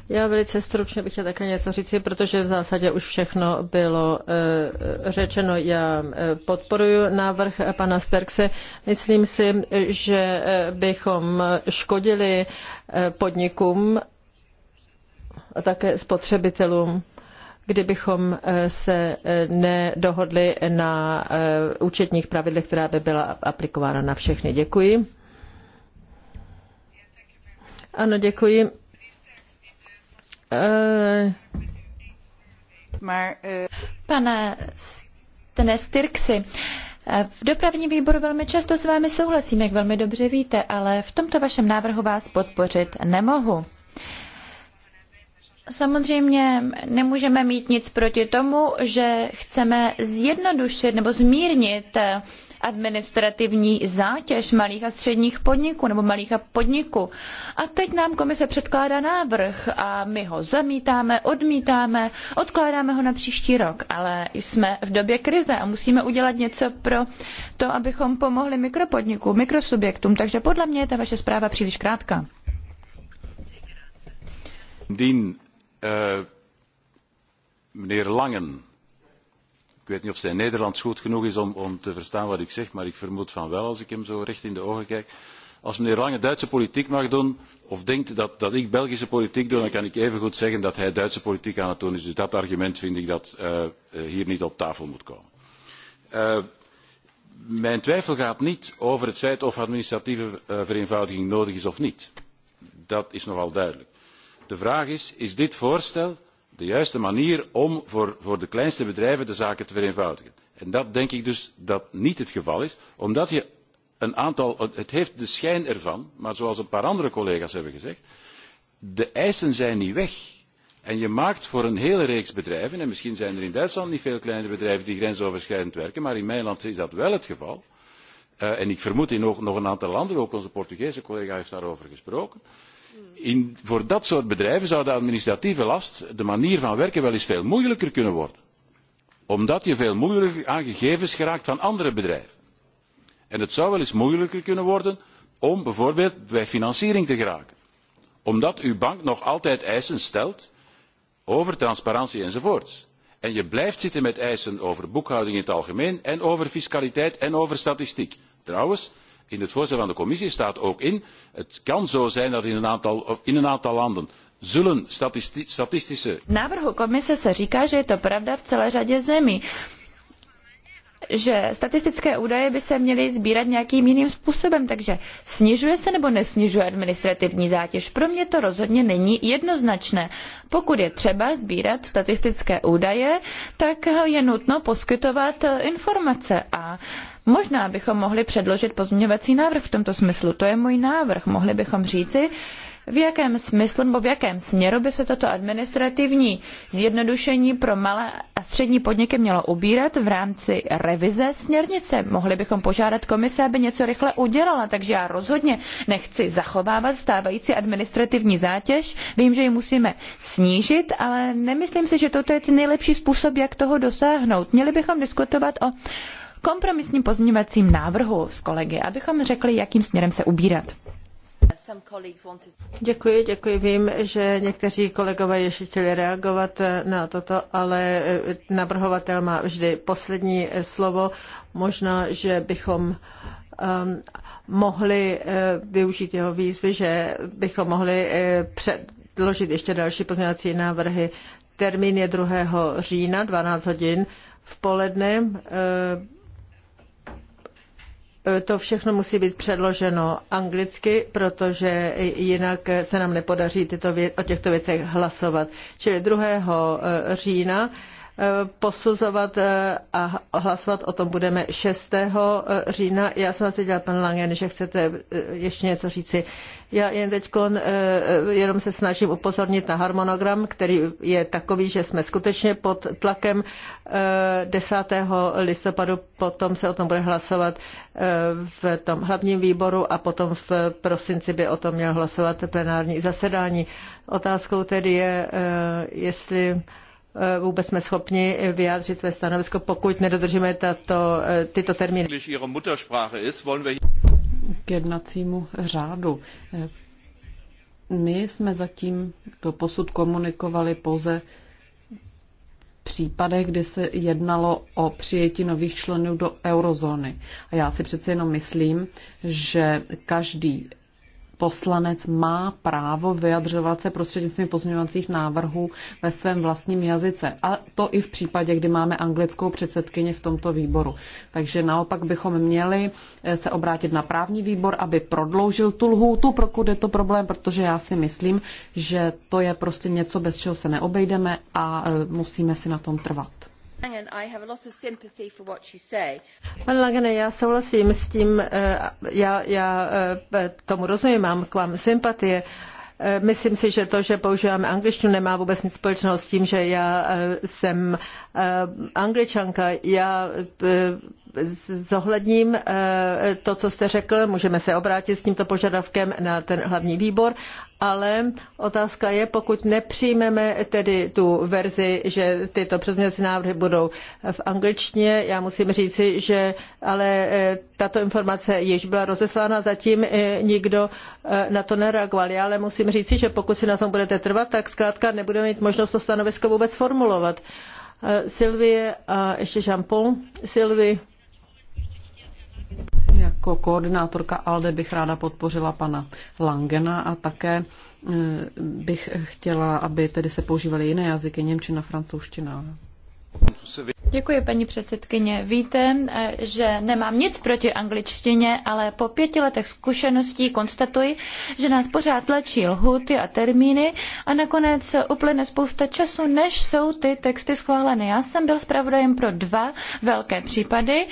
Já velice stručně bych chtěla také něco říci, protože v zásadě už všechno bylo eh, řečeno. Já eh, podporuji návrh pana Sterkse. Myslím si, že eh, bychom škodili podnikům a také spotřebitelům kdybychom se nedohodli na účetních pravidlech, která by byla aplikována na všechny. Děkuji. Ano, děkuji. Eh, eh, pane Stene eh, v dopravním výboru velmi často s vámi souhlasím, jak velmi dobře víte, ale v tomto vašem návrhu vás podpořit nemohu. Samozřejmě nemůžeme mít nic proti tomu, že chceme zjednodušit nebo zmírnit administrativní zátěž malých a středních podniků nebo malých a podniků. A teď nám komise předkládá návrh a my ho zamítáme, odmítáme, odkládáme ho na příští rok, ale jsme v době krize a musíme udělat něco pro to, abychom pomohli mikropodnikům, mikrosubjektům, takže podle mě je ta vaše zpráva příliš krátká. Uh, meneer Langen. Ik weet niet of zijn Nederlands goed genoeg is om, om te verstaan wat ik zeg, maar ik vermoed van wel als ik hem zo recht in de ogen kijk. Als meneer Lange Duitse politiek mag doen, of denkt dat, dat ik Belgische politiek doe, dan kan ik even goed zeggen dat hij Duitse politiek aan het doen is. Dus dat argument vind ik dat uh, hier niet op tafel moet komen. Uh, mijn twijfel gaat niet over het feit of administratieve vereenvoudiging nodig is of niet. Dat is nogal duidelijk de vraag is is dit voorstel de juiste manier om voor, voor de kleinste bedrijven de zaken te vereenvoudigen? en dat denk ik dus dat niet het geval is omdat je een aantal het heeft de schijn ervan maar zoals een paar andere collega's hebben gezegd de eisen zijn niet weg. En je maakt voor een hele reeks bedrijven, en misschien zijn er in Duitsland niet veel kleine bedrijven die grensoverschrijdend werken, maar in mijn land is dat wel het geval. Uh, en ik vermoed in nog, nog een aantal landen, ook onze Portugese collega heeft daarover gesproken. In, voor dat soort bedrijven zou de administratieve last, de manier van werken, wel eens veel moeilijker kunnen worden. Omdat je veel moeilijker aan gegevens geraakt van andere bedrijven. En het zou wel eens moeilijker kunnen worden om bijvoorbeeld bij financiering te geraken. Omdat uw bank nog altijd eisen stelt over transparantie enzovoorts. En je blijft zitten met eisen over boekhouding in het algemeen en over fiscaliteit en over statistiek. Trouwens, in het voorstel van de commissie staat ook in het kan zo zijn dat in een aantal, in een aantal landen zullen statisti- statistische... návrhu komise se říká, že je to pravda v celé řadě zemí že statistické údaje by se měly sbírat nějakým jiným způsobem, takže snižuje se nebo nesnižuje administrativní zátěž? Pro mě to rozhodně není jednoznačné. Pokud je třeba sbírat statistické údaje, tak je nutno poskytovat eh, informace a Možná bychom mohli předložit pozměňovací návrh v tomto smyslu. To je můj návrh. Mohli bychom říci, v jakém smyslu nebo v jakém směru by se toto administrativní zjednodušení pro malé a střední podniky mělo ubírat v rámci revize směrnice. Mohli bychom požádat komise, aby něco rychle udělala, takže já rozhodně nechci zachovávat stávající administrativní zátěž. Vím, že ji musíme snížit, ale nemyslím si, že toto je ten nejlepší způsob, jak toho dosáhnout. Měli bychom diskutovat o kompromisním pozměňovacím návrhu s kolegy, abychom řekli, jakým směrem se ubírat. Děkuji, děkuji. Vím, že někteří kolegové ještě chtěli reagovat eh, na toto, ale eh, navrhovatel má vždy poslední eh, slovo. Možná, že bychom um, mohli uh, využít jeho výzvy, že bychom mohli uh, předložit ještě další pozměňovací návrhy. Termín je 2. října, 12 hodin v poledne. Uh, E, to všechno musí být předloženo anglicky, protože jinak se nám nepodaří tyto vě- o těchto věcech hlasovat. Čili 2. E, října posuzovat eh, a hlasovat o tom budeme 6. Eh, října. Já jsem vás dělal, pan Langen, že chcete eh, ještě něco říci. Já jen teď jenom se snažím upozornit na harmonogram, který je takový, že jsme skutečně pod tlakem 10. listopadu, potom se o tom bude hlasovat v tom hlavním výboru a potom v prosinci by o tom měl hlasovat plenární zasedání. Otázkou tedy je, jestli Eh, vůbec jsme schopni vyjádřit své stanovisko, pokud nedodržíme tato, eh, tyto termíny. K jednacímu řádu. Eh, my jsme zatím to posud komunikovali pouze případech, kdy se jednalo o přijetí nových členů do eurozóny. A já si přece jenom myslím, že každý poslanec má právo vyjadřovat se prostřednictvím pozměňovacích návrhů ve svém vlastním jazyce. A to i v případě, kdy máme anglickou předsedkyni v tomto výboru. Takže naopak bychom měli eh, se obrátit na právní výbor, aby prodloužil tu lhůtu, pokud je to problém, protože já si myslím, že to je prostě něco, bez čeho se neobejdeme a eh, musíme si na tom trvat paní Langene, já souhlasím s tím, eh, já, eh, tomu rozumím, mám k vám sympatie. Eh, myslím si, že to, že používáme angličtinu, nemá vůbec nic společného s tím, že já jsem angličanka. Já zohledním eh, to, co jste řekl, můžeme se obrátit s tímto požadavkem na ten hlavní výbor, ale otázka je, pokud nepřijmeme tedy tu verzi, že tyto předměty návrhy budou v angličtině, já musím říci, že ale eh, tato informace již byla rozeslána, zatím eh, nikdo na to nereagoval. Já ale musím říci, že pokud si na tom budete trvat, tak zkrátka nebudeme mít možnost to stanovisko vůbec formulovat. Sylvie a ještě Jean-Paul. Sylvie, jako koordinátorka ALDE bych ráda podpořila pana Langena a také e, bych chtěla, aby tedy se používaly jiné jazyky, Němčina, francouzština. Děkuji, paní předsedkyně. Víte, e, že nemám nic proti angličtině, ale po pěti letech zkušeností konstatuji, že nás pořád tlačí lhuty a termíny a nakonec uplyne spousta času, než jsou ty texty schváleny. Já jsem byl zpravodajem pro dva velké případy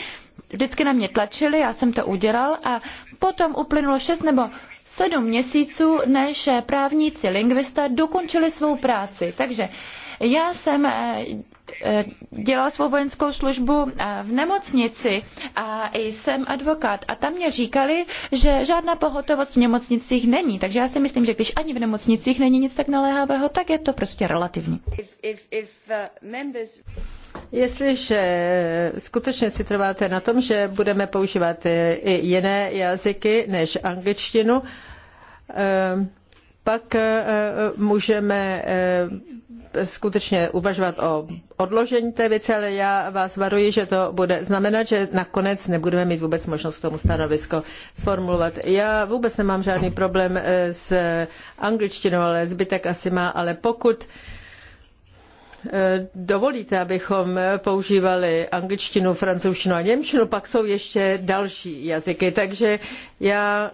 vždycky na mě tlačili, já jsem to udělal a potom uplynulo šest nebo sedm měsíců, než právníci, lingvista dokončili svou práci. Takže já jsem eh, eh, dělala svou vojenskou službu eh, v nemocnici a jsem advokát. A tam mě říkali, že žádná pohotovost v nemocnicích není. Takže já si myslím, že když ani v nemocnicích není nic tak naléhavého, tak je to prostě relativní. If, if, if, uh, members... Jestliže skutečně si trváte na tom, že budeme používat eh, i jiné jazyky než angličtinu, eh, pak eh, můžeme skutečně uvažovat o odložení té věci, ale já vás varuji, že to bude znamenat, že nakonec nebudeme mít vůbec možnost tomu stanovisko formulovat. Já vůbec nemám žádný problém s angličtinou, ale zbytek asi má, ale pokud Eh, dovolíte, abychom používali angličtinu, francouzštinu a němčinu, pak jsou ještě další jazyky. Takže já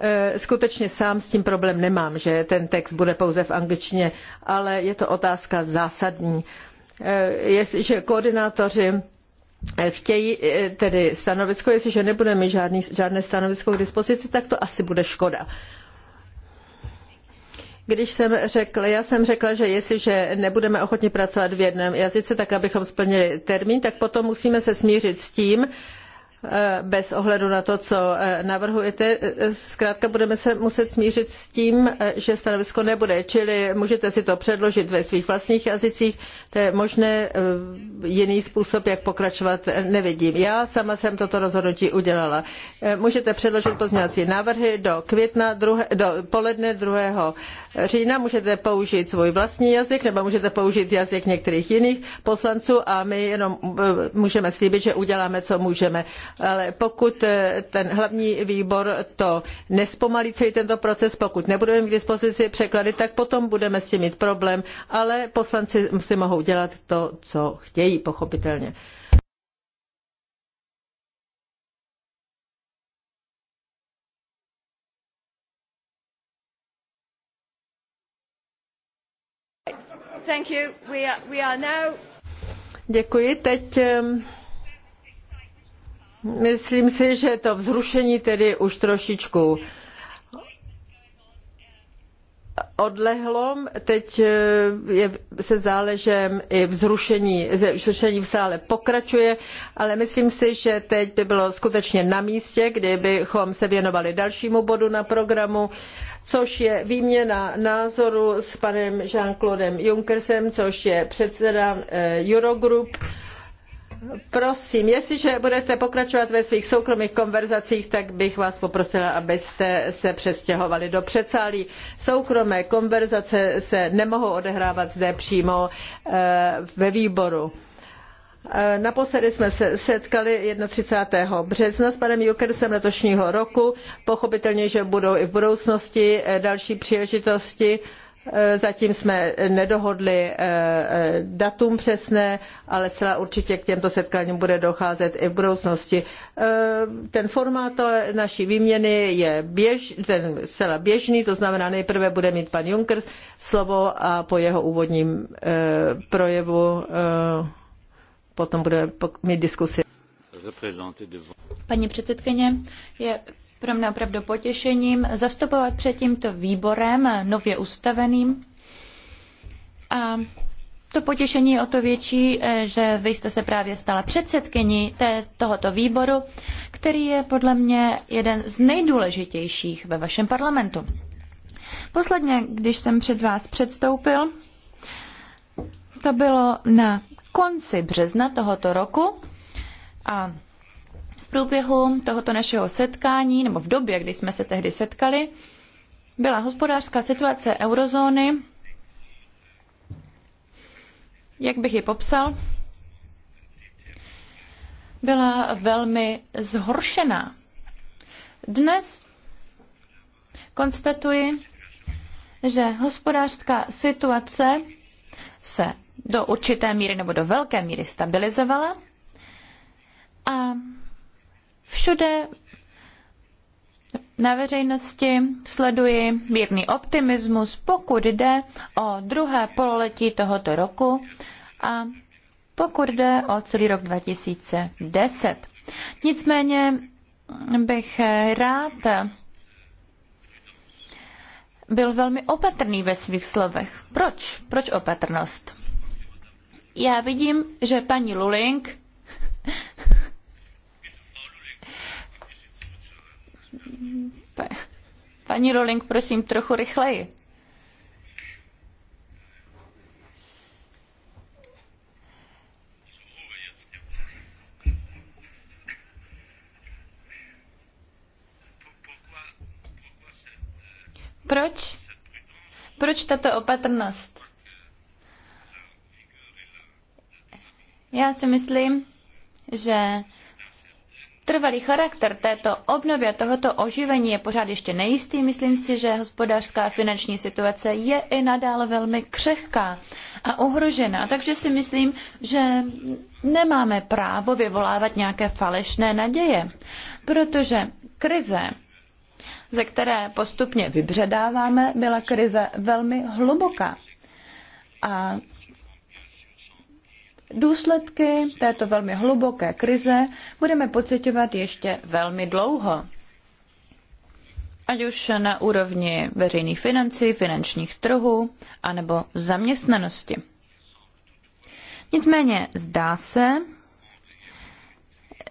eh, skutečně sám s tím problém nemám, že ten text bude pouze v angličtině, ale je to otázka zásadní. Eh, jestliže koordinátoři chtějí tedy stanovisko, jestliže nebudeme mít žádný, žádné stanovisko k dispozici, tak to asi bude škoda. Uh, když jsem řekla, já jsem řekla, že jestliže nebudeme ochotni pracovat v jednom jazyce, tak abychom splnili termín, tak potom musíme se smířit s tím, Eh, bez ohledu na to, co eh, navrhujete. Eh, zkrátka budeme se muset smířit s tím, že stanovisko nebude, čili můžete si to předložit ve svých vlastních jazycích. To je možné, jiný způsob, jak pokračovat, nevidím. Já sama jsem toto rozhodnutí udělala. Můžete předložit pozměňovací návrhy do května, druhé, do poledne 2. října. Můžete použít svůj vlastní jazyk nebo můžete použít jazyk některých jiných poslanců a my jenom můžeme slíbit, že uděláme, co můžeme ale pokud eh, ten hlavní výbor to nespomalí celý tento proces, pokud nebudeme mít k dispozici překlady, tak potom budeme s tím mít problém, ale poslanci si mohou dělat to, co chtějí, pochopitelně. Thank you. We are, we are now... Děkuji. Teď eh, Myslím si, že to vzrušení tedy už trošičku odlehlo. Teď eh, je, se záležem i vzrušení, vzrušení v sále pokračuje, ale myslím si, že teď by bylo skutečně na místě, kdybychom se věnovali dalšímu bodu na programu, což je výměna názoru s panem Jean-Claudem Junckersem, což je předseda eh, Eurogroup prosím, jestliže budete pokračovat ve svých soukromých konverzacích, tak bych vás poprosila, abyste se přestěhovali do předsálí. Soukromé konverzace se nemohou odehrávat zde přímo eh, ve výboru. Eh, naposledy jsme se setkali 31. března s panem Jukersem letošního roku. Pochopitelně, že budou i v budoucnosti eh, další příležitosti. Eh, zatím jsme nedohodli eh, eh, datum přesné, ale zcela určitě k těmto setkáním bude docházet i v budoucnosti. Ten formát naší výměny je běž, ten zcela běžný, to znamená nejprve bude mít pan Juncker slovo a po jeho úvodním projevu potom budeme mít diskusi. Paní předsedkyně, je pro mě opravdu potěšením zastupovat před tímto výborem nově ustaveným. A to potěšení je o to větší, eh, že vy jste se právě stala předsedkyní té, tohoto výboru, který je podle mě jeden z nejdůležitějších ve vašem parlamentu. Posledně, když jsem před vás předstoupil, to bylo na konci března tohoto roku a průběhu tohoto našeho setkání, nebo v době, kdy jsme se tehdy setkali, byla hospodářská situace eurozóny, jak bych ji popsal, byla velmi zhoršená. Dnes konstatuji, že hospodářská situace se do určité míry nebo do velké míry stabilizovala a všude na veřejnosti sleduji mírný optimismus, pokud jde o druhé pololetí tohoto roku a pokud jde o celý rok 2010. Nicméně bych rád byl velmi opatrný ve svých slovech. Proč? Proč opatrnost? Já vidím, že paní Luling Paní Rowling, prosím, trochu rychleji. Proč? Proč tato opatrnost? Já si myslím, že Trvalý charakter této obnovy a tohoto oživení je pořád ještě nejistý. Myslím si, že hospodářská a finanční situace je i nadále velmi křehká a ohrožená. Takže si myslím, že nemáme právo vyvolávat nějaké falešné naděje, protože krize ze které postupně vybředáváme, byla krize velmi hluboká. A Důsledky této velmi hluboké krize budeme pocitovat ještě velmi dlouho. Ať už na úrovni veřejných financí, finančních trhů, anebo zaměstnanosti. Nicméně zdá se,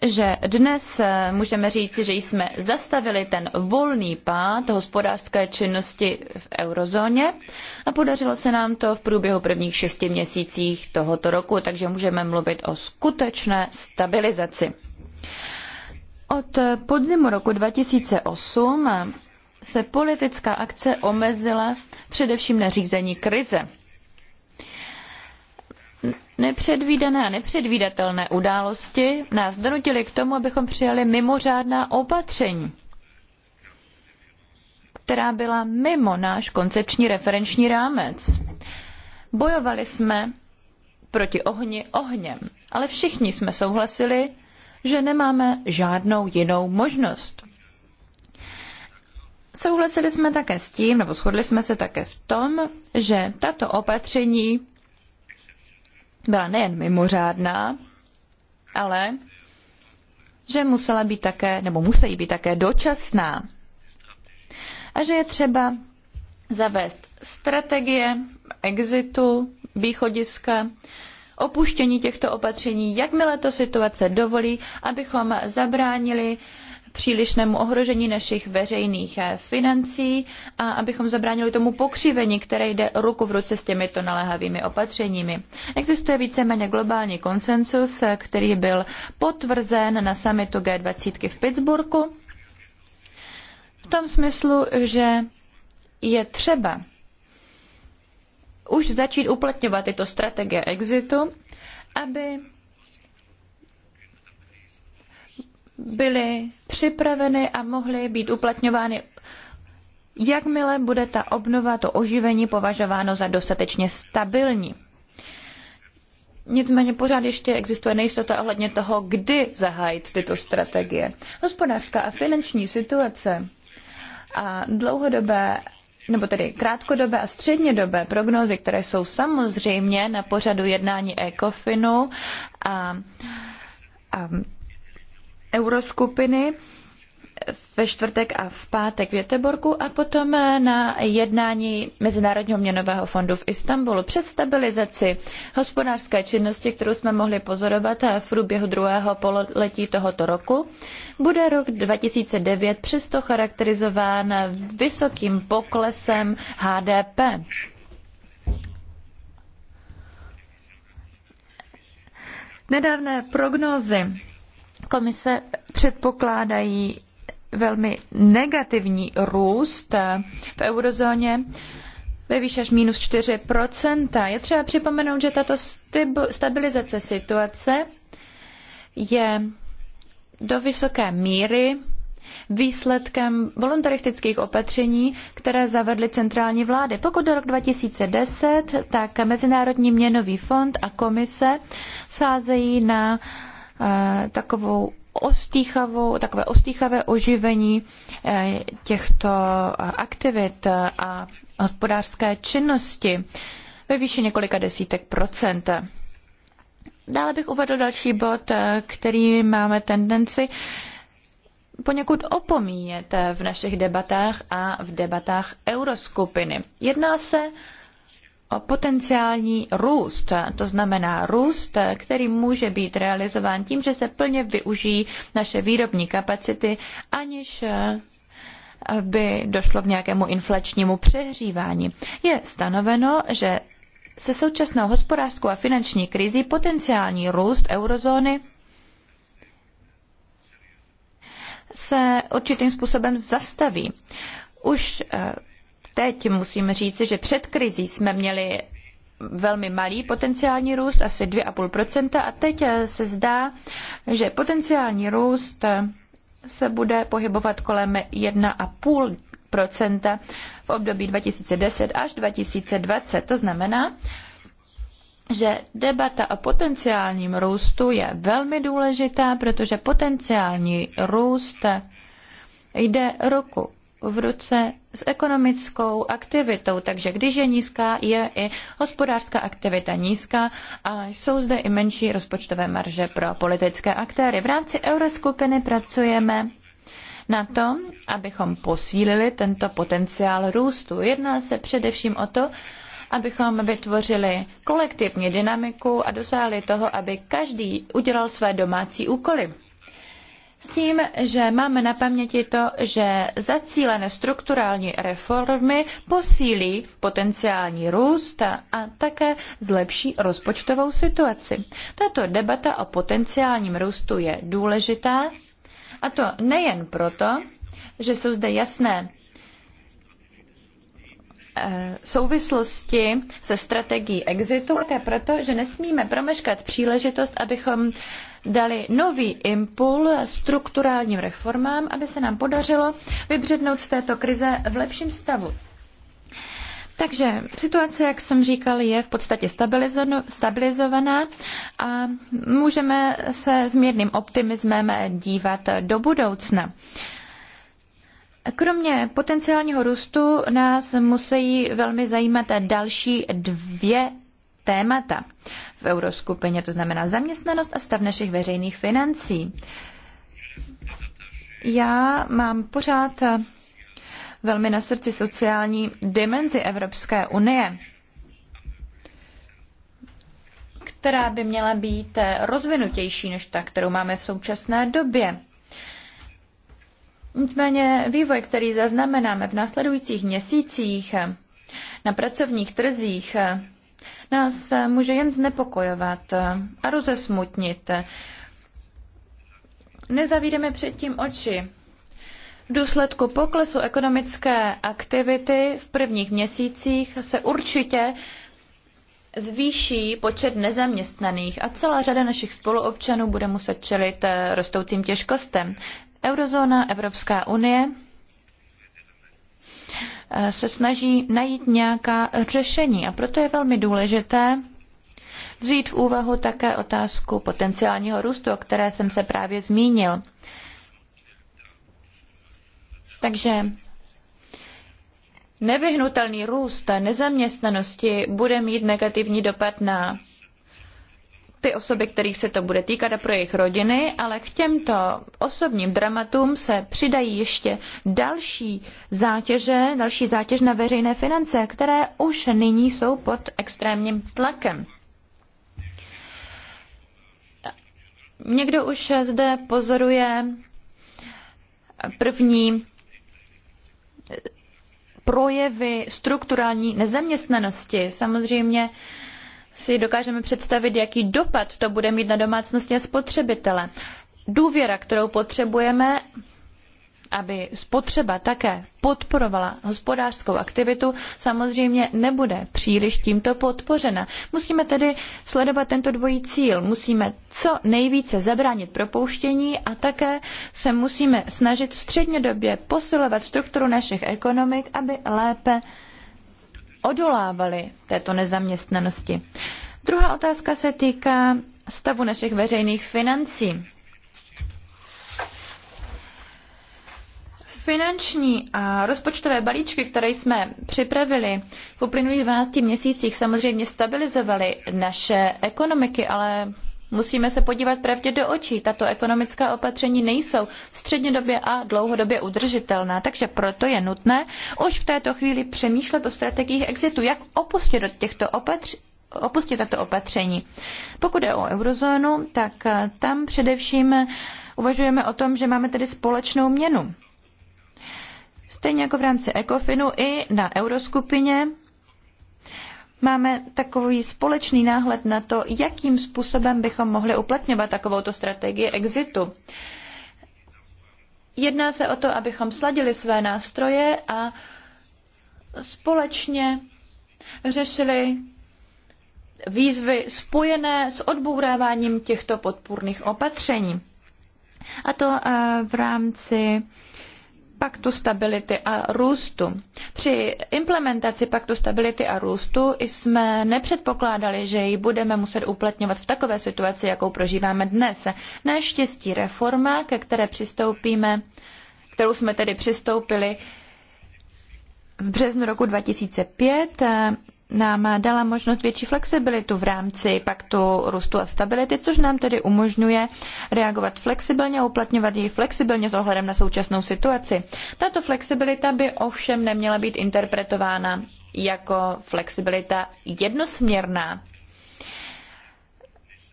že dnes eh, můžeme říci, že jsme zastavili ten volný pád hospodářské činnosti v eurozóně a podařilo se nám to v průběhu prvních šesti měsících tohoto roku, takže můžeme mluvit o skutečné stabilizaci. Od podzimu roku 2008 se politická akce omezila především na řízení krize nepředvídané a nepředvídatelné události nás donutily k tomu, abychom přijali mimořádná opatření, která byla mimo náš koncepční referenční rámec. Bojovali jsme proti ohni ohněm, ale všichni jsme souhlasili, že nemáme žádnou jinou možnost. Souhlasili jsme také s tím, nebo shodli jsme se také v tom, že tato opatření byla nejen mimořádná, ale že musela být také, nebo musí být také dočasná. A že je třeba zavést strategie exitu, východiska, opuštění těchto opatření, jakmile to situace dovolí, abychom zabránili uh, přílišnému ohrožení našich veřejných eh, financí a abychom zabránili tomu pokřivení, které jde ruku v ruce s těmito naléhavými opatřeními. Existuje víceméně globální konsensus, eh, který byl potvrzen na samitu G20 v Pittsburghu v tom smyslu, že je třeba už začít uplatňovat tyto strategie exitu, aby byly připraveny a mohly být uplatňovány, jakmile bude ta obnova, to oživení považováno za dostatečně stabilní. Nicméně pořád ještě existuje nejistota ohledně toho, kdy zahájit tyto strategie. Hospodářská a finanční situace a dlouhodobé nebo tedy krátkodobé a střednědobé prognózy, které jsou samozřejmě na pořadu jednání ECOFINu a, a euroskupiny ve čtvrtek a v pátek v Göteborgu a potom eh, na jednání Mezinárodního měnového fondu v Istanbulu. Přes stabilizaci hospodářské činnosti, kterou jsme mohli pozorovat eh, v průběhu druhého pololetí tohoto roku, bude rok 2009 přesto charakterizován vysokým poklesem HDP. Nedávné prognózy komise předpokládají velmi negativní růst v eurozóně ve výši až minus 4 Je třeba připomenout, že tato stabilizace situace je do vysoké míry výsledkem voluntaristických opatření, které zavedly centrální vlády. Pokud do roku 2010, tak Mezinárodní měnový fond a komise sázejí na Eh, takovou ostýchavou, takové ostýchavé oživení eh, těchto aktivit a hospodářské činnosti ve výši několika desítek procent. Dále bych uvedl další bod, eh, který máme tendenci poněkud opomíjet v našich debatách a v debatách euroskupiny. Jedná se potenciální růst. To znamená růst, který může být realizován tím, že se plně využijí naše výrobní kapacity, aniž by došlo k nějakému inflačnímu přehřívání. Je stanoveno, že se současnou hospodářskou a finanční krizí potenciální růst eurozóny se určitým způsobem zastaví. Už eh, Teď musím říci, že před krizí jsme měli velmi malý potenciální růst, asi 2,5%, a teď se zdá, že potenciální růst se bude pohybovat kolem 1,5% v období 2010 až 2020. To znamená, že debata o potenciálním růstu je velmi důležitá, protože potenciální růst jde ruku v ruce s ekonomickou aktivitou. Takže když je nízká, je i hospodářská aktivita nízká a jsou zde i menší rozpočtové marže pro politické aktéry. V rámci euroskupiny pracujeme na tom, abychom posílili tento potenciál růstu. Jedná se především o to, abychom vytvořili kolektivní dynamiku a dosáhli toho, aby každý udělal své domácí úkoly. S tím, že máme na paměti to, že zacílené strukturální reformy posílí potenciální růst a, také zlepší rozpočtovou situaci. Tato debata o potenciálním růstu je důležitá, a to nejen proto, že jsou zde jasné eh, souvislosti se strategií exitu, také proto, že nesmíme promeškat příležitost, abychom dali nový impul strukturálním reformám, aby se nám podařilo vybřednout z této krize v lepším stavu. Takže situace, jak jsem říkal, je v podstatě stabilizovaná a můžeme se s mírným optimismem dívat do budoucna. Kromě potenciálního růstu nás musí velmi zajímat další dvě témata v euroskupině, to znamená zaměstnanost a stav našich veřejných financí. Já mám pořád velmi na srdci sociální dimenzi Evropské unie, která by měla být rozvinutější než ta, kterou máme v současné době. Nicméně vývoj, který zaznamenáme v následujících měsících na pracovních trzích, nás může jen znepokojovat a rozesmutnit. Nezavídeme předtím oči. V důsledku poklesu ekonomické aktivity v prvních měsících se určitě zvýší počet nezaměstnaných a celá řada našich spoluobčanů bude muset čelit rostoucím těžkostem. Eurozóna, Evropská unie Eh, se snaží najít nějaká řešení. A proto je velmi důležité vzít v úvahu také otázku potenciálního růstu, o které jsem se právě zmínil. Takže nevyhnutelný růst nezaměstnanosti bude mít negativní dopad na ty osoby, kterých se to bude týkat a pro jejich rodiny, ale k těmto osobním dramatům se přidají ještě další zátěže, další zátěž na veřejné finance, které už nyní jsou pod extrémním tlakem. Někdo už zde pozoruje první projevy strukturální nezaměstnanosti. Samozřejmě si dokážeme představit, jaký dopad to bude mít na domácnosti a spotřebitele. Důvěra, kterou potřebujeme, aby spotřeba také podporovala hospodářskou aktivitu, samozřejmě nebude příliš tímto podpořena. Musíme tedy sledovat tento dvojí cíl. Musíme co nejvíce zabránit propouštění a také se musíme snažit střednědobě posilovat strukturu našich ekonomik, aby lépe odolávali této nezaměstnanosti. Druhá otázka se týká stavu našich veřejných financí. Finanční a rozpočtové balíčky, které jsme připravili v uplynulých 12 měsících, samozřejmě stabilizovaly naše ekonomiky, ale Musíme se podívat pravdě do očí. Tato ekonomická opatření nejsou střednědobě a dlouhodobě udržitelná, takže proto je nutné už v této chvíli přemýšlet o strategiích exitu, jak opustit těchto opatření opustit tato opatření. Pokud je o eurozónu, tak eh, tam především eh, uvažujeme o tom, že máme tedy společnou měnu. Stejně jako v rámci ECOFINu i na euroskupině máme takový společný náhled na to, jakým způsobem bychom mohli uplatňovat takovouto strategii exitu. Jedná se o to, abychom sladili své nástroje a společně řešili výzvy spojené s odbouráváním těchto podpůrných opatření. A to eh, v rámci paktu stability a růstu. Při implementaci paktu stability a růstu jsme nepředpokládali, že ji budeme muset uplatňovat v takové situaci, jakou prožíváme dnes. Naštěstí reforma, ke které přistoupíme, kterou jsme tedy přistoupili v březnu roku 2005, nám dala možnost větší flexibilitu v rámci paktu růstu a stability, což nám tedy umožňuje reagovat flexibilně a uplatňovat ji flexibilně s ohledem na současnou situaci. Tato flexibilita by ovšem neměla být interpretována jako flexibilita jednosměrná.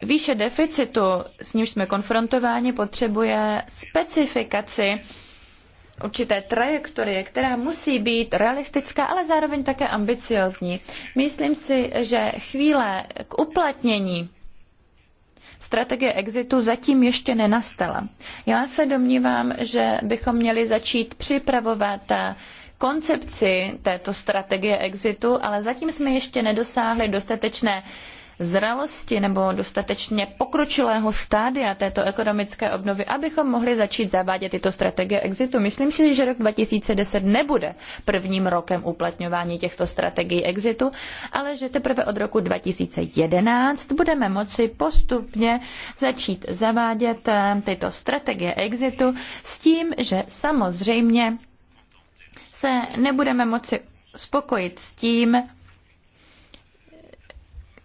Výše deficitu, s nímž jsme konfrontováni, potřebuje specifikaci určité trajektorie, která musí být realistická, ale zároveň také ambiciozní. Myslím si, že chvíle k uplatnění strategie exitu zatím ještě nenastala. Já se domnívám, že bychom měli začít připravovat koncepci této strategie exitu, ale zatím jsme ještě nedosáhli dostatečné zralosti nebo dostatečně pokročilého stádia této ekonomické obnovy, abychom mohli začít zavádět tyto strategie exitu. Myslím si, že rok 2010 nebude prvním rokem uplatňování těchto strategií exitu, ale že teprve od roku 2011 budeme moci postupně začít zavádět eh, tyto strategie exitu s tím, že samozřejmě se nebudeme moci spokojit s tím,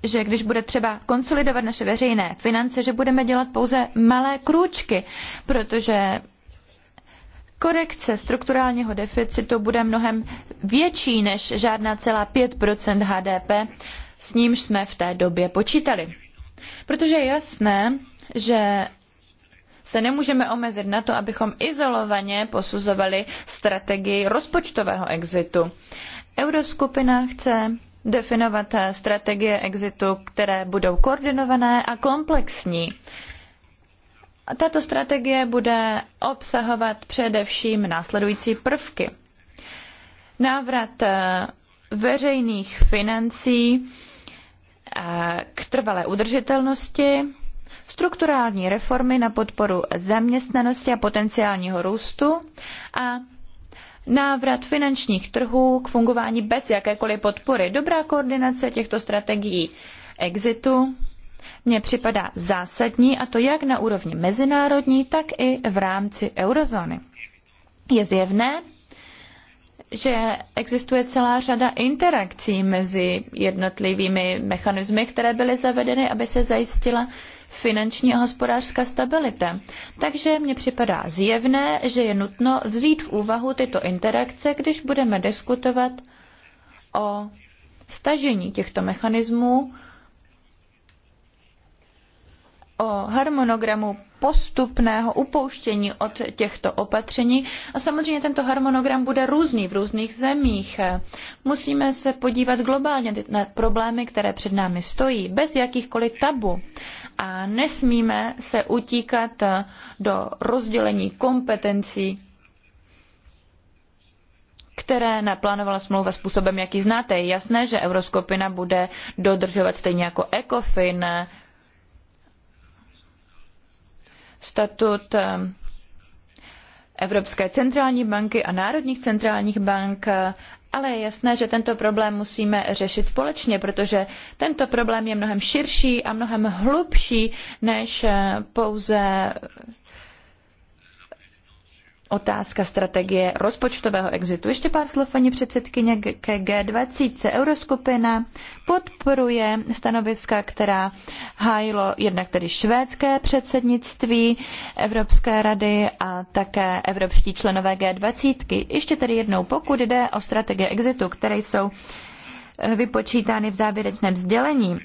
že když bude třeba konsolidovat naše veřejné finance, že budeme dělat pouze malé krůčky, protože korekce strukturálního deficitu bude mnohem větší než žádná celá 5 HDP, s nímž jsme v té době počítali. Protože je jasné, že se nemůžeme omezit na to, abychom izolovaně posuzovali strategii rozpočtového exitu. Euroskupina chce definovat strategie exitu, které budou koordinované a komplexní. A tato strategie bude obsahovat především následující prvky. Návrat eh, veřejných financí eh, k trvalé udržitelnosti, strukturální reformy na podporu zaměstnanosti a potenciálního růstu a návrat finančních trhů k fungování bez jakékoliv podpory. Dobrá koordinace těchto strategií exitu mně připadá zásadní, a to jak na úrovni mezinárodní, tak i v rámci eurozóny. Je zjevné, že existuje celá řada interakcí mezi jednotlivými mechanismy, které byly zavedeny, aby se zajistila finanční a hospodářská stabilita. Takže mně připadá zjevné, že je nutno vzít v úvahu tyto interakce, když budeme diskutovat o stažení těchto mechanismů, o harmonogramu postupného upouštění od těchto opatření. A samozřejmě tento harmonogram bude různý v různých zemích. Musíme se podívat globálně na problémy, které před námi stojí, bez jakýchkoliv tabu a nesmíme se utíkat do rozdělení kompetencí, které naplánovala smlouva způsobem, jaký znáte. Je jasné, že Euroskopina bude dodržovat stejně jako ECOFIN statut eh, Evropské centrální banky a národních centrálních bank ale je jasné, že tento problém musíme řešit společně, protože tento problém je mnohem širší a mnohem hlubší než eh, pouze otázka strategie rozpočtového exitu. Ještě pár slov paní předsedkyně ke G20. Euroskupina podporuje stanoviska, která hájilo jednak tedy švédské předsednictví Evropské rady a také evropští členové G20. Ještě tedy jednou, pokud jde o strategie exitu, které jsou vypočítány v závěrečném sdělení,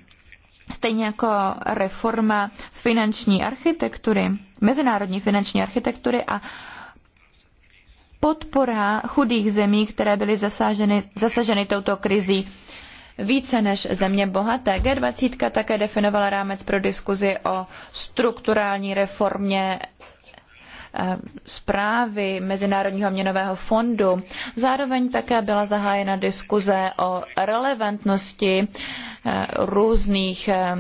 stejně jako reforma finanční architektury, mezinárodní finanční architektury a podpora chudých zemí, které byly zasaženy, zasaženy touto krizí více než země bohaté. G20 také definovala rámec pro diskuzi o strukturální reformě eh, zprávy Mezinárodního měnového fondu. Zároveň také byla zahájena diskuze o relevantnosti eh, různých eh,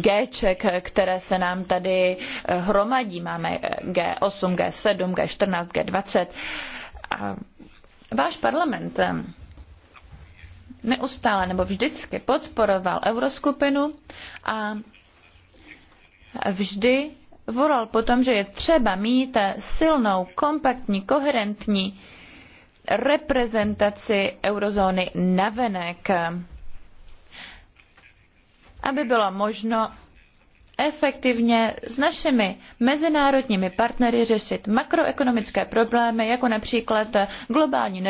Gček, které se nám tady eh, hromadí. Máme G8, G7, G14, G20. A váš parlament eh, neustále nebo vždycky podporoval euroskupinu a vždy volal potom, že je třeba mít silnou, kompaktní, koherentní reprezentaci eurozóny navenek aby bylo možno efektivně s našimi mezinárodními partnery řešit makroekonomické problémy, jako například globální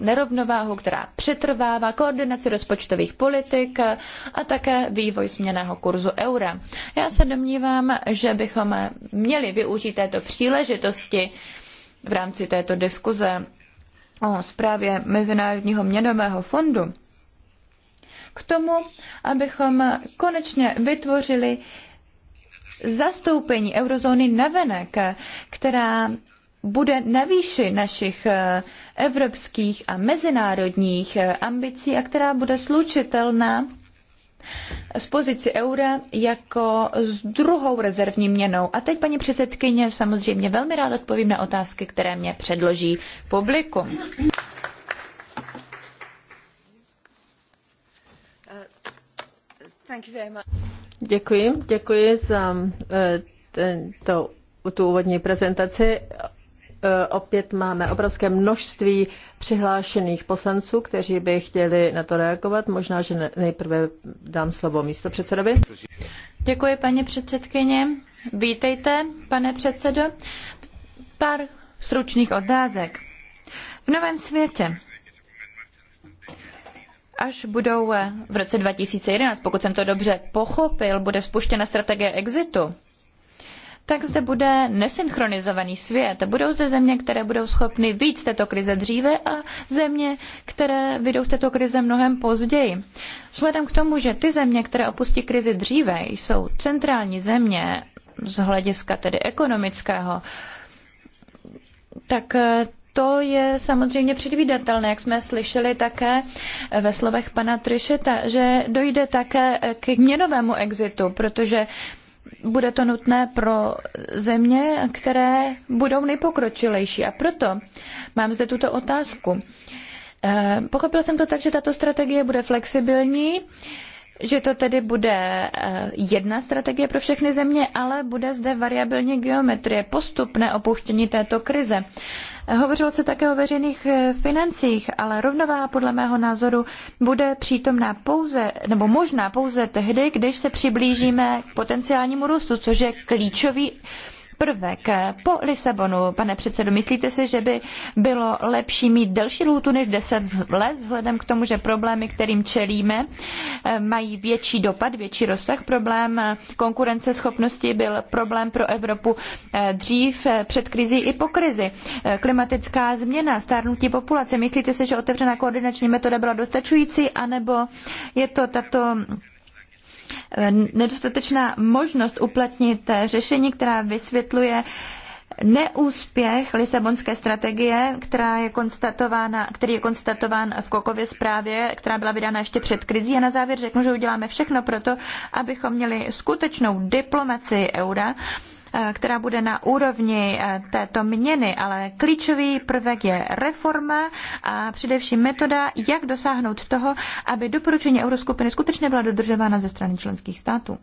nerovnováhu, která přetrvává, koordinaci rozpočtových politik a také vývoj směného kurzu eura. Já se domnívám, že bychom měli využít této příležitosti v rámci této diskuze o zprávě Mezinárodního měnového fondu k tomu, abychom konečně vytvořili zastoupení eurozóny navenek, která bude na výši našich eh, evropských a mezinárodních eh, ambicí a která bude slučitelná z pozici eura jako s druhou rezervní měnou. A teď, paní předsedkyně, samozřejmě velmi rád odpovím na otázky, které mě předloží publikum. Děkuji, děkuji za eh, tento, tu úvodní prezentaci. Eh, opět máme obrovské množství přihlášených poslanců, kteří by chtěli na to reagovat. Možná, že nejprve dám slovo místo předsedovi. Děkuji, paní předsedkyně. Vítejte, pane předsedo. Pár stručných otázek. V novém světě až budou eh, v roce 2011, pokud jsem to dobře pochopil, bude spuštěna strategie exitu, tak zde bude nesynchronizovaný svět. Budou zde země, které budou schopny víc této krize dříve a země, které vyjdou z této krize mnohem později. Vzhledem k tomu, že ty země, které opustí krizi dříve, jsou centrální země z hlediska tedy ekonomického, tak eh, to je samozřejmě předvídatelné, jak jsme slyšeli také ve slovech pana Trišeta, že dojde také k měnovému exitu, protože bude to nutné pro země, které budou nejpokročilejší. A proto mám zde tuto otázku. Eh, pochopil jsem to tak, že tato strategie bude flexibilní, že to tedy bude eh, jedna strategie pro všechny země, ale bude zde variabilní geometrie, postupné opuštění této krize. Hovořilo se také o veřejných eh, financích, ale rovnováha podle mého názoru bude přítomná pouze, nebo možná pouze tehdy, když se přiblížíme k potenciálnímu růstu, což je klíčový prvek po Lisabonu, pane předsedo, myslíte si, že by bylo lepší mít delší lůtu než 10 let, vzhledem k tomu, že problémy, kterým čelíme, mají větší dopad, větší rozsah. Problém konkurenceschopnosti byl problém pro Evropu eh, dřív eh, před krizí i po krizi. Eh, klimatická změna, stárnutí populace. Myslíte si, že otevřená koordinační metoda byla dostačující, anebo je to tato nedostatečná možnost uplatnit řešení, která vysvětluje neúspěch Lisabonské strategie, která je konstatována, který je konstatován v Kokově zprávě, která byla vydána ještě před krizí. A na závěr řeknu, že uděláme všechno proto, abychom měli skutečnou diplomaci eura, Eh, která bude na úrovni eh, této měny, ale klíčový prvek je reforma a především metoda, jak dosáhnout toho, aby doporučení euroskupiny skutečně byla dodržována ze strany členských států.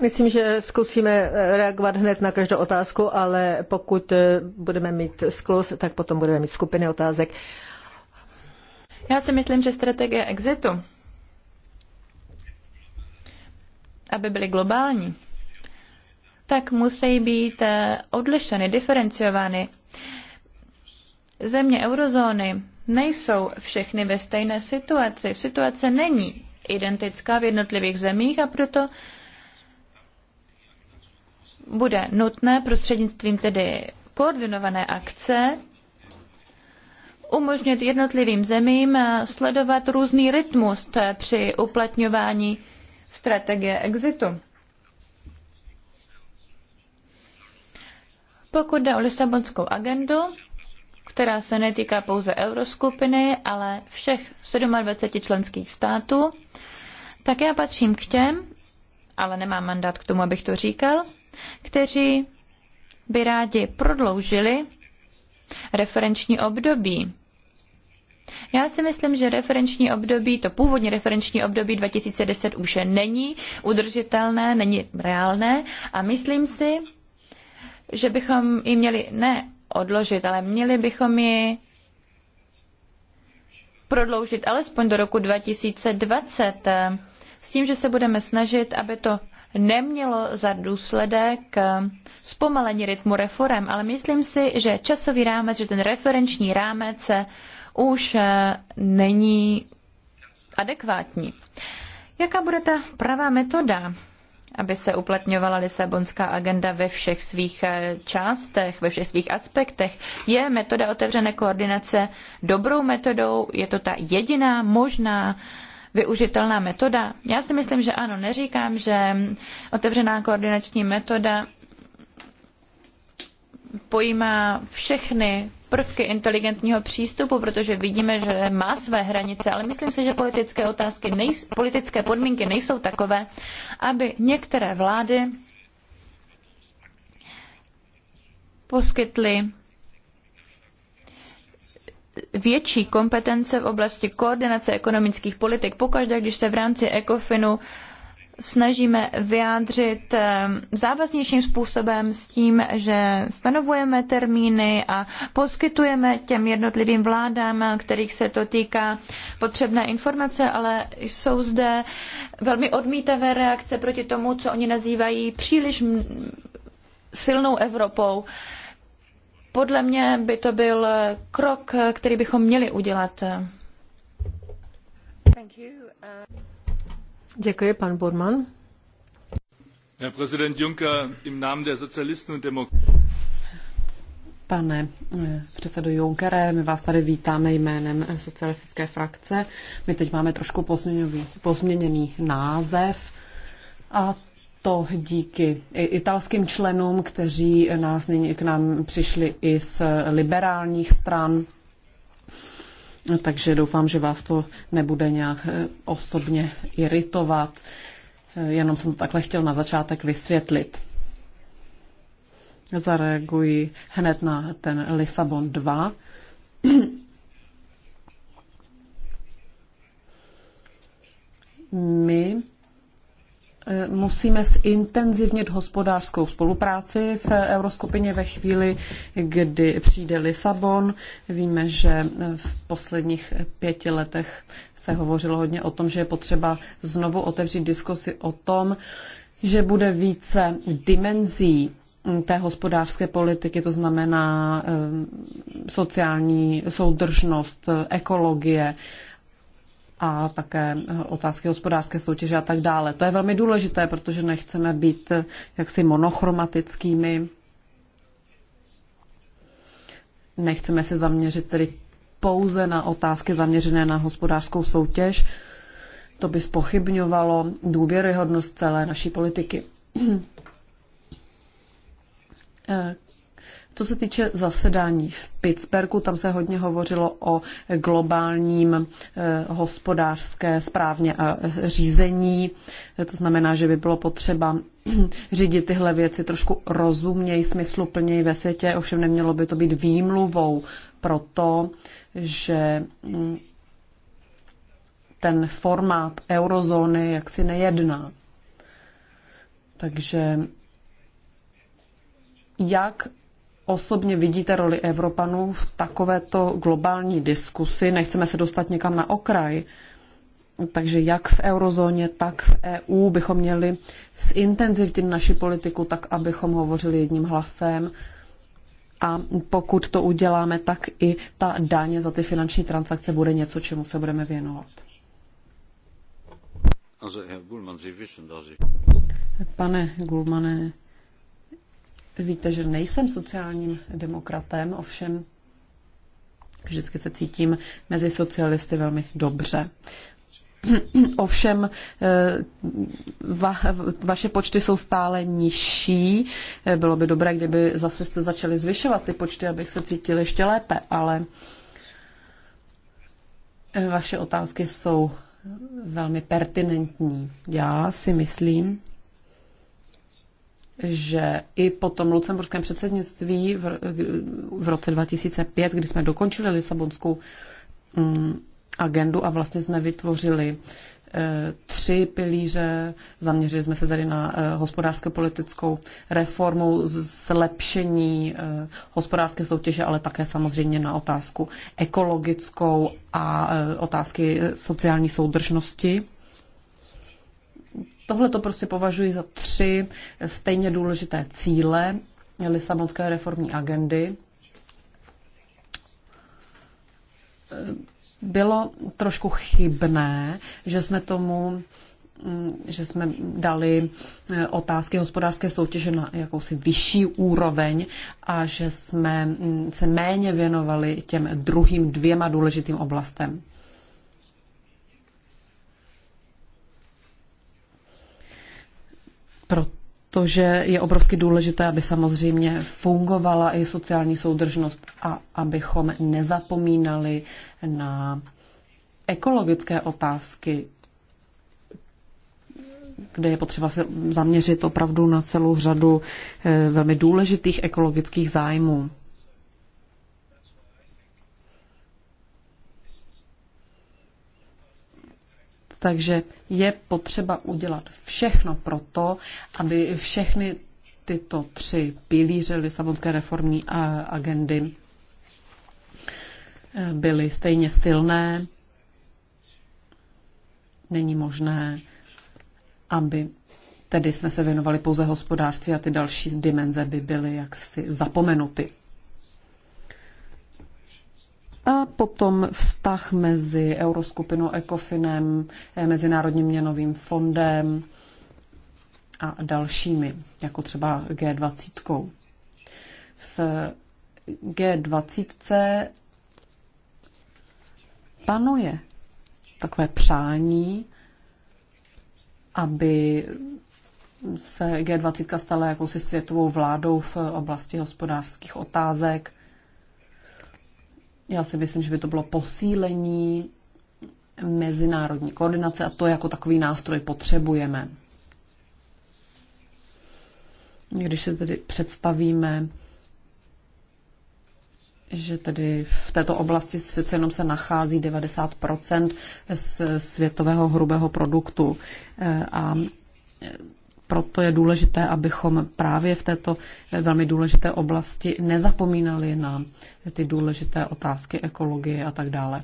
Myslím, že zkusíme eh, reagovat hned na každou otázku, ale pokud budeme mít sklus, tak potom budeme mít skupiny otázek. Já si myslím, že strategie exitu aby byly globální, tak musí být eh, odlišeny, diferenciovány. Země eurozóny nejsou všechny ve stejné situaci. Situace není identická v jednotlivých zemích a proto bude nutné prostřednictvím tedy koordinované akce umožnit jednotlivým zemím eh, sledovat různý rytmus eh, při uplatňování strategie exitu. Pokud jde o Lisabonskou agendu, která se netýká pouze euroskupiny, ale všech 27 členských států, tak já patřím k těm, ale nemám mandát k tomu, abych to říkal, kteří by rádi prodloužili referenční období já si myslím, že referenční období, to původní referenční období 2010 už není udržitelné, není reálné a myslím si, že bychom ji měli ne odložit, ale měli bychom ji prodloužit alespoň do roku 2020 eh, s tím, že se budeme snažit, aby to nemělo za důsledek eh, zpomalení rytmu reform, ale myslím si, že časový rámec, že ten referenční rámec eh, už eh, není adekvátní. Jaká bude ta pravá metoda, aby se uplatňovala Lisabonská agenda ve všech svých eh, částech, ve všech svých aspektech? Je metoda otevřené koordinace dobrou metodou? Je to ta jediná možná využitelná metoda? Já si myslím, že ano. Neříkám, že otevřená koordinační metoda pojímá všechny prvky inteligentního přístupu, protože vidíme, že má své hranice, ale myslím si, že politické otázky, nejs, politické podmínky nejsou takové, aby některé vlády poskytly větší kompetence v oblasti koordinace ekonomických politik. Pokaždé, když se v rámci ECOFINu snažíme vyjádřit eh, závaznějším způsobem s tím, že stanovujeme termíny a poskytujeme těm jednotlivým vládám, kterých se to týká, potřebné informace, ale jsou zde velmi odmítavé reakce proti tomu, co oni nazývají příliš silnou Evropou. Podle mě by to byl krok, který bychom měli udělat. Uh, Pane eh, předsedo Junckere, my vás tady vítáme jménem eh, socialistické frakce. My teď máme trošku pozměněný název a to díky italským členům, kteří nás nyní k nám přišli i z liberálních stran takže doufám, že vás to nebude nějak eh, osobně iritovat. Eh, jenom jsem to takhle chtěl na začátek vysvětlit. Zareaguji hned na ten Lisabon 2. My Eh, musíme zintenzivnit hospodářskou spolupráci v Euroskupině ve chvíli, kdy přijde Lisabon. Víme, že eh, v posledních eh, pěti letech se hovořilo hodně o tom, že je potřeba znovu otevřít diskusi o tom, že bude více dimenzí hm, té hospodářské politiky, to znamená hm, sociální soudržnost, ekologie a také eh, otázky hospodářské soutěže a tak dále. To je velmi důležité, protože nechceme být eh, jaksi monochromatickými. Nechceme se zaměřit tedy pouze na otázky zaměřené na hospodářskou soutěž. To by spochybňovalo důvěryhodnost celé naší politiky. Eh, co se týče zasedání v Pittsburghu, tam se hodně hovořilo o globálním eh, hospodářské správně a eh, řízení. To znamená, že by bylo potřeba řídit tyhle věci trošku rozumněji, smysluplněji ve světě, ovšem nemělo by to být výmluvou pro to, že mm, ten formát eurozóny jaksi nejedná. Takže jak osobně vidíte roli Evropanů v takovéto globální diskusi? Nechceme se dostat někam na okraj. Takže jak v eurozóně, tak v EU bychom měli zintenzivnit naši politiku tak, abychom hovořili jedním hlasem. A pokud to uděláme, tak i ta dáně za ty finanční transakce bude něco, čemu se budeme věnovat. Pane Gulmane, Víte, že nejsem sociálním demokratem, ovšem vždycky se cítím mezi socialisty velmi dobře. Ovšem eh, va, vaše počty jsou stále nižší. Eh, bylo by dobré, kdyby zase jste začali zvyšovat ty počty, abych se cítil ještě lépe, ale eh, vaše otázky jsou velmi pertinentní. Já si myslím, že i po tom lucemburském předsednictví v, v roce 2005, kdy jsme dokončili Lisabonskou mm, agendu a vlastně jsme vytvořili e, tři pilíře. Zaměřili jsme se tady na e, hospodářské politickou reformu, zlepšení e, hospodářské soutěže, ale také samozřejmě na otázku ekologickou a otázky sociální soudržnosti. Tohle to prostě považuji za tři stejně důležité cíle Lisabonské reformní agendy. Bylo trošku chybné, že jsme tomu že jsme dali otázky hospodářské soutěže na jakousi vyšší úroveň a že jsme se méně věnovali těm druhým dvěma důležitým oblastem. protože je obrovsky důležité, aby samozřejmě fungovala i sociální soudržnost a abychom nezapomínali na ekologické otázky, kde je potřeba se zaměřit opravdu na celou řadu eh, velmi důležitých ekologických zájmů. Takže je potřeba udělat všechno pro to, aby všechny tyto tři pilíře Lisabonské reformní agendy eh, byly stejně silné. Není možné, aby tedy jsme se věnovali pouze hospodářství a ty další dimenze by byly jaksi zapomenuty. A potom vztah mezi Euroskupinou Ecofinem, eh, Mezinárodním měnovým fondem a dalšími, jako třeba G20. -kou. V G20 panuje takové přání, aby se G20 stala jakousi světovou vládou v oblasti hospodářských otázek. Já si myslím, že by to bylo posílení mezinárodní koordinace a to jako takový nástroj potřebujeme. Když se tedy představíme, že tedy v této oblasti přece jenom se nachází 90 z světového hrubého produktu eh, a proto je důležité, abychom právě v této eh, velmi důležité oblasti nezapomínali na ty důležité otázky ekologie a tak dále.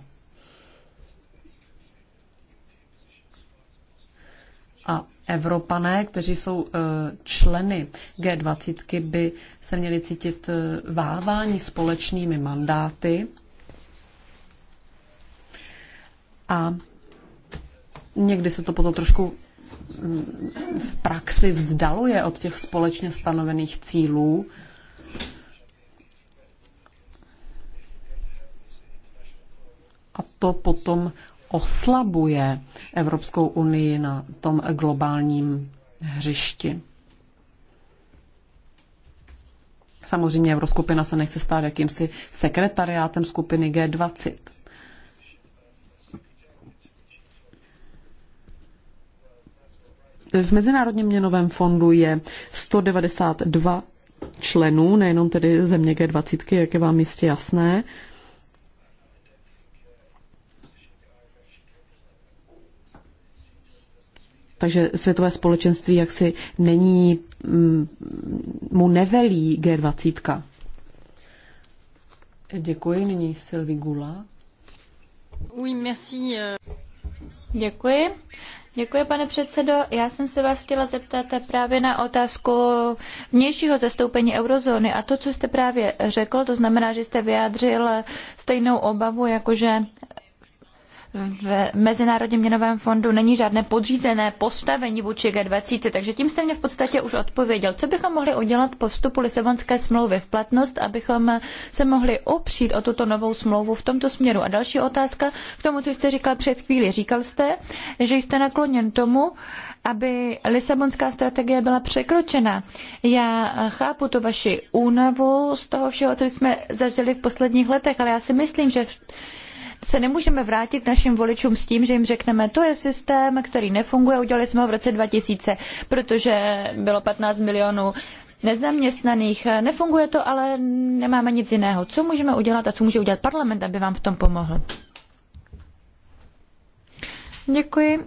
A Evropané, kteří jsou eh, členy G20, by se měli cítit eh, vázáni společnými mandáty a někdy se to potom trošku v praxi vzdaluje od těch společně stanovených cílů. A to potom oslabuje Evropskou unii na tom globálním hřišti. Samozřejmě Euroskupina se nechce stát jakýmsi sekretariátem skupiny G20. v Mezinárodním měnovém fondu je 192 členů, nejenom tedy země G20, jak je vám jistě jasné. Takže světové společenství jaksi není, mm, mu nevelí G20. Děkuji, nyní Sylvie Gula. Oui, merci. Euh. Děkuji. Děkuji, pane předsedo. Já jsem se vás chtěla zeptat právě na otázku vnějšího zastoupení eurozóny a to, co jste právě řekl, to znamená, že jste vyjádřil stejnou obavu, jakože v Mezinárodním měnovém fondu není žádné podřízené postavení vůči G20, takže tím jste mě v podstatě už odpověděl. Co bychom mohli udělat po vstupu Lisabonské smlouvy v platnost, abychom se mohli opřít o tuto novou smlouvu v tomto směru? A další otázka k tomu, co jste říkal před chvíli. Říkal jste, že jste nakloněn tomu, aby Lisabonská strategie byla překročena. Já chápu tu vaši únavu z toho všeho, co jsme zažili v posledních letech, ale já si myslím, že se nemůžeme vrátit k našim voličům s tím, že jim řekneme, to je systém, který nefunguje, udělali jsme ho v roce 2000, protože bylo 15 milionů nezaměstnaných. Nefunguje to, ale nemáme nic jiného. Co můžeme udělat a co může udělat parlament, aby vám v tom pomohl? Děkuji.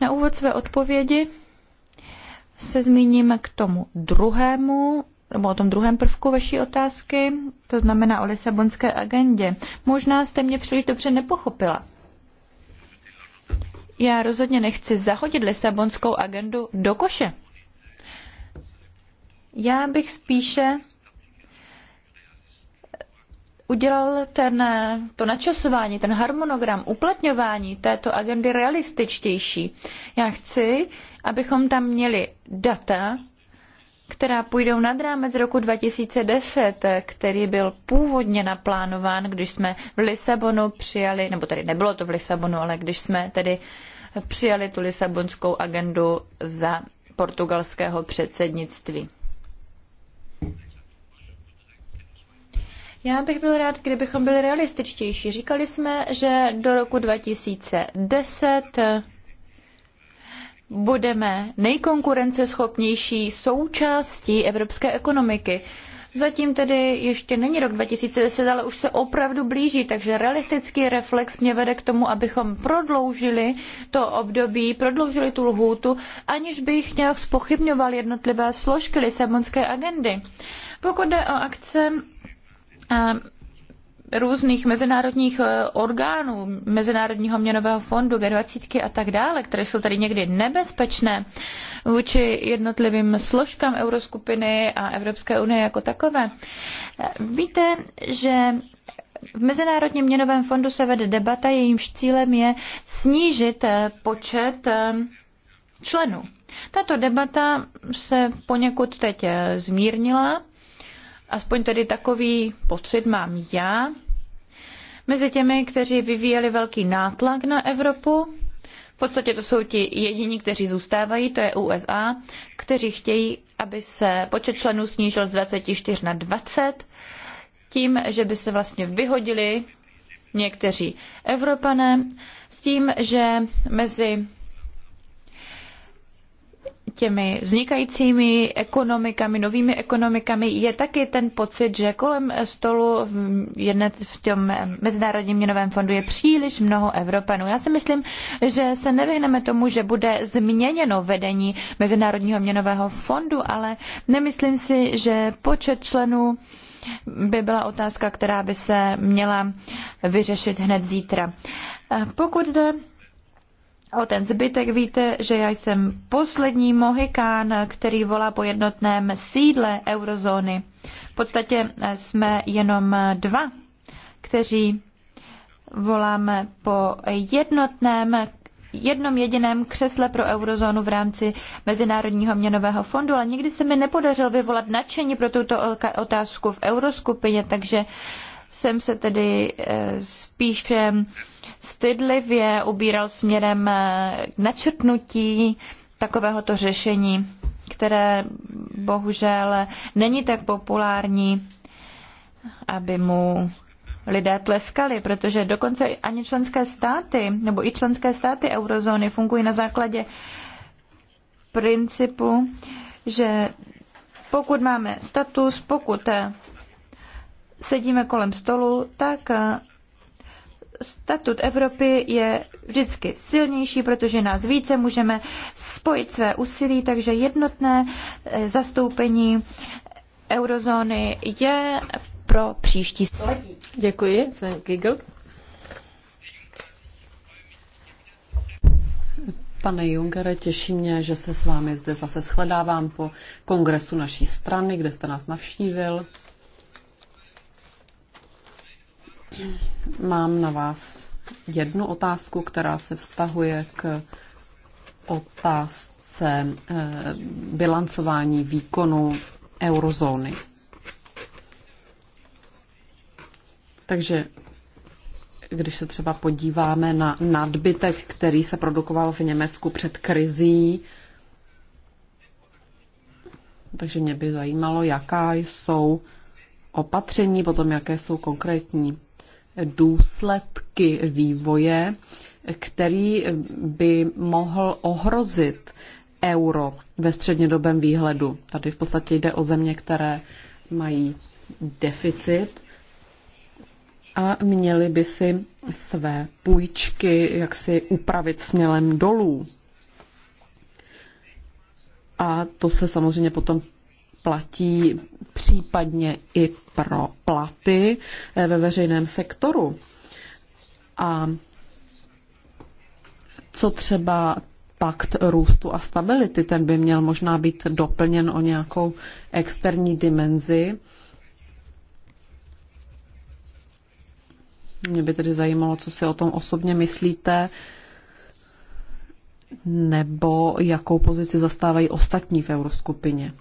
Na úvod své odpovědi se zmíním k tomu druhému nebo o tom druhém prvku vaší otázky, to znamená o Lisabonské agendě. Možná jste mě příliš dobře nepochopila. Já rozhodně nechci zahodit Lisabonskou agendu do koše. Já bych spíše udělal ten, to načasování, ten harmonogram uplatňování této agendy realističtější. Já chci, abychom tam měli data, která půjdou nad rámec roku 2010, který byl původně naplánován, když jsme v Lisabonu přijali, nebo tady nebylo to v Lisabonu, ale když jsme tedy přijali tu Lisabonskou agendu za portugalského předsednictví. Já bych byl rád, kdybychom byli realističtější. Říkali jsme, že do roku 2010 budeme nejkonkurenceschopnější součástí evropské ekonomiky. Zatím tedy ještě není rok 2010, ale už se opravdu blíží, takže realistický reflex mě vede k tomu, abychom prodloužili to období, prodloužili tu lhůtu, aniž bych nějak spochybňoval jednotlivé složky Lisabonské agendy. Pokud jde o akce různých mezinárodních eh, orgánů, Mezinárodního měnového fondu, G20 a tak dále, které jsou tady někdy nebezpečné vůči jednotlivým složkám euroskupiny a Evropské unie jako takové. Eh, víte, že v Mezinárodním měnovém fondu se vede debata, jejímž cílem je snížit eh, počet členů. Tato debata se poněkud teď zmírnila Aspoň tedy takový pocit mám já. Mezi těmi, kteří vyvíjeli velký nátlak na Evropu, v podstatě to jsou ti jediní, kteří zůstávají, to je USA, kteří chtějí, aby se počet členů snížil z 24 na 20, tím, že by se vlastně vyhodili někteří Evropané, s tím, že mezi těmi vznikajícími ekonomikami, novými ekonomikami, je taky ten pocit, že kolem stolu v, jedné, v tom Mezinárodním měnovém fondu je příliš mnoho Evropanů. Já si myslím, že se nevyhneme tomu, že bude změněno vedení Mezinárodního měnového fondu, ale nemyslím si, že počet členů by byla otázka, která by se měla vyřešit hned zítra. Pokud jde O ten zbytek víte, že já jsem poslední mohikán, který volá po jednotném sídle eurozóny. V podstatě eh, jsme jenom eh, dva, kteří voláme po jednotném jednom jediném křesle pro eurozónu v rámci Mezinárodního měnového fondu, ale nikdy se mi nepodařilo vyvolat nadšení pro tuto otázku v euroskupině, takže uh, jsem se tedy eh, spíše stydlivě ubíral směrem eh, k načrtnutí takovéhoto řešení, které bohužel není tak populární, aby mu lidé tleskali, protože dokonce ani členské státy, nebo i členské státy eurozóny fungují na základě principu, že pokud máme status, pokud sedíme kolem stolu, tak eh, statut Evropy je vždycky silnější, protože nás více můžeme spojit své úsilí, takže jednotné eh, zastoupení eurozóny je pro příští století. Děkuji, Sven Giggle. Pane Junkere, těší mě, že se s vámi zde zase shledávám po kongresu naší strany, kde jste nás navštívil. Mám na vás jednu otázku, která se vztahuje k otázce eh, bilancování výkonu eurozóny. Takže když se třeba podíváme na nadbytek, který se produkoval v Německu před krizí, takže mě by zajímalo, jaká jsou opatření, potom jaké jsou konkrétní důsledky vývoje, který by mohl ohrozit euro ve střednědobém výhledu. Tady v podstatě jde o země, které mají deficit a měli by si své půjčky jaksi upravit směrem dolů. A to se samozřejmě potom platí případně i pro platy eh, ve veřejném sektoru. A co třeba pakt růstu a stability, ten by měl možná být doplněn o nějakou externí dimenzi. Mě by tedy zajímalo, co si o tom osobně myslíte, nebo jakou pozici zastávají ostatní v euroskupině.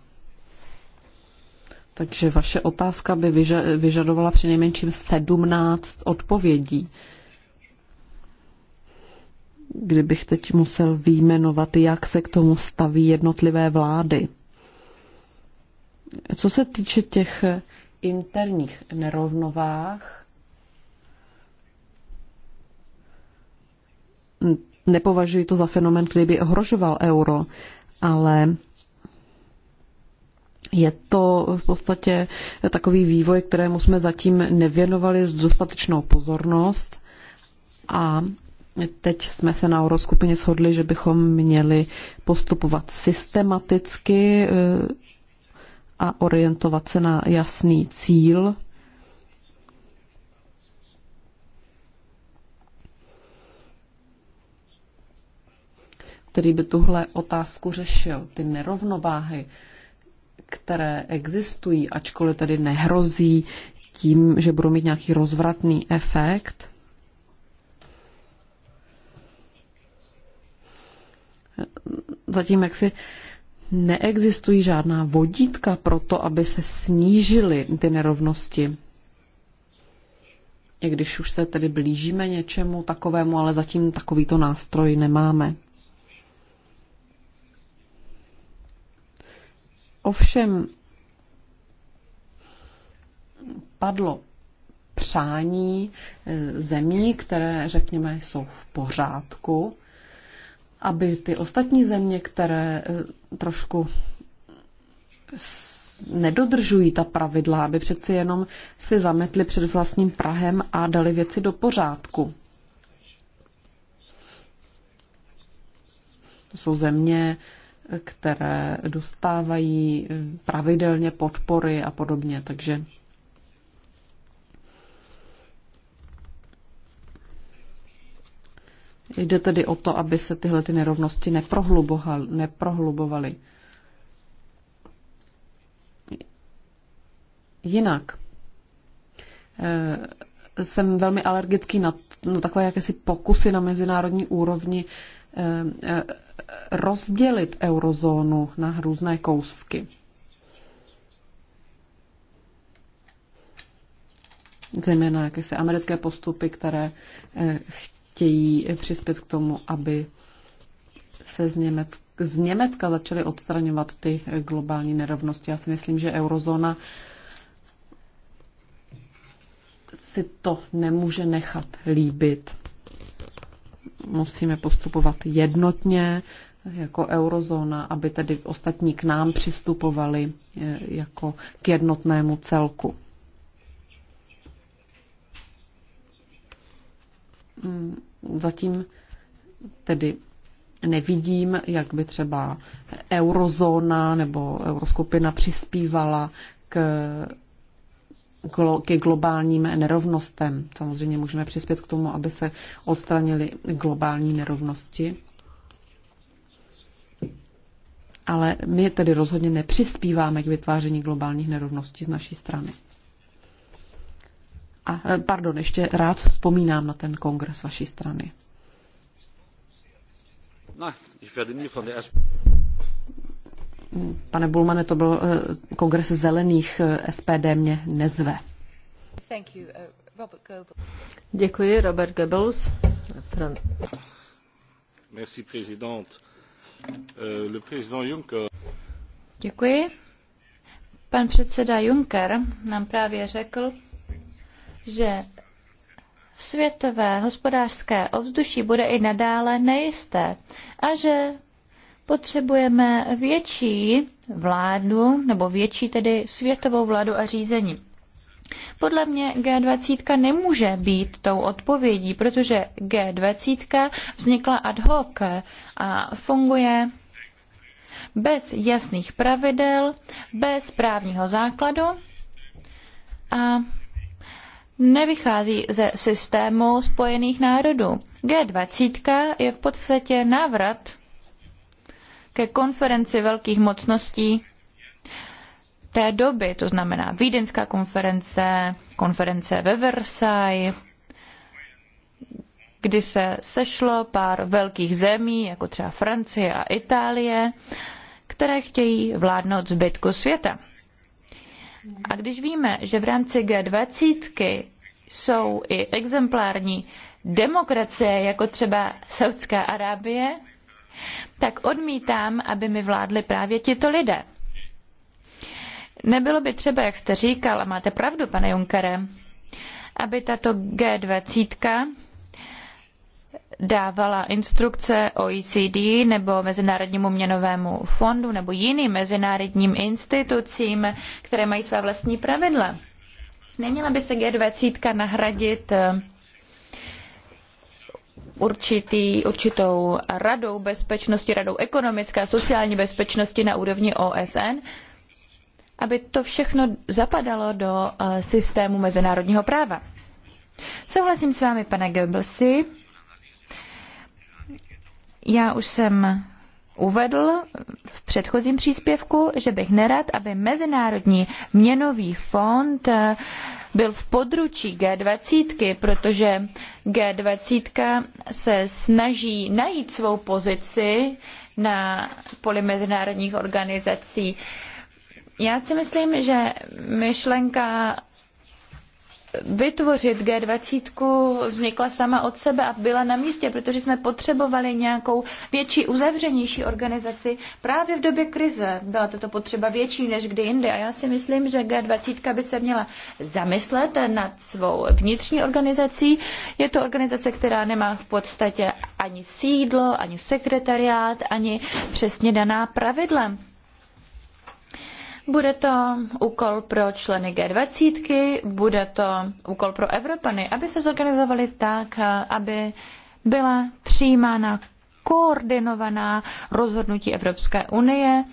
Takže vaše otázka by vyžadovala přinejmenším 17 odpovědí. Kdybych teď musel výjmenovat, jak se k tomu staví jednotlivé vlády. Co se týče těch interních nerovnovách, nepovažuji to za fenomen, který by ohrožoval euro, ale je to v podstatě takový vývoj, kterému jsme zatím nevěnovali dostatečnou pozornost a Teď jsme se na euroskupině shodli, že bychom měli postupovat systematicky eh, a orientovat se na jasný cíl. který by tuhle otázku řešil, ty nerovnováhy, které existují, ačkoliv tedy nehrozí tím, že budou mít nějaký rozvratný efekt, zatím jaksi neexistují žádná vodítka pro to, aby se snížily ty nerovnosti. I když už se tedy blížíme něčemu takovému, ale zatím takovýto nástroj nemáme. Ovšem padlo přání eh, zemí, které, řekněme, jsou v pořádku, aby ty ostatní země, které eh, trošku nedodržují ta pravidla, aby přeci jenom si zametli před vlastním Prahem a dali věci do pořádku. To jsou země, které dostávají pravidelně podpory a podobně. Takže jde tedy o to, aby se tyhle ty nerovnosti neprohlubovaly. Jinak eh, jsem velmi alergický na, na takové jakési pokusy na mezinárodní úrovni eh, eh, rozdělit eurozónu na různé kousky. Zejména jakési americké postupy, které eh, chtějí přispět k tomu, aby se z Německa z Německa začaly odstraňovat ty eh, globální nerovnosti. Já si myslím, že eurozóna si to nemůže nechat líbit musíme postupovat jednotně jako eurozóna, aby tedy ostatní k nám přistupovali eh, jako k jednotnému celku. Mm, zatím tedy nevidím, jak by třeba eurozóna nebo euroskupina přispívala k ke globálním nerovnostem. Samozřejmě můžeme přispět k tomu, aby se odstranily globální nerovnosti. Ale my tedy rozhodně nepřispíváme k vytváření globálních nerovností z naší strany. A eh, pardon, ještě rád vzpomínám na ten kongres vaší strany. Pane Bulmane, to byl eh, kongres zelených eh, SPD mě nezve. Uh, Robert Děkuji, Robert Goebbels. Merci, présidente. Euh, le président Juncker. Děkuji. Pan předseda Juncker nám právě řekl, že světové hospodářské ovzduší bude i nadále nejisté a že potřebujeme větší vládu, nebo větší tedy světovou vládu a řízení. Podle mě G20 nemůže být tou odpovědí, protože G20 vznikla ad hoc a funguje bez jasných pravidel, bez právního základu a nevychází ze systému Spojených národů. G20 je v podstatě návrat ke konferenci velkých mocností té doby, to znamená Vídeňská konference, konference ve Versailles, kdy se sešlo pár velkých zemí, jako třeba Francie a Itálie, které chtějí vládnout zbytku světa. A když víme, že v rámci G20 jsou i exemplární demokracie, jako třeba Saudská Arábie, tak odmítám, aby mi vládli právě tito lidé. Nebylo by třeba, jak jste říkal, a máte pravdu, pane Junkere, aby tato G20 dávala instrukce OECD nebo Mezinárodnímu měnovému fondu nebo jiným mezinárodním institucím, které mají svá vlastní pravidla. Neměla by se G20 nahradit eh, určitý, určitou radou bezpečnosti, radou ekonomické a sociální bezpečnosti na úrovni OSN, aby to všechno zapadalo do eh, systému mezinárodního práva. Souhlasím s vámi, pane Goebbelsi. Já už jsem uvedl v předchozím příspěvku, že bych nerad, aby Mezinárodní měnový fond eh, byl v područí G20, protože G20 se snaží najít svou pozici na poli mezinárodních organizací. Já si myslím, že myšlenka vytvořit G20 vznikla sama od sebe a byla na místě, protože jsme potřebovali nějakou větší, uzavřenější organizaci právě v době krize. Byla toto potřeba větší než kdy jindy a já si myslím, že G20 by se měla zamyslet nad svou vnitřní organizací. Je to organizace, která nemá v podstatě ani sídlo, ani sekretariát, ani přesně daná pravidla. Bude to úkol pro členy G20, bude to úkol pro Evropany, aby se zorganizovali tak, aby byla přijímána koordinovaná rozhodnutí Evropské unie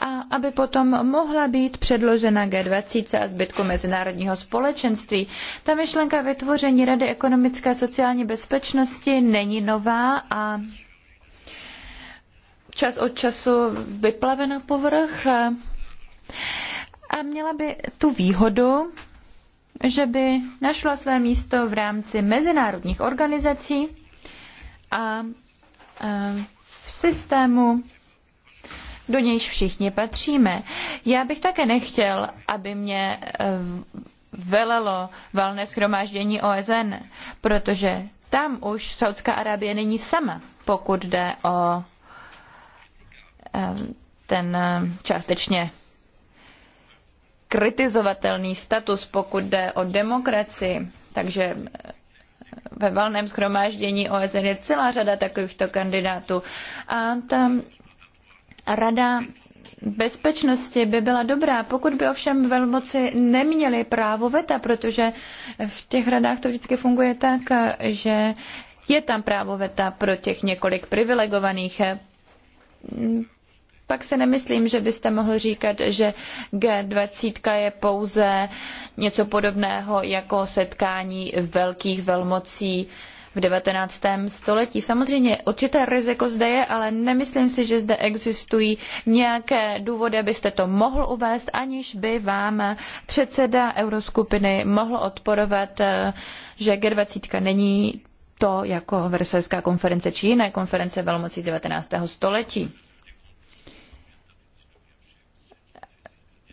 a aby potom mohla být předložena G20 a zbytku mezinárodního společenství. Ta myšlenka vytvoření Rady ekonomické a sociální bezpečnosti není nová a čas od času vyplave na povrch a měla by tu výhodu, že by našla své místo v rámci mezinárodních organizací a v systému, do nějž všichni patříme. Já bych také nechtěl, aby mě e, velelo valné schromáždění OSN, protože tam už Saudská Arábie není sama, pokud jde o ten eh, částečně kritizovatelný status, pokud jde o demokracii. Takže eh, ve valném schromáždění OSN je celá řada takovýchto kandidátů. A ta Rada bezpečnosti by byla dobrá, pokud by ovšem velmoci neměli právo veta, protože v těch radách to vždycky funguje tak, že je tam právo veta pro těch několik privilegovaných pak si nemyslím, že byste mohl říkat, že G20 je pouze něco podobného jako setkání velkých velmocí v 19. století. Samozřejmě určité riziko zde je, ale nemyslím si, že zde existují nějaké důvody, abyste to mohl uvést, aniž by vám předseda euroskupiny mohl odporovat, že G20 není to jako Versailleská konference či jiné konference velmocí 19. století.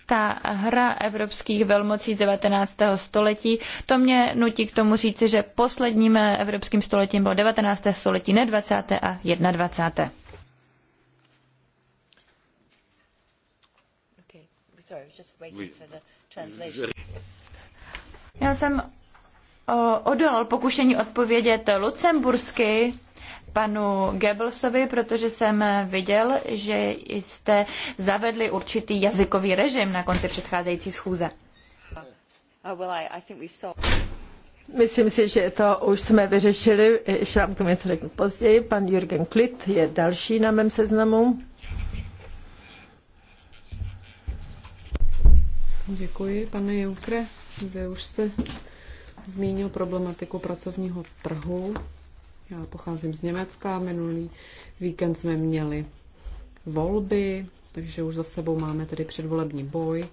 ta hra evropských velmocí 19. století, to mě nutí k tomu říci, že posledním evropským stoletím bylo 19. století, ne 20. a 21. Já jsem odolal pokušení odpovědět lucembursky, panu Goebbelsovi, protože jsem viděl, že jste zavedli určitý jazykový režim na konci předcházející schůze. Oh, Myslím si, že to už jsme vyřešili, ještě vám k tomu něco řeknu později. Pan Jürgen Klit je další na mém seznamu. Děkuji, pane Junkre. Vy už jste zmínil problematiku pracovního trhu já pocházím z Německa, minulý víkend jsme měli volby, takže už za sebou máme tedy předvolební boj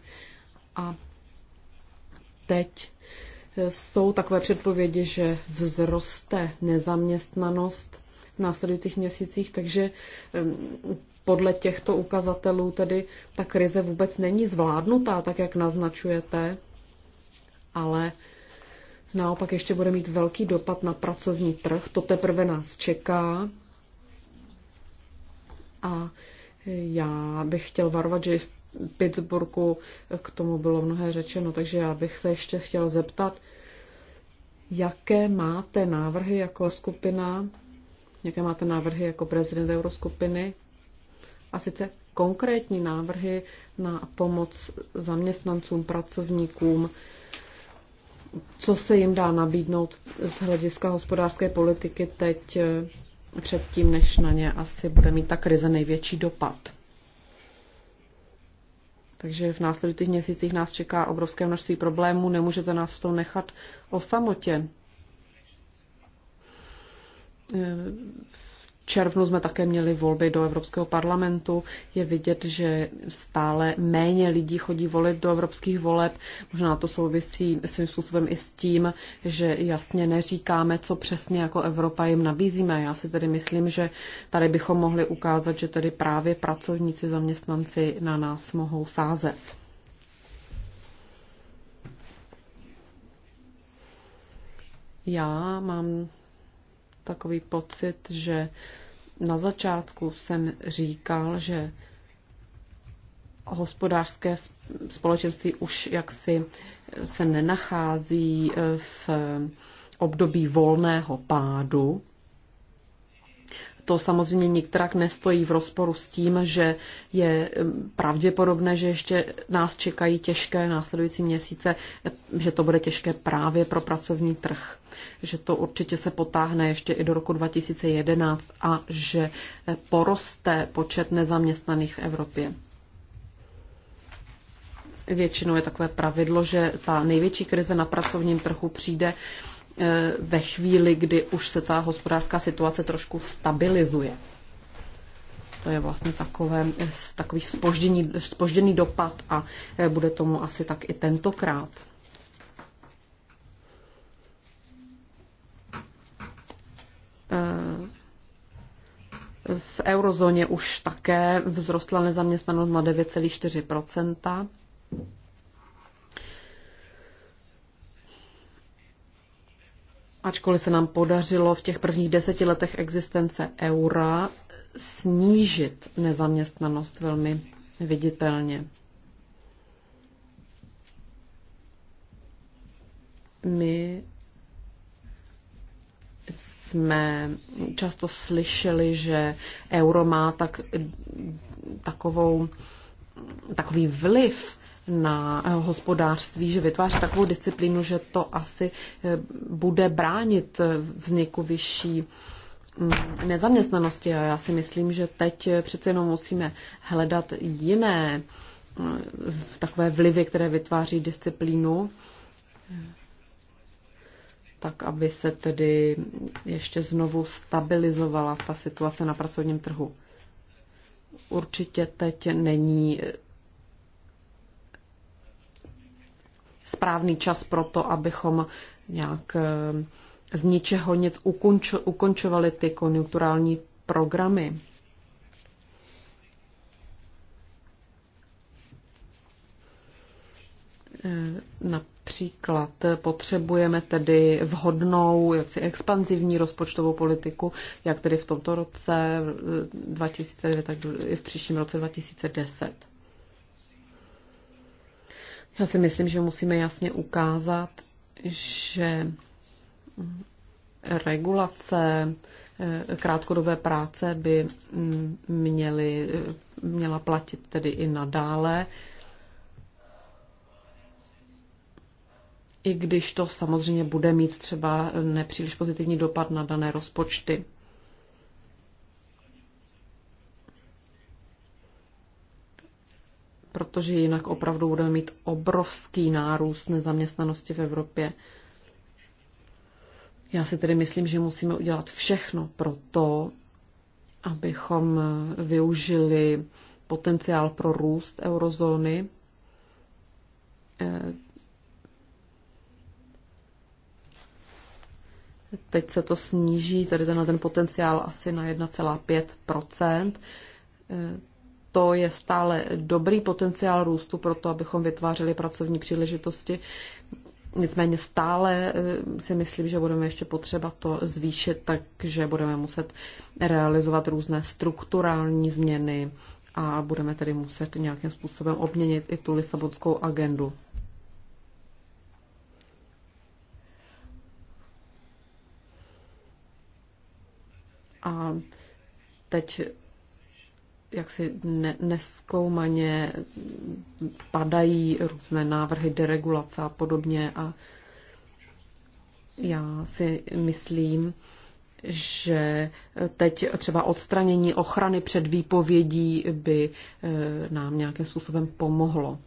a teď eh, jsou takové předpovědi, že vzroste nezaměstnanost v následujících měsících, takže podle těchto ukazatelů tedy ta krize vůbec není zvládnutá, tak jak naznačujete, ale naopak ještě bude mít velký dopad na pracovní trh. To teprve nás čeká. A já bych chtěl varovat, že v Pittsburghu k tomu bylo mnohé řečeno, takže já bych se ještě chtěl zeptat, jaké máte návrhy jako skupina, jaké máte návrhy jako prezident euroskupiny a sice konkrétní návrhy na pomoc zaměstnancům, pracovníkům, co se jim dá nabídnout z hlediska hospodářské politiky teď eh, předtím, než na ně asi bude mít ta krize největší dopad. Takže v následujících měsících nás čeká obrovské množství problémů, nemůžete nás v tom nechat o samotě. Eh, červnu jsme také měli volby do Evropského parlamentu. Je vidět, že stále méně lidí chodí volit do evropských voleb. Možná to souvisí svým způsobem i s tím, že jasně neříkáme, co přesně jako Evropa jim nabízíme. Já si tedy myslím, že tady bychom mohli ukázat, že tedy právě pracovníci, zaměstnanci na nás mohou sázet. Já mám takový pocit, že na začátku jsem říkal, že hospodářské společenství už jaksi se nenachází v období volného pádu, to samozřejmě nikterak nestojí v rozporu s tím, že je pravděpodobné, že ještě nás čekají těžké následující měsíce, že to bude těžké právě pro pracovní trh, že to určitě se potáhne ještě i do roku 2011 a že eh, poroste počet nezaměstnaných v Evropě většinou je takové pravidlo, že ta největší krize na pracovním trhu přijde Eh, ve chvíli, kdy už se ta hospodářská situace trošku stabilizuje. To je vlastně takové, takový spoždění, spožděný dopad a eh, bude tomu asi tak i tentokrát. Eh, v eurozóně už také vzrostla nezaměstnanost na 9,4 ačkoliv se nám podařilo v těch prvních deseti letech existence eura snížit nezaměstnanost velmi viditelně. My jsme často slyšeli, že euro má tak, takovou takový vliv na eh, hospodářství, že vytváří takovou disciplínu, že to asi eh, bude bránit eh, vzniku vyšší mm, nezaměstnanosti. A já si myslím, že teď přece jenom musíme hledat jiné takové vlivy, které vytváří disciplínu, tak aby se tedy ještě znovu stabilizovala ta situace na pracovním trhu určitě teď není eh, správný čas pro to, abychom nějak eh, z ničeho nic ukončo, ukončovali ty konjunkturální programy. Eh, na příklad. Potřebujeme tedy vhodnou, jaksi expanzivní rozpočtovou politiku, jak tedy v tomto roce 2009, eh, tak i v příštím roce 2010. Já si myslím, že musíme jasně ukázat, že regulace eh, krátkodobé práce by mm, měly, eh, měla platit tedy i nadále i když to samozřejmě bude mít třeba nepříliš pozitivní dopad na dané rozpočty. Protože jinak opravdu budeme mít obrovský nárůst nezaměstnanosti v Evropě. Já si tedy myslím, že musíme udělat všechno pro to, abychom využili potenciál pro růst eurozóny, eh, Teď se to sníží, tady ten, ten potenciál asi na 1,5 e, To je stále dobrý potenciál růstu pro to, abychom vytvářeli pracovní příležitosti. Nicméně stále e, si myslím, že budeme ještě potřeba to zvýšit, takže budeme muset realizovat různé strukturální změny a budeme tedy muset nějakým způsobem obměnit i tu Lisabonskou agendu. a teď jaksi ne, neskoumaně padají různé návrhy deregulace a podobně a já si myslím, že teď třeba odstranění ochrany před výpovědí by eh, nám nějakým způsobem pomohlo.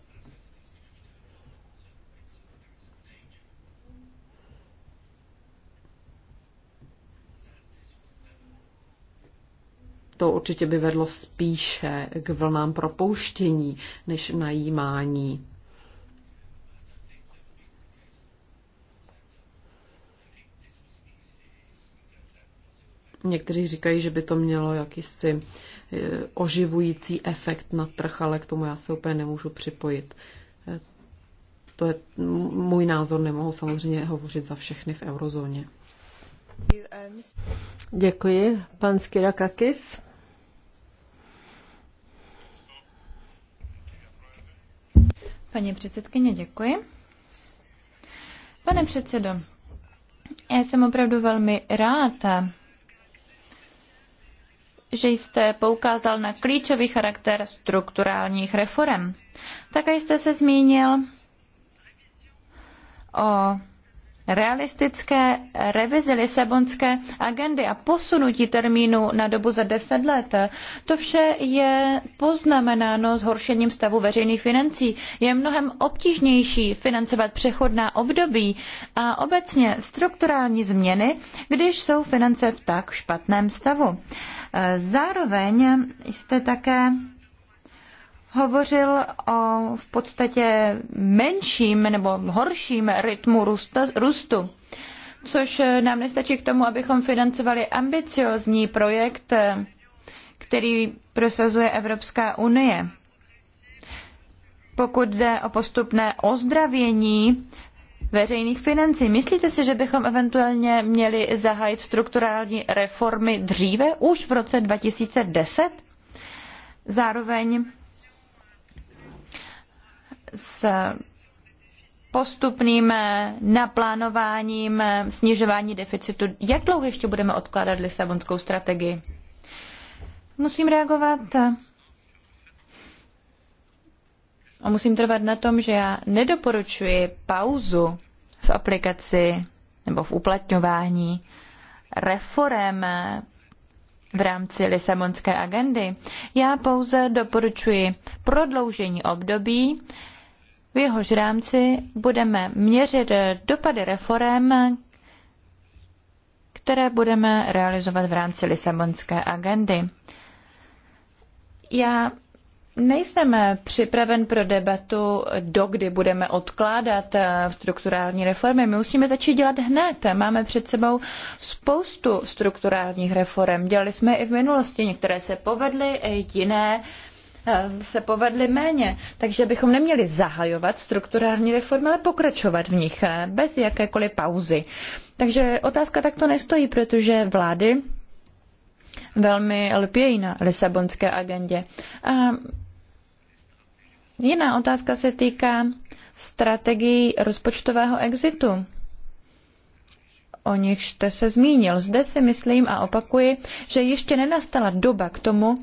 to určitě by vedlo spíše k vlnám propouštění než najímání. Někteří říkají, že by to mělo jakýsi eh, oživující efekt na trh, ale k tomu já se úplně nemůžu připojit. Eh, to je můj názor, nemohu samozřejmě hovořit za všechny v eurozóně. Děkuji. Pan Skirakakis. Paní předsedkyně, děkuji. Pane předsedo, já jsem opravdu velmi rád, že jste poukázal na klíčový charakter strukturálních reform. Také jste se zmínil o realistické revizi Lisabonské agendy a posunutí termínu na dobu za deset let, to vše je poznamenáno zhoršením stavu veřejných financí. Je mnohem obtížnější financovat přechodná období a obecně strukturální změny, když jsou finance v tak špatném stavu. Zároveň jste také hovořil o v podstatě menším nebo horším rytmu růstu, což nám nestačí k tomu, abychom financovali ambiciozní projekt, který prosazuje Evropská unie. Pokud jde o postupné ozdravění veřejných financí. Myslíte si, že bychom eventuálně měli zahájit strukturální reformy dříve, už v roce 2010? Zároveň s postupným naplánováním snižování deficitu. Jak dlouho ještě budeme odkládat Lisabonskou strategii? Musím reagovat a musím trvat na tom, že já nedoporučuji pauzu v aplikaci nebo v uplatňování reform v rámci Lisabonské agendy. Já pouze doporučuji prodloužení období, v jehož rámci budeme měřit eh, dopady reform, které budeme realizovat v rámci Lisabonské agendy. Já nejsem eh, připraven pro debatu, dokdy budeme odkládat eh, strukturální reformy. My musíme začít dělat hned. Máme před sebou spoustu strukturálních reform. Dělali jsme i v minulosti. Některé se povedly, jiné Eh, se povedly méně. Takže bychom neměli zahajovat strukturální reformy, ale pokračovat v nich eh, bez jakékoliv pauzy. Takže otázka takto nestojí, protože vlády velmi lpějí na Lisabonské agendě. A jiná otázka se týká strategií rozpočtového exitu o nich jste se zmínil. Zde si myslím a opakuji, že ještě nenastala doba k tomu,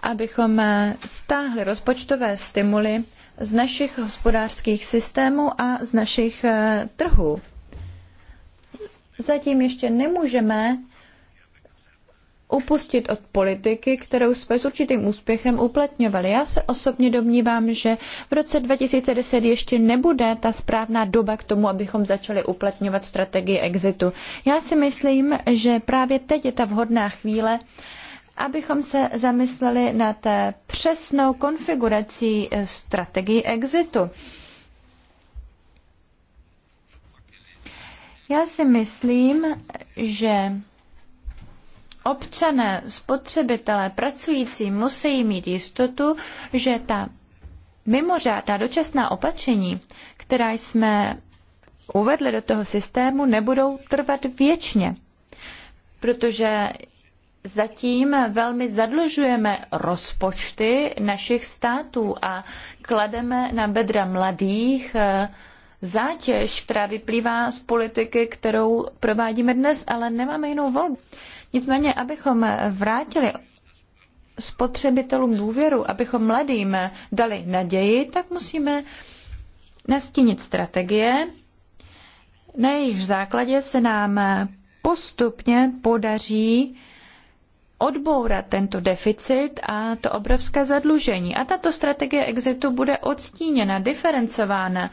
abychom eh, stáhli rozpočtové stimuly z našich hospodářských systémů a z našich eh, trhů. Zatím ještě nemůžeme upustit od politiky, kterou jsme s určitým úspěchem uplatňovali. Já se osobně domnívám, že v roce 2010 ještě nebude ta správná doba k tomu, abychom začali uplatňovat strategii exitu. Já si myslím, že právě teď je ta vhodná chvíle, abychom se zamysleli nad eh, přesnou konfigurací eh, strategii exitu. Já si myslím, že občané, spotřebitelé, pracující musí mít jistotu, že ta mimořádná dočasná opatření, která jsme uvedli do toho systému, nebudou trvat věčně. Protože zatím velmi zadlužujeme rozpočty našich států a klademe na bedra mladých eh, zátěž, která vyplývá z politiky, kterou provádíme dnes, ale nemáme jinou volbu. Nicméně, abychom vrátili spotřebitelům důvěru, abychom mladým dali naději, tak musíme nastínit strategie, na jejich základě se nám postupně podaří odbourat tento deficit a to obrovské zadlužení. A tato strategie exitu bude odstíněna, diferencována,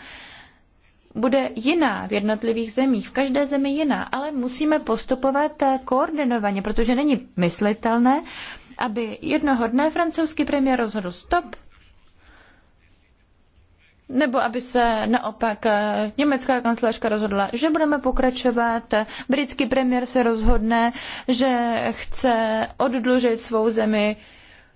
bude jiná v jednotlivých zemích, v každé zemi jiná, ale musíme postupovat koordinovaně, protože není myslitelné, aby jednoho dne francouzský premiér rozhodl stop, nebo aby se naopak eh, německá kancelářka rozhodla, že budeme pokračovat, britský premiér se rozhodne, že chce oddlužit svou zemi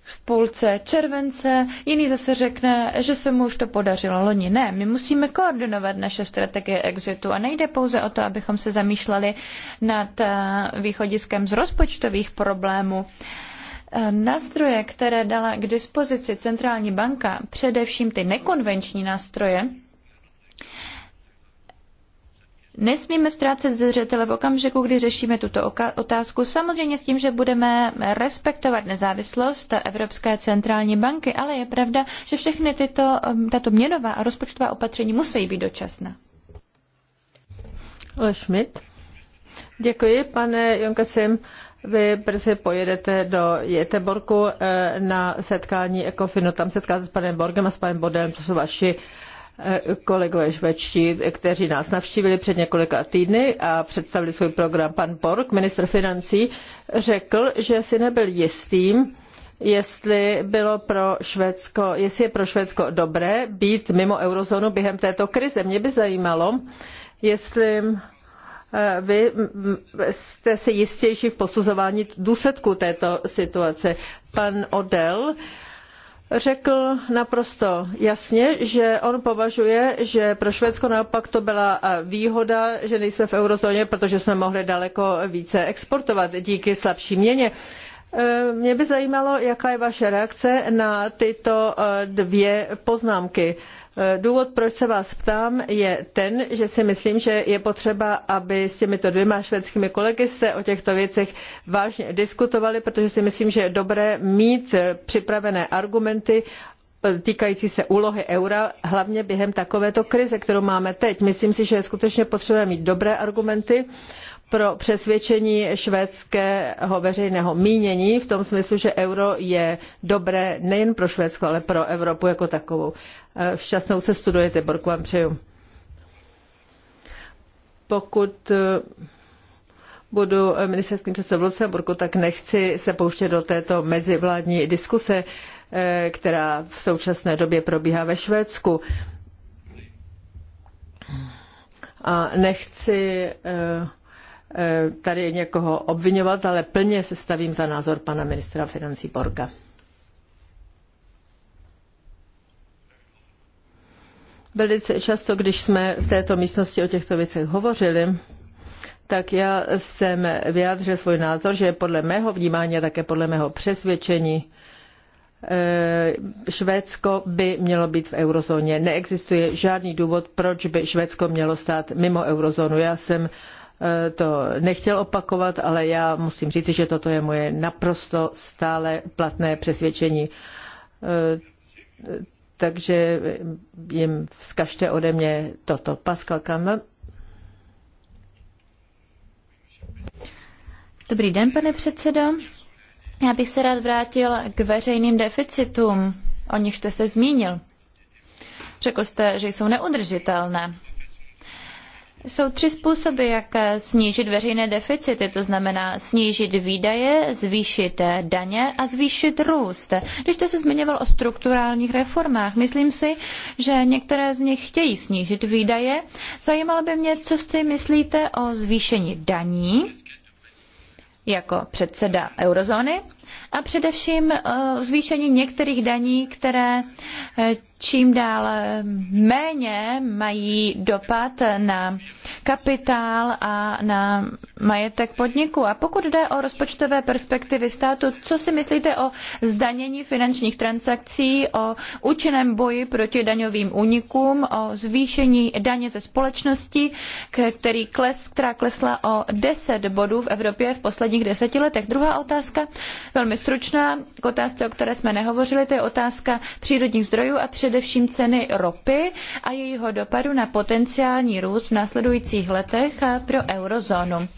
v půlce července, jiný zase řekne, že se mu už to podařilo loni. Ne, my musíme koordinovat naše strategie exitu a nejde pouze o to, abychom se zamýšleli nad eh, východiskem z rozpočtových problémů. Eh, nástroje, které dala k dispozici centrální banka, především ty nekonvenční nástroje, Nesmíme ztrácet ze zřetele v okamžiku, kdy řešíme tuto otázku, samozřejmě s tím, že budeme respektovat nezávislost Evropské centrální banky, ale je pravda, že všechny tyto, tato měnová a rozpočtová opatření musí být dočasná. Schmidt. Děkuji, pane Jonkasem. Vy brzy pojedete do Jeteborku eh, na setkání Ekofinu. Tam setkáte s panem Borgem a s panem Bodem, to jsou vaši eh, kolegové švédští, kteří nás navštívili před několika týdny a představili svůj program. Pan Borg, ministr financí, řekl, že si nebyl jistým, jestli bylo pro Švédsko, jestli je pro Švédsko dobré být mimo eurozónu během této krize. Mě by zajímalo, jestli Eh, vy jste si jistější v posuzování důsledků této situace. Pan Odell řekl naprosto jasně, že on považuje, že pro Švédsko naopak to byla eh, výhoda, že nejsme v eurozóně, protože jsme mohli daleko více exportovat díky slabší měně. Eh, mě by zajímalo, jaká je vaše reakce na tyto dvě poznámky. Důvod, proč se vás ptám, je ten, že si myslím, že je potřeba, aby s těmito dvěma švédskými kolegy se o těchto věcech vážně diskutovali, protože si myslím, že je dobré mít připravené argumenty týkající se úlohy eura, hlavně během takovéto krize, kterou máme teď. Myslím si, že je skutečně potřeba mít dobré argumenty pro přesvědčení švédského veřejného mínění v tom smyslu, že euro je dobré nejen pro Švédsko, ale pro Evropu jako takovou. Eh, Šťastnou cestu do Jeteborg vám přeju. Pokud eh, budu eh, ministerským předsedou v Lucemburku, tak nechci se pouštět do této mezivládní diskuse, která v současné době probíhá ve Švédsku. A nechci tady někoho obvinovat, ale plně se stavím za názor pana ministra financí Borga. Velice často, když jsme v této místnosti o těchto věcech hovořili, tak já jsem vyjádřil svůj názor, že podle mého vnímání a také podle mého přesvědčení eh, Švédsko by mělo být v eurozóně. Neexistuje žádný důvod, proč by Švédsko mělo stát mimo eurozónu. Já jsem eh, to nechtěl opakovat, ale já musím říci, že toto je moje naprosto stále platné přesvědčení eh, takže jim vzkažte ode mě toto. Pascal Kamel. Dobrý den, pane předsedo. Já bych se rád vrátil k veřejným deficitům. O nich jste se zmínil. Řekl jste, že jsou neudržitelné. Jsou tři způsoby, jak snížit veřejné deficity, to znamená snížit výdaje, zvýšit daně a zvýšit růst. Když jste se zmiňoval o strukturálních reformách, myslím si, že některé z nich chtějí snížit výdaje. Zajímalo by mě, co si myslíte o zvýšení daní jako předseda eurozóny a především eh, zvýšení některých daní, které eh, čím dál eh, méně mají dopad na kapitál a na majetek podniku. A pokud jde o rozpočtové perspektivy státu, co si myslíte o zdanění finančních transakcí, o účinném boji proti daňovým únikům, o zvýšení daně ze společnosti, který kles, která klesla o 10 bodů v Evropě v posledních deseti letech? Druhá otázka, velmi stručná. K otázce, o které jsme nehovořili, to je otázka přírodních zdrojů a především ceny ropy a jejího dopadu na potenciální růst v následujících letech pro eurozónu.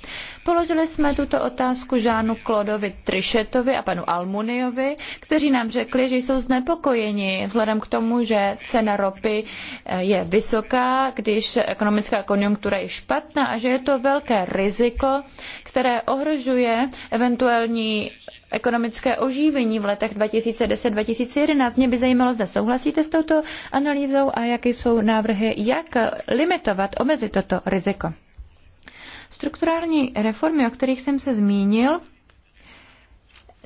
Položili jsme tuto otázku Žánu Klodovi Trišetovi a panu Almuniovi, kteří nám řekli, že jsou znepokojeni vzhledem k tomu, že cena ropy eh, je vysoká, když ekonomická konjunktura je špatná a že je to velké riziko, které ohrožuje eventuální ekonomické oživení v letech 2010-2011. Mě by zajímalo, zda souhlasíte s touto analýzou a jaké jsou návrhy, jak limitovat, omezit toto riziko. Strukturální reformy, o kterých jsem se zmínil,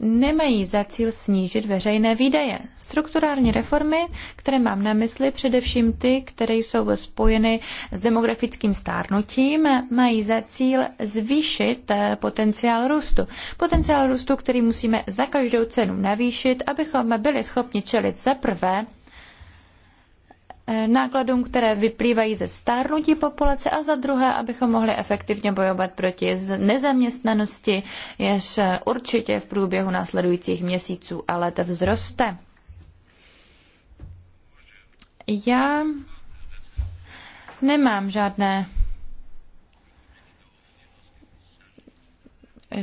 nemají za cíl snížit veřejné výdaje. Strukturální reformy, které mám na mysli, především ty, které jsou spojeny s demografickým stárnutím, mají za cíl zvýšit eh, potenciál růstu. Potenciál růstu, který musíme za každou cenu navýšit, abychom byli schopni čelit za prvé Eh, nákladům, které vyplývají ze stárnutí populace a za druhé, abychom mohli efektivně bojovat proti nezaměstnanosti, jež eh, určitě v průběhu následujících měsíců a let vzroste. Já nemám žádné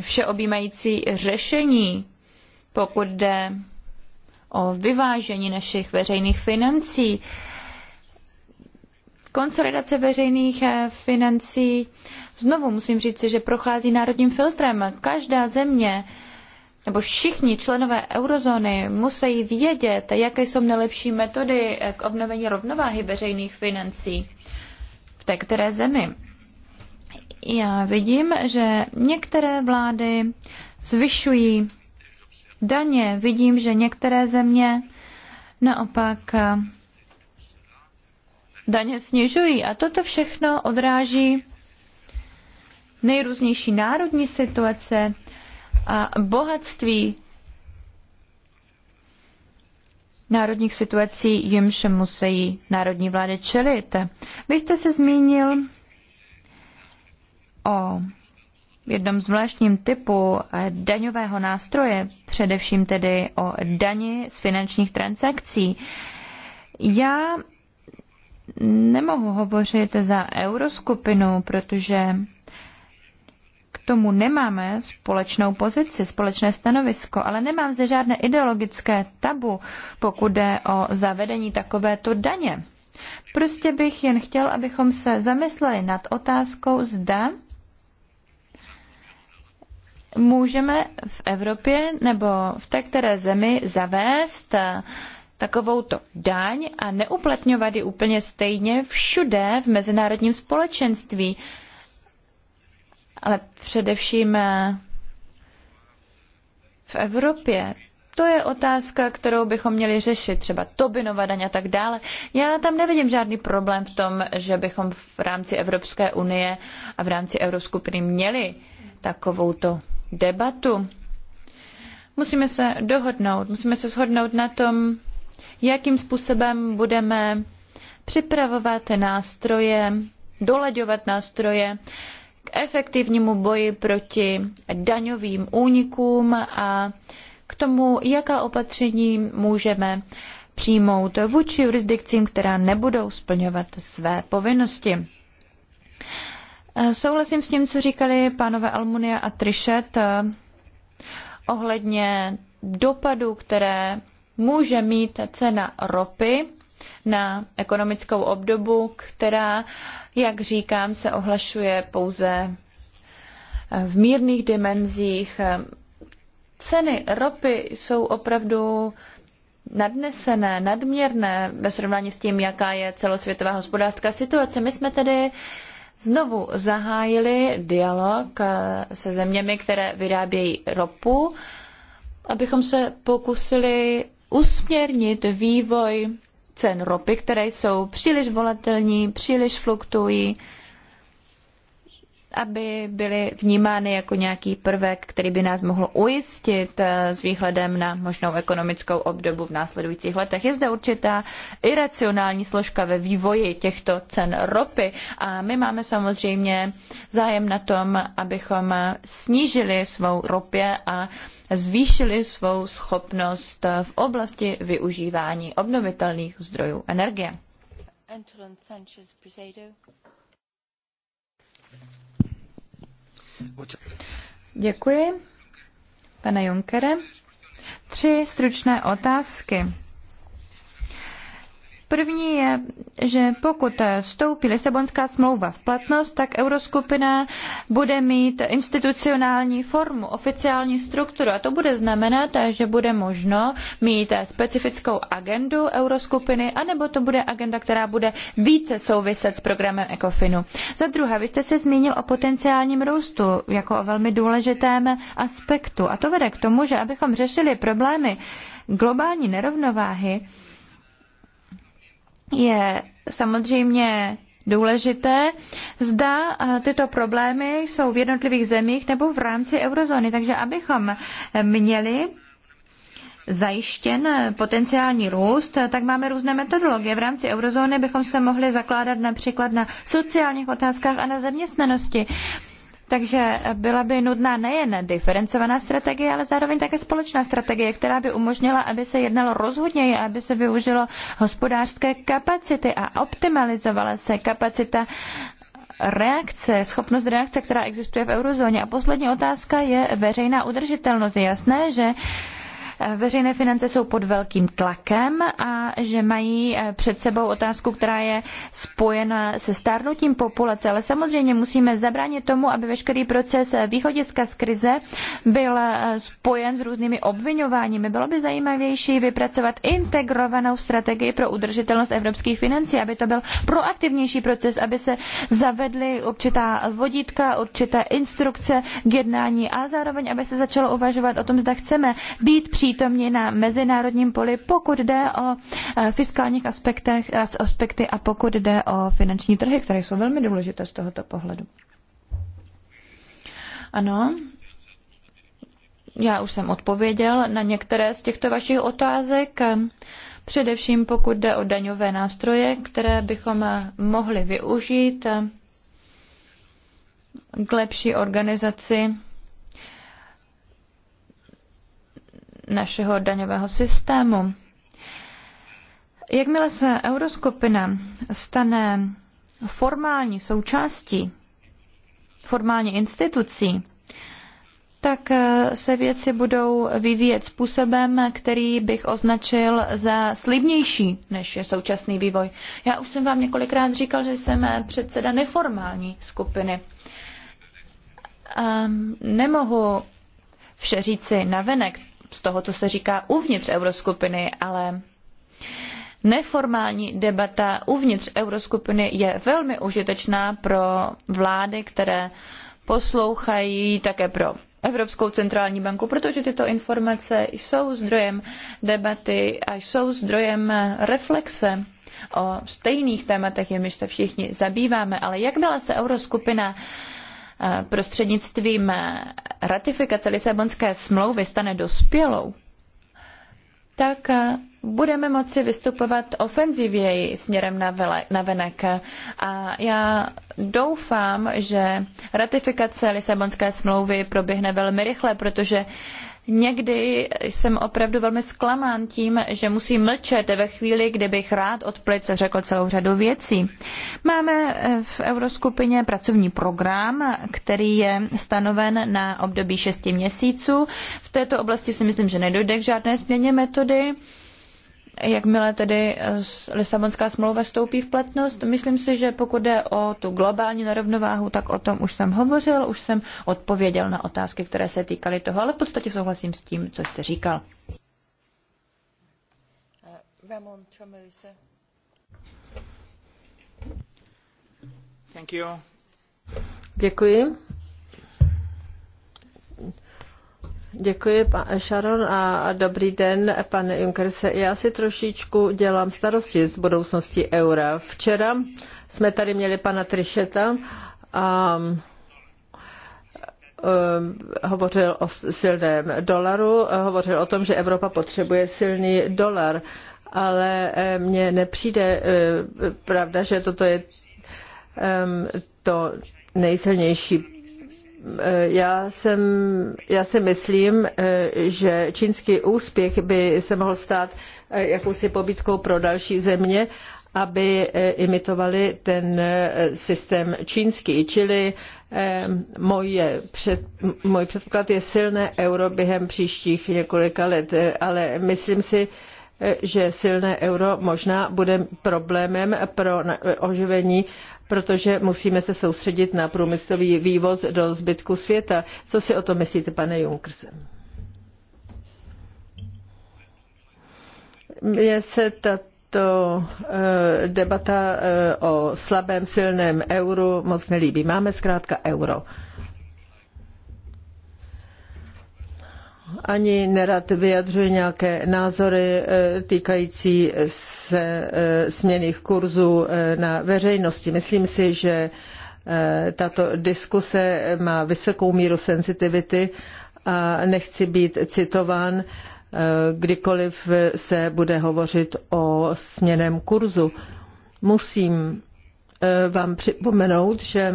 všeobjímající řešení, pokud jde o vyvážení našich veřejných financí konsolidace veřejných eh, financí. Znovu musím říct, že prochází národním filtrem. Každá země nebo všichni členové eurozóny musí vědět, jaké jsou nejlepší metody eh, k obnovení rovnováhy veřejných financí v té které zemi. Já vidím, že některé vlády zvyšují daně, vidím, že některé země naopak eh, daně snižují. A toto všechno odráží nejrůznější národní situace a bohatství národních situací, jimž musí národní vlády čelit. Vy jste se zmínil o jednom zvláštním typu daňového nástroje, především tedy o dani z finančních transakcí. Já nemohu hovořit za euroskupinu, protože k tomu nemáme společnou pozici, společné stanovisko, ale nemám zde žádné ideologické tabu, pokud jde o zavedení takovéto daně. Prostě bych jen chtěl, abychom se zamysleli nad otázkou, zda můžeme v Evropě nebo v té které zemi zavést takovouto daň a neuplatňovat ji úplně stejně všude v mezinárodním společenství. Ale především eh, v Evropě. To je otázka, kterou bychom měli řešit, třeba Tobinova daň a tak dále. Já tam nevidím žádný problém v tom, že bychom v rámci Evropské unie a v rámci Euroskupiny měli takovouto debatu. Musíme se dohodnout, musíme se shodnout na tom, jakým způsobem budeme připravovat nástroje, dolaďovat nástroje k efektivnímu boji proti daňovým únikům a k tomu, jaká opatření můžeme přijmout vůči jurisdikcím, která nebudou splňovat své povinnosti. Souhlasím s tím, co říkali pánové Almunia a Trišet eh, ohledně dopadů, které může mít cena ropy na ekonomickou obdobu, která, jak říkám, se ohlašuje pouze v mírných dimenzích. Ceny ropy jsou opravdu nadnesené, nadměrné ve srovnání s tím, jaká je celosvětová hospodářská situace. My jsme tedy znovu zahájili dialog eh, se zeměmi, které vyrábějí ropu, abychom se pokusili usměrnit vývoj cen ropy, které jsou příliš volatilní, příliš fluktují aby byly vnímány jako nějaký prvek, který by nás mohl ujistit eh, s výhledem na možnou ekonomickou obdobu v následujících letech. Je zde určitá iracionální složka ve vývoji těchto cen ropy a my máme samozřejmě zájem na tom, abychom snížili svou ropě a zvýšili svou schopnost v oblasti využívání obnovitelných zdrojů energie. Antolin Sanchez Děkuji, pane Junkere. Tři stručné otázky. První je, že pokud vstoupí Lisabonská smlouva v platnost, tak euroskupina bude mít institucionální formu, oficiální strukturu a to bude znamenat, že bude možno mít specifickou agendu euroskupiny, anebo to bude agenda, která bude více souviset s programem ECOFINu. Za druhé, vy jste se zmínil o potenciálním růstu jako o velmi důležitém aspektu a to vede k tomu, že abychom řešili problémy globální nerovnováhy, je samozřejmě důležité, zda tyto problémy jsou v jednotlivých zemích nebo v rámci eurozóny. Takže abychom e, měli zajištěn e, potenciální růst, e, tak máme různé metodologie. V rámci eurozóny bychom se mohli zakládat například na sociálních otázkách a na zaměstnanosti. Takže byla by nudná nejen diferencovaná strategie, ale zároveň také společná strategie, která by umožnila, aby se jednalo rozhodněji, aby se využilo hospodářské kapacity a optimalizovala se kapacita reakce, schopnost reakce, která existuje v eurozóně. A poslední otázka je veřejná udržitelnost. Je jasné, že veřejné finance jsou pod velkým tlakem a že mají eh, před sebou otázku, která je spojena se stárnutím populace, ale samozřejmě musíme zabránit tomu, aby veškerý proces eh, východiska z krize byl eh, spojen s různými obvinováními. Bylo by zajímavější vypracovat integrovanou strategii pro udržitelnost evropských financí, aby to byl proaktivnější proces, aby se zavedly určitá vodítka, určité instrukce k jednání a zároveň, aby se začalo uvažovat o tom, zda chceme být při přítomni na mezinárodním poli, pokud jde o eh, fiskálních aspektech, eh, aspekty a pokud jde o finanční trhy, které jsou velmi důležité z tohoto pohledu. Ano, já už jsem odpověděl na některé z těchto vašich otázek, především pokud jde o daňové nástroje, které bychom eh, mohli využít k lepší organizaci našeho daňového systému. Jakmile se euroskupina stane formální součástí, formální institucí, tak eh, se věci budou vyvíjet způsobem, který bych označil za slibnější, než je současný vývoj. Já už jsem vám několikrát říkal, že jsem eh, předseda neformální skupiny. A ehm, nemohu vše říci navenek, z toho, co se říká uvnitř euroskupiny, ale Neformální debata uvnitř euroskupiny je velmi užitečná pro vlády, které poslouchají, také pro Evropskou centrální banku, protože tyto informace jsou zdrojem debaty a jsou zdrojem reflexe o stejných tématech, jimiž se všichni zabýváme. Ale jak byla se euroskupina uh, Eh, prostřednictvím ratifikace Lisabonské smlouvy stane dospělou, tak eh, budeme moci vystupovat ofenzivěji směrem na, vele, na venek. A já doufám, že ratifikace Lisabonské smlouvy proběhne velmi rychle, protože uh, Někdy jsem opravdu velmi zklamán tím, že musím mlčet ve chvíli, kdy bych rád od plic řekl celou řadu věcí. Máme eh, v Euroskupině pracovní program, který je stanoven na období šesti měsíců. V této oblasti si myslím, že nedojde k žádné změně metody jakmile tedy eh, Lisabonská smlouva stoupí v platnost. Myslím si, že pokud jde o tu globální nerovnováhu, tak o tom už jsem hovořil, už jsem odpověděl na otázky, které se týkaly toho, ale v podstatě souhlasím s tím, co jste říkal. Eh, Děkuji. Děkuji, pane Sharon, a dobrý den, pane Junkerse. Já si trošičku dělám starosti z budoucnosti eura. Včera jsme tady měli pana Trišeta a um, hovořil o silném dolaru, hovořil o tom, že Evropa potřebuje silný dolar, ale eh, mně nepřijde eh, pravda, že toto je ehm, to nejsilnější Eh, já, jsem, já si myslím, eh, že čínský úspěch by se mohl stát eh, jakousi pobídkou pro další země, aby imitovali ten systém čínský. Čili moje před, můj předpoklad je silné euro během příštích několika let, ale myslím si, že silné euro možná bude problémem pro oživení protože musíme se soustředit na průmyslový vývoz do zbytku světa. Co si o to myslíte, pane Junckers? Mně se tato eh, debata eh, o slabém, silném euru moc nelíbí. Máme zkrátka euro. ani nerad vyjadřuje nějaké názory eh, týkající se eh, směných kurzů eh, na veřejnosti. Myslím si, že tato diskuse má vysokou míru senzitivity a nechci být citován, kdykoliv se bude hovořit o směném kurzu. Musím vám připomenout, že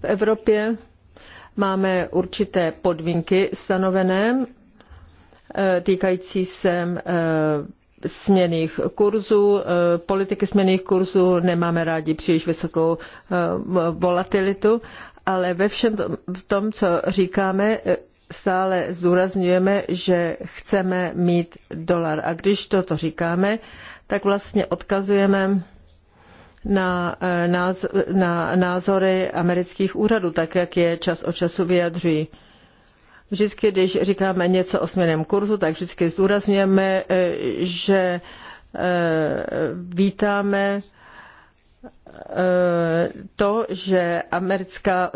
v Evropě Máme určité podmínky stanovené eh, týkající se eh, směných kurzů, eh, politiky směných kurzů, nemáme rádi příliš vysokou volatilitu, ale ve všem tom, co říkáme, stále zdůrazňujeme, že chceme mít dolar. A když toto říkáme, tak vlastně odkazujeme na, eh, na názory amerických úřadů, tak jak je čas od času vyjadřují. Vždycky, když říkáme něco o směném kurzu, tak vždycky zdůrazňujeme, eh, že eh, vítáme to, že americká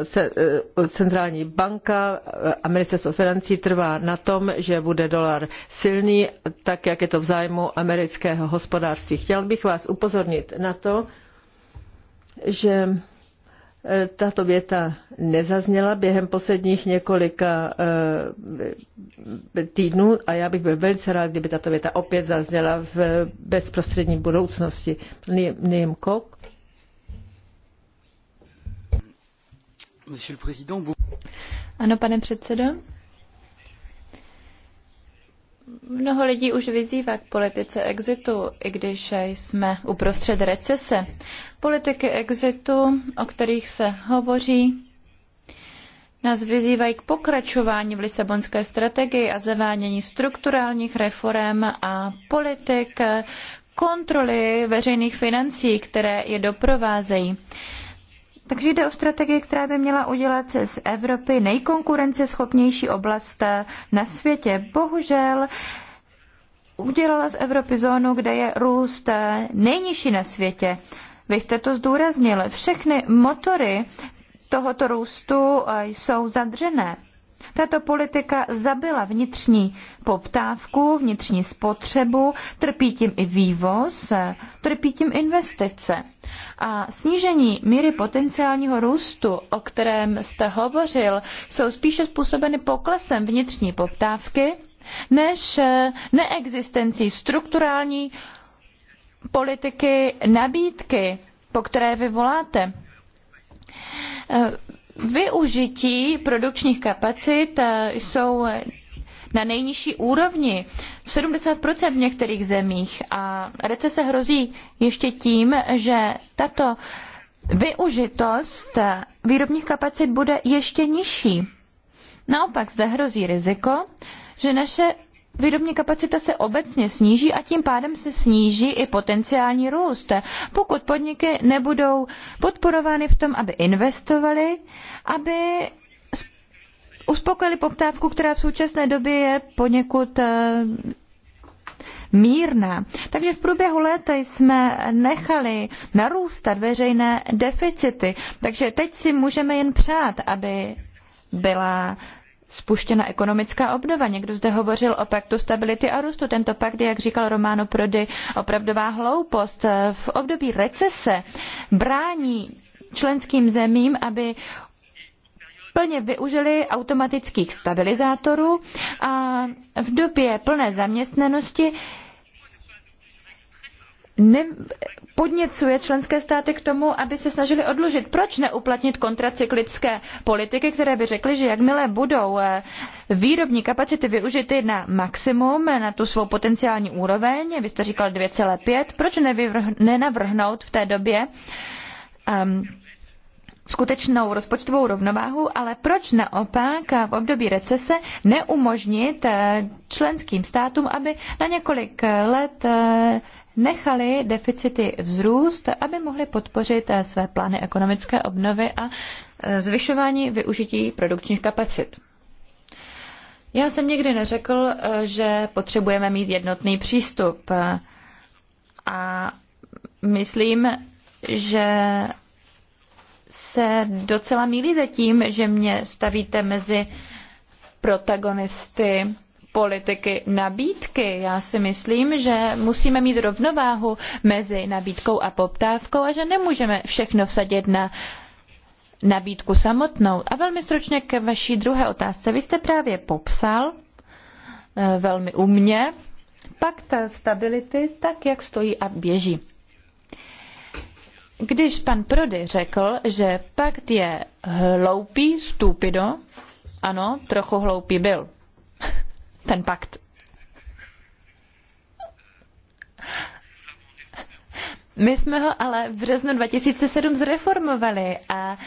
centrální banka a ministerstvo financí trvá na tom, že bude dolar silný, tak jak je to v zájmu amerického hospodářství. Chtěl bych vás upozornit na to, že e, tato věta nezazněla během posledních několika e, týdnů a já bych byl velice rád, kdyby tato věta opět zazněla v bezprostřední budoucnosti. Nejem Kok. Ano, pane předsedo. Mnoho lidí už vyzývá k politice exitu, i když jsme uprostřed recese. Politiky exitu, o kterých se hovoří, nás vyzývají k pokračování v Lisabonské strategii a zavádění strukturálních reform a politik kontroly veřejných financí, které je doprovázejí. Takže jde o strategii, která by měla udělat z Evropy nejkonkurenceschopnější oblast na světě. Bohužel udělala z Evropy zónu, kde je růst nejnižší na světě. Vy jste to zdůraznil. Všechny motory tohoto růstu eh, jsou zadřené. Tato politika zabila vnitřní poptávku, vnitřní spotřebu, trpí tím i vývoz, eh, trpí tím investice. A snížení míry potenciálního růstu, o kterém jste hovořil, jsou spíše způsobeny poklesem vnitřní poptávky než eh, neexistencí strukturální politiky nabídky, po které vy voláte. Eh, využití produkčních kapacit eh, jsou na nejnižší úrovni, 70% v některých zemích. A recese hrozí ještě tím, že tato využitost výrobních kapacit bude ještě nižší. Naopak zde hrozí riziko, že naše výrobní kapacita se obecně sníží a tím pádem se sníží i potenciální růst. Pokud podniky nebudou podporovány v tom, aby investovaly, aby uspokojili poptávku, která v současné době je poněkud eh, mírná. Takže v průběhu let jsme nechali narůstat veřejné deficity. Takže teď si můžeme jen přát, aby byla spuštěna ekonomická obnova. Někdo zde hovořil o paktu stability a růstu. Tento pakt jak říkal Romano Prody, opravdová hloupost. V období recese brání členským zemím, aby plně využili automatických stabilizátorů a v době plné zaměstnanosti ne, podněcuje členské státy k tomu, aby se snažili odlužit. Proč neuplatnit kontracyklické politiky, které by řekly, že jakmile budou eh, výrobní kapacity využity na maximum, na tu svou potenciální úroveň, vy jste říkal 2,5, proč nenavrhnout v té době um, skutečnou rozpočtovou rovnováhu, ale proč naopak v období recese neumožnit eh, členským státům, aby na několik eh, let eh, nechali deficity vzrůst, aby mohli podpořit své plány ekonomické obnovy a zvyšování využití produkčních kapacit. Já jsem nikdy neřekl, že potřebujeme mít jednotný přístup a myslím, že se docela mílíte tím, že mě stavíte mezi protagonisty politiky nabídky. Já si myslím, že musíme mít rovnováhu mezi nabídkou a poptávkou a že nemůžeme všechno vsadit na nabídku samotnou. A velmi stručně k vaší druhé otázce. Vy jste právě popsal e, velmi umně pakt stability tak, jak stojí a běží. Když pan Prody řekl, že pakt je hloupý, stupido, ano, trochu hloupý byl. Ten pakt. My jsme ho ale v březnu 2007 zreformovali a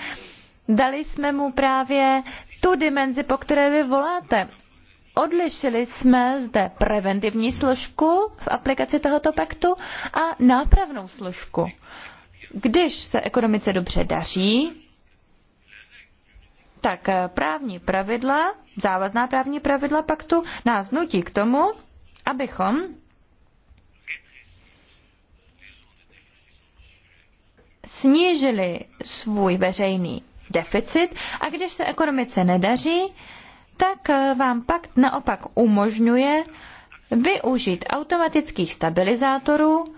dali jsme mu právě tu dimenzi, po které vy voláte. Odlišili jsme zde preventivní složku v aplikaci tohoto paktu a nápravnou složku. Když se ekonomice dobře daří, tak právní pravidla, závazná právní pravidla paktu nás nutí k tomu, abychom snížili svůj veřejný deficit a když se ekonomice nedaří, tak eh, vám pakt naopak umožňuje využít automatických stabilizátorů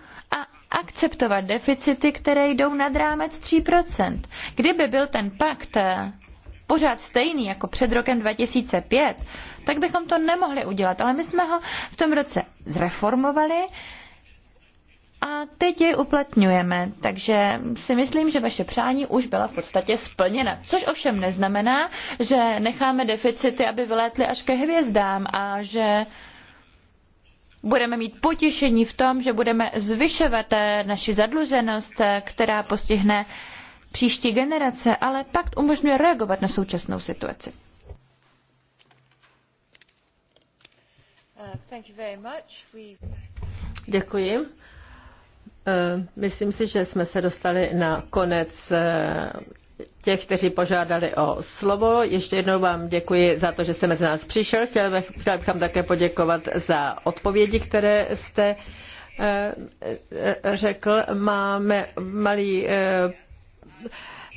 akceptovat deficity, které jdou nad rámec 3%. Kdyby byl ten pakt eh, pořád stejný jako před rokem 2005, tak bychom to nemohli udělat. Ale my jsme ho v tom roce zreformovali a teď jej uplatňujeme. Takže si myslím, že vaše přání už byla v podstatě splněna. Což ovšem neznamená, že necháme deficity, aby vylétly až ke hvězdám a že budeme mít potěšení v tom, že budeme zvyšovat eh, naši zadluženost, eh, která postihne příští generace, ale pakt umožňuje reagovat na současnou situaci. Uh, Děkuji. Uh, myslím si, že jsme se dostali na konec eh, těch, kteří požádali o slovo. Ještě jednou vám děkuji za to, že jste mezi nás přišel. Chtěl bych, chtěl bych vám také poděkovat za odpovědi, které jste eh, eh, řekl. Máme malý eh,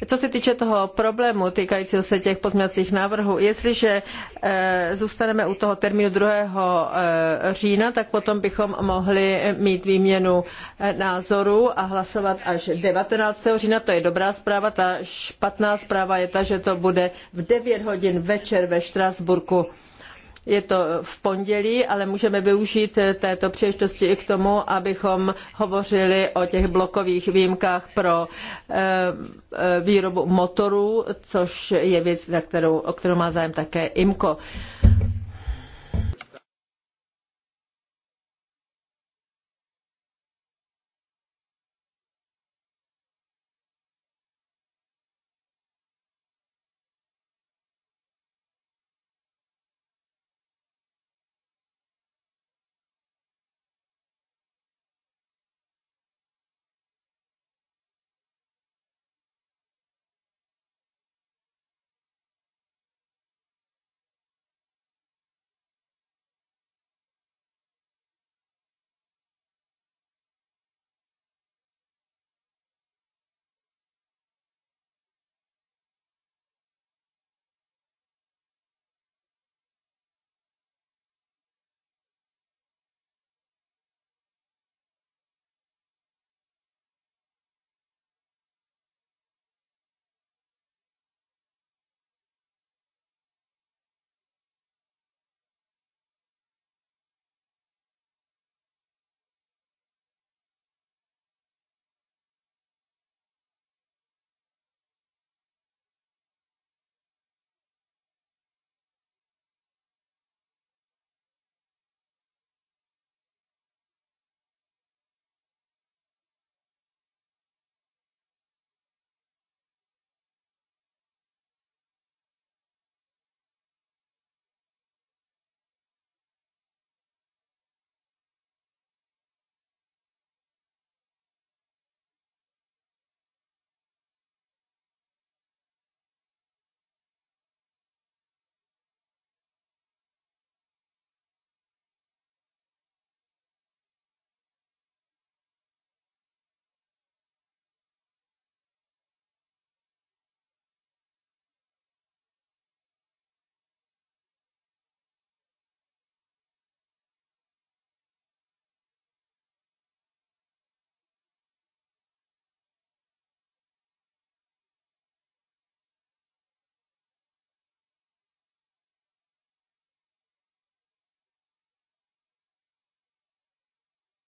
co se týče toho problému týkajícího se těch pozměňovacích návrhů, jestliže eh, zůstaneme u toho termínu 2. Eh, října, tak potom bychom mohli mít výměnu eh, názorů a hlasovat až 19. října. To je dobrá zpráva. Ta špatná zpráva je ta, že to bude v 9 hodin večer ve Štrasburku. Je to v pondělí, ale můžeme využít eh, této příležitosti i k tomu, abychom hovořili o těch blokových výjimkách pro eh, eh, výrobu motorů, což je věc, na kterou, o kterou má zájem také IMCO.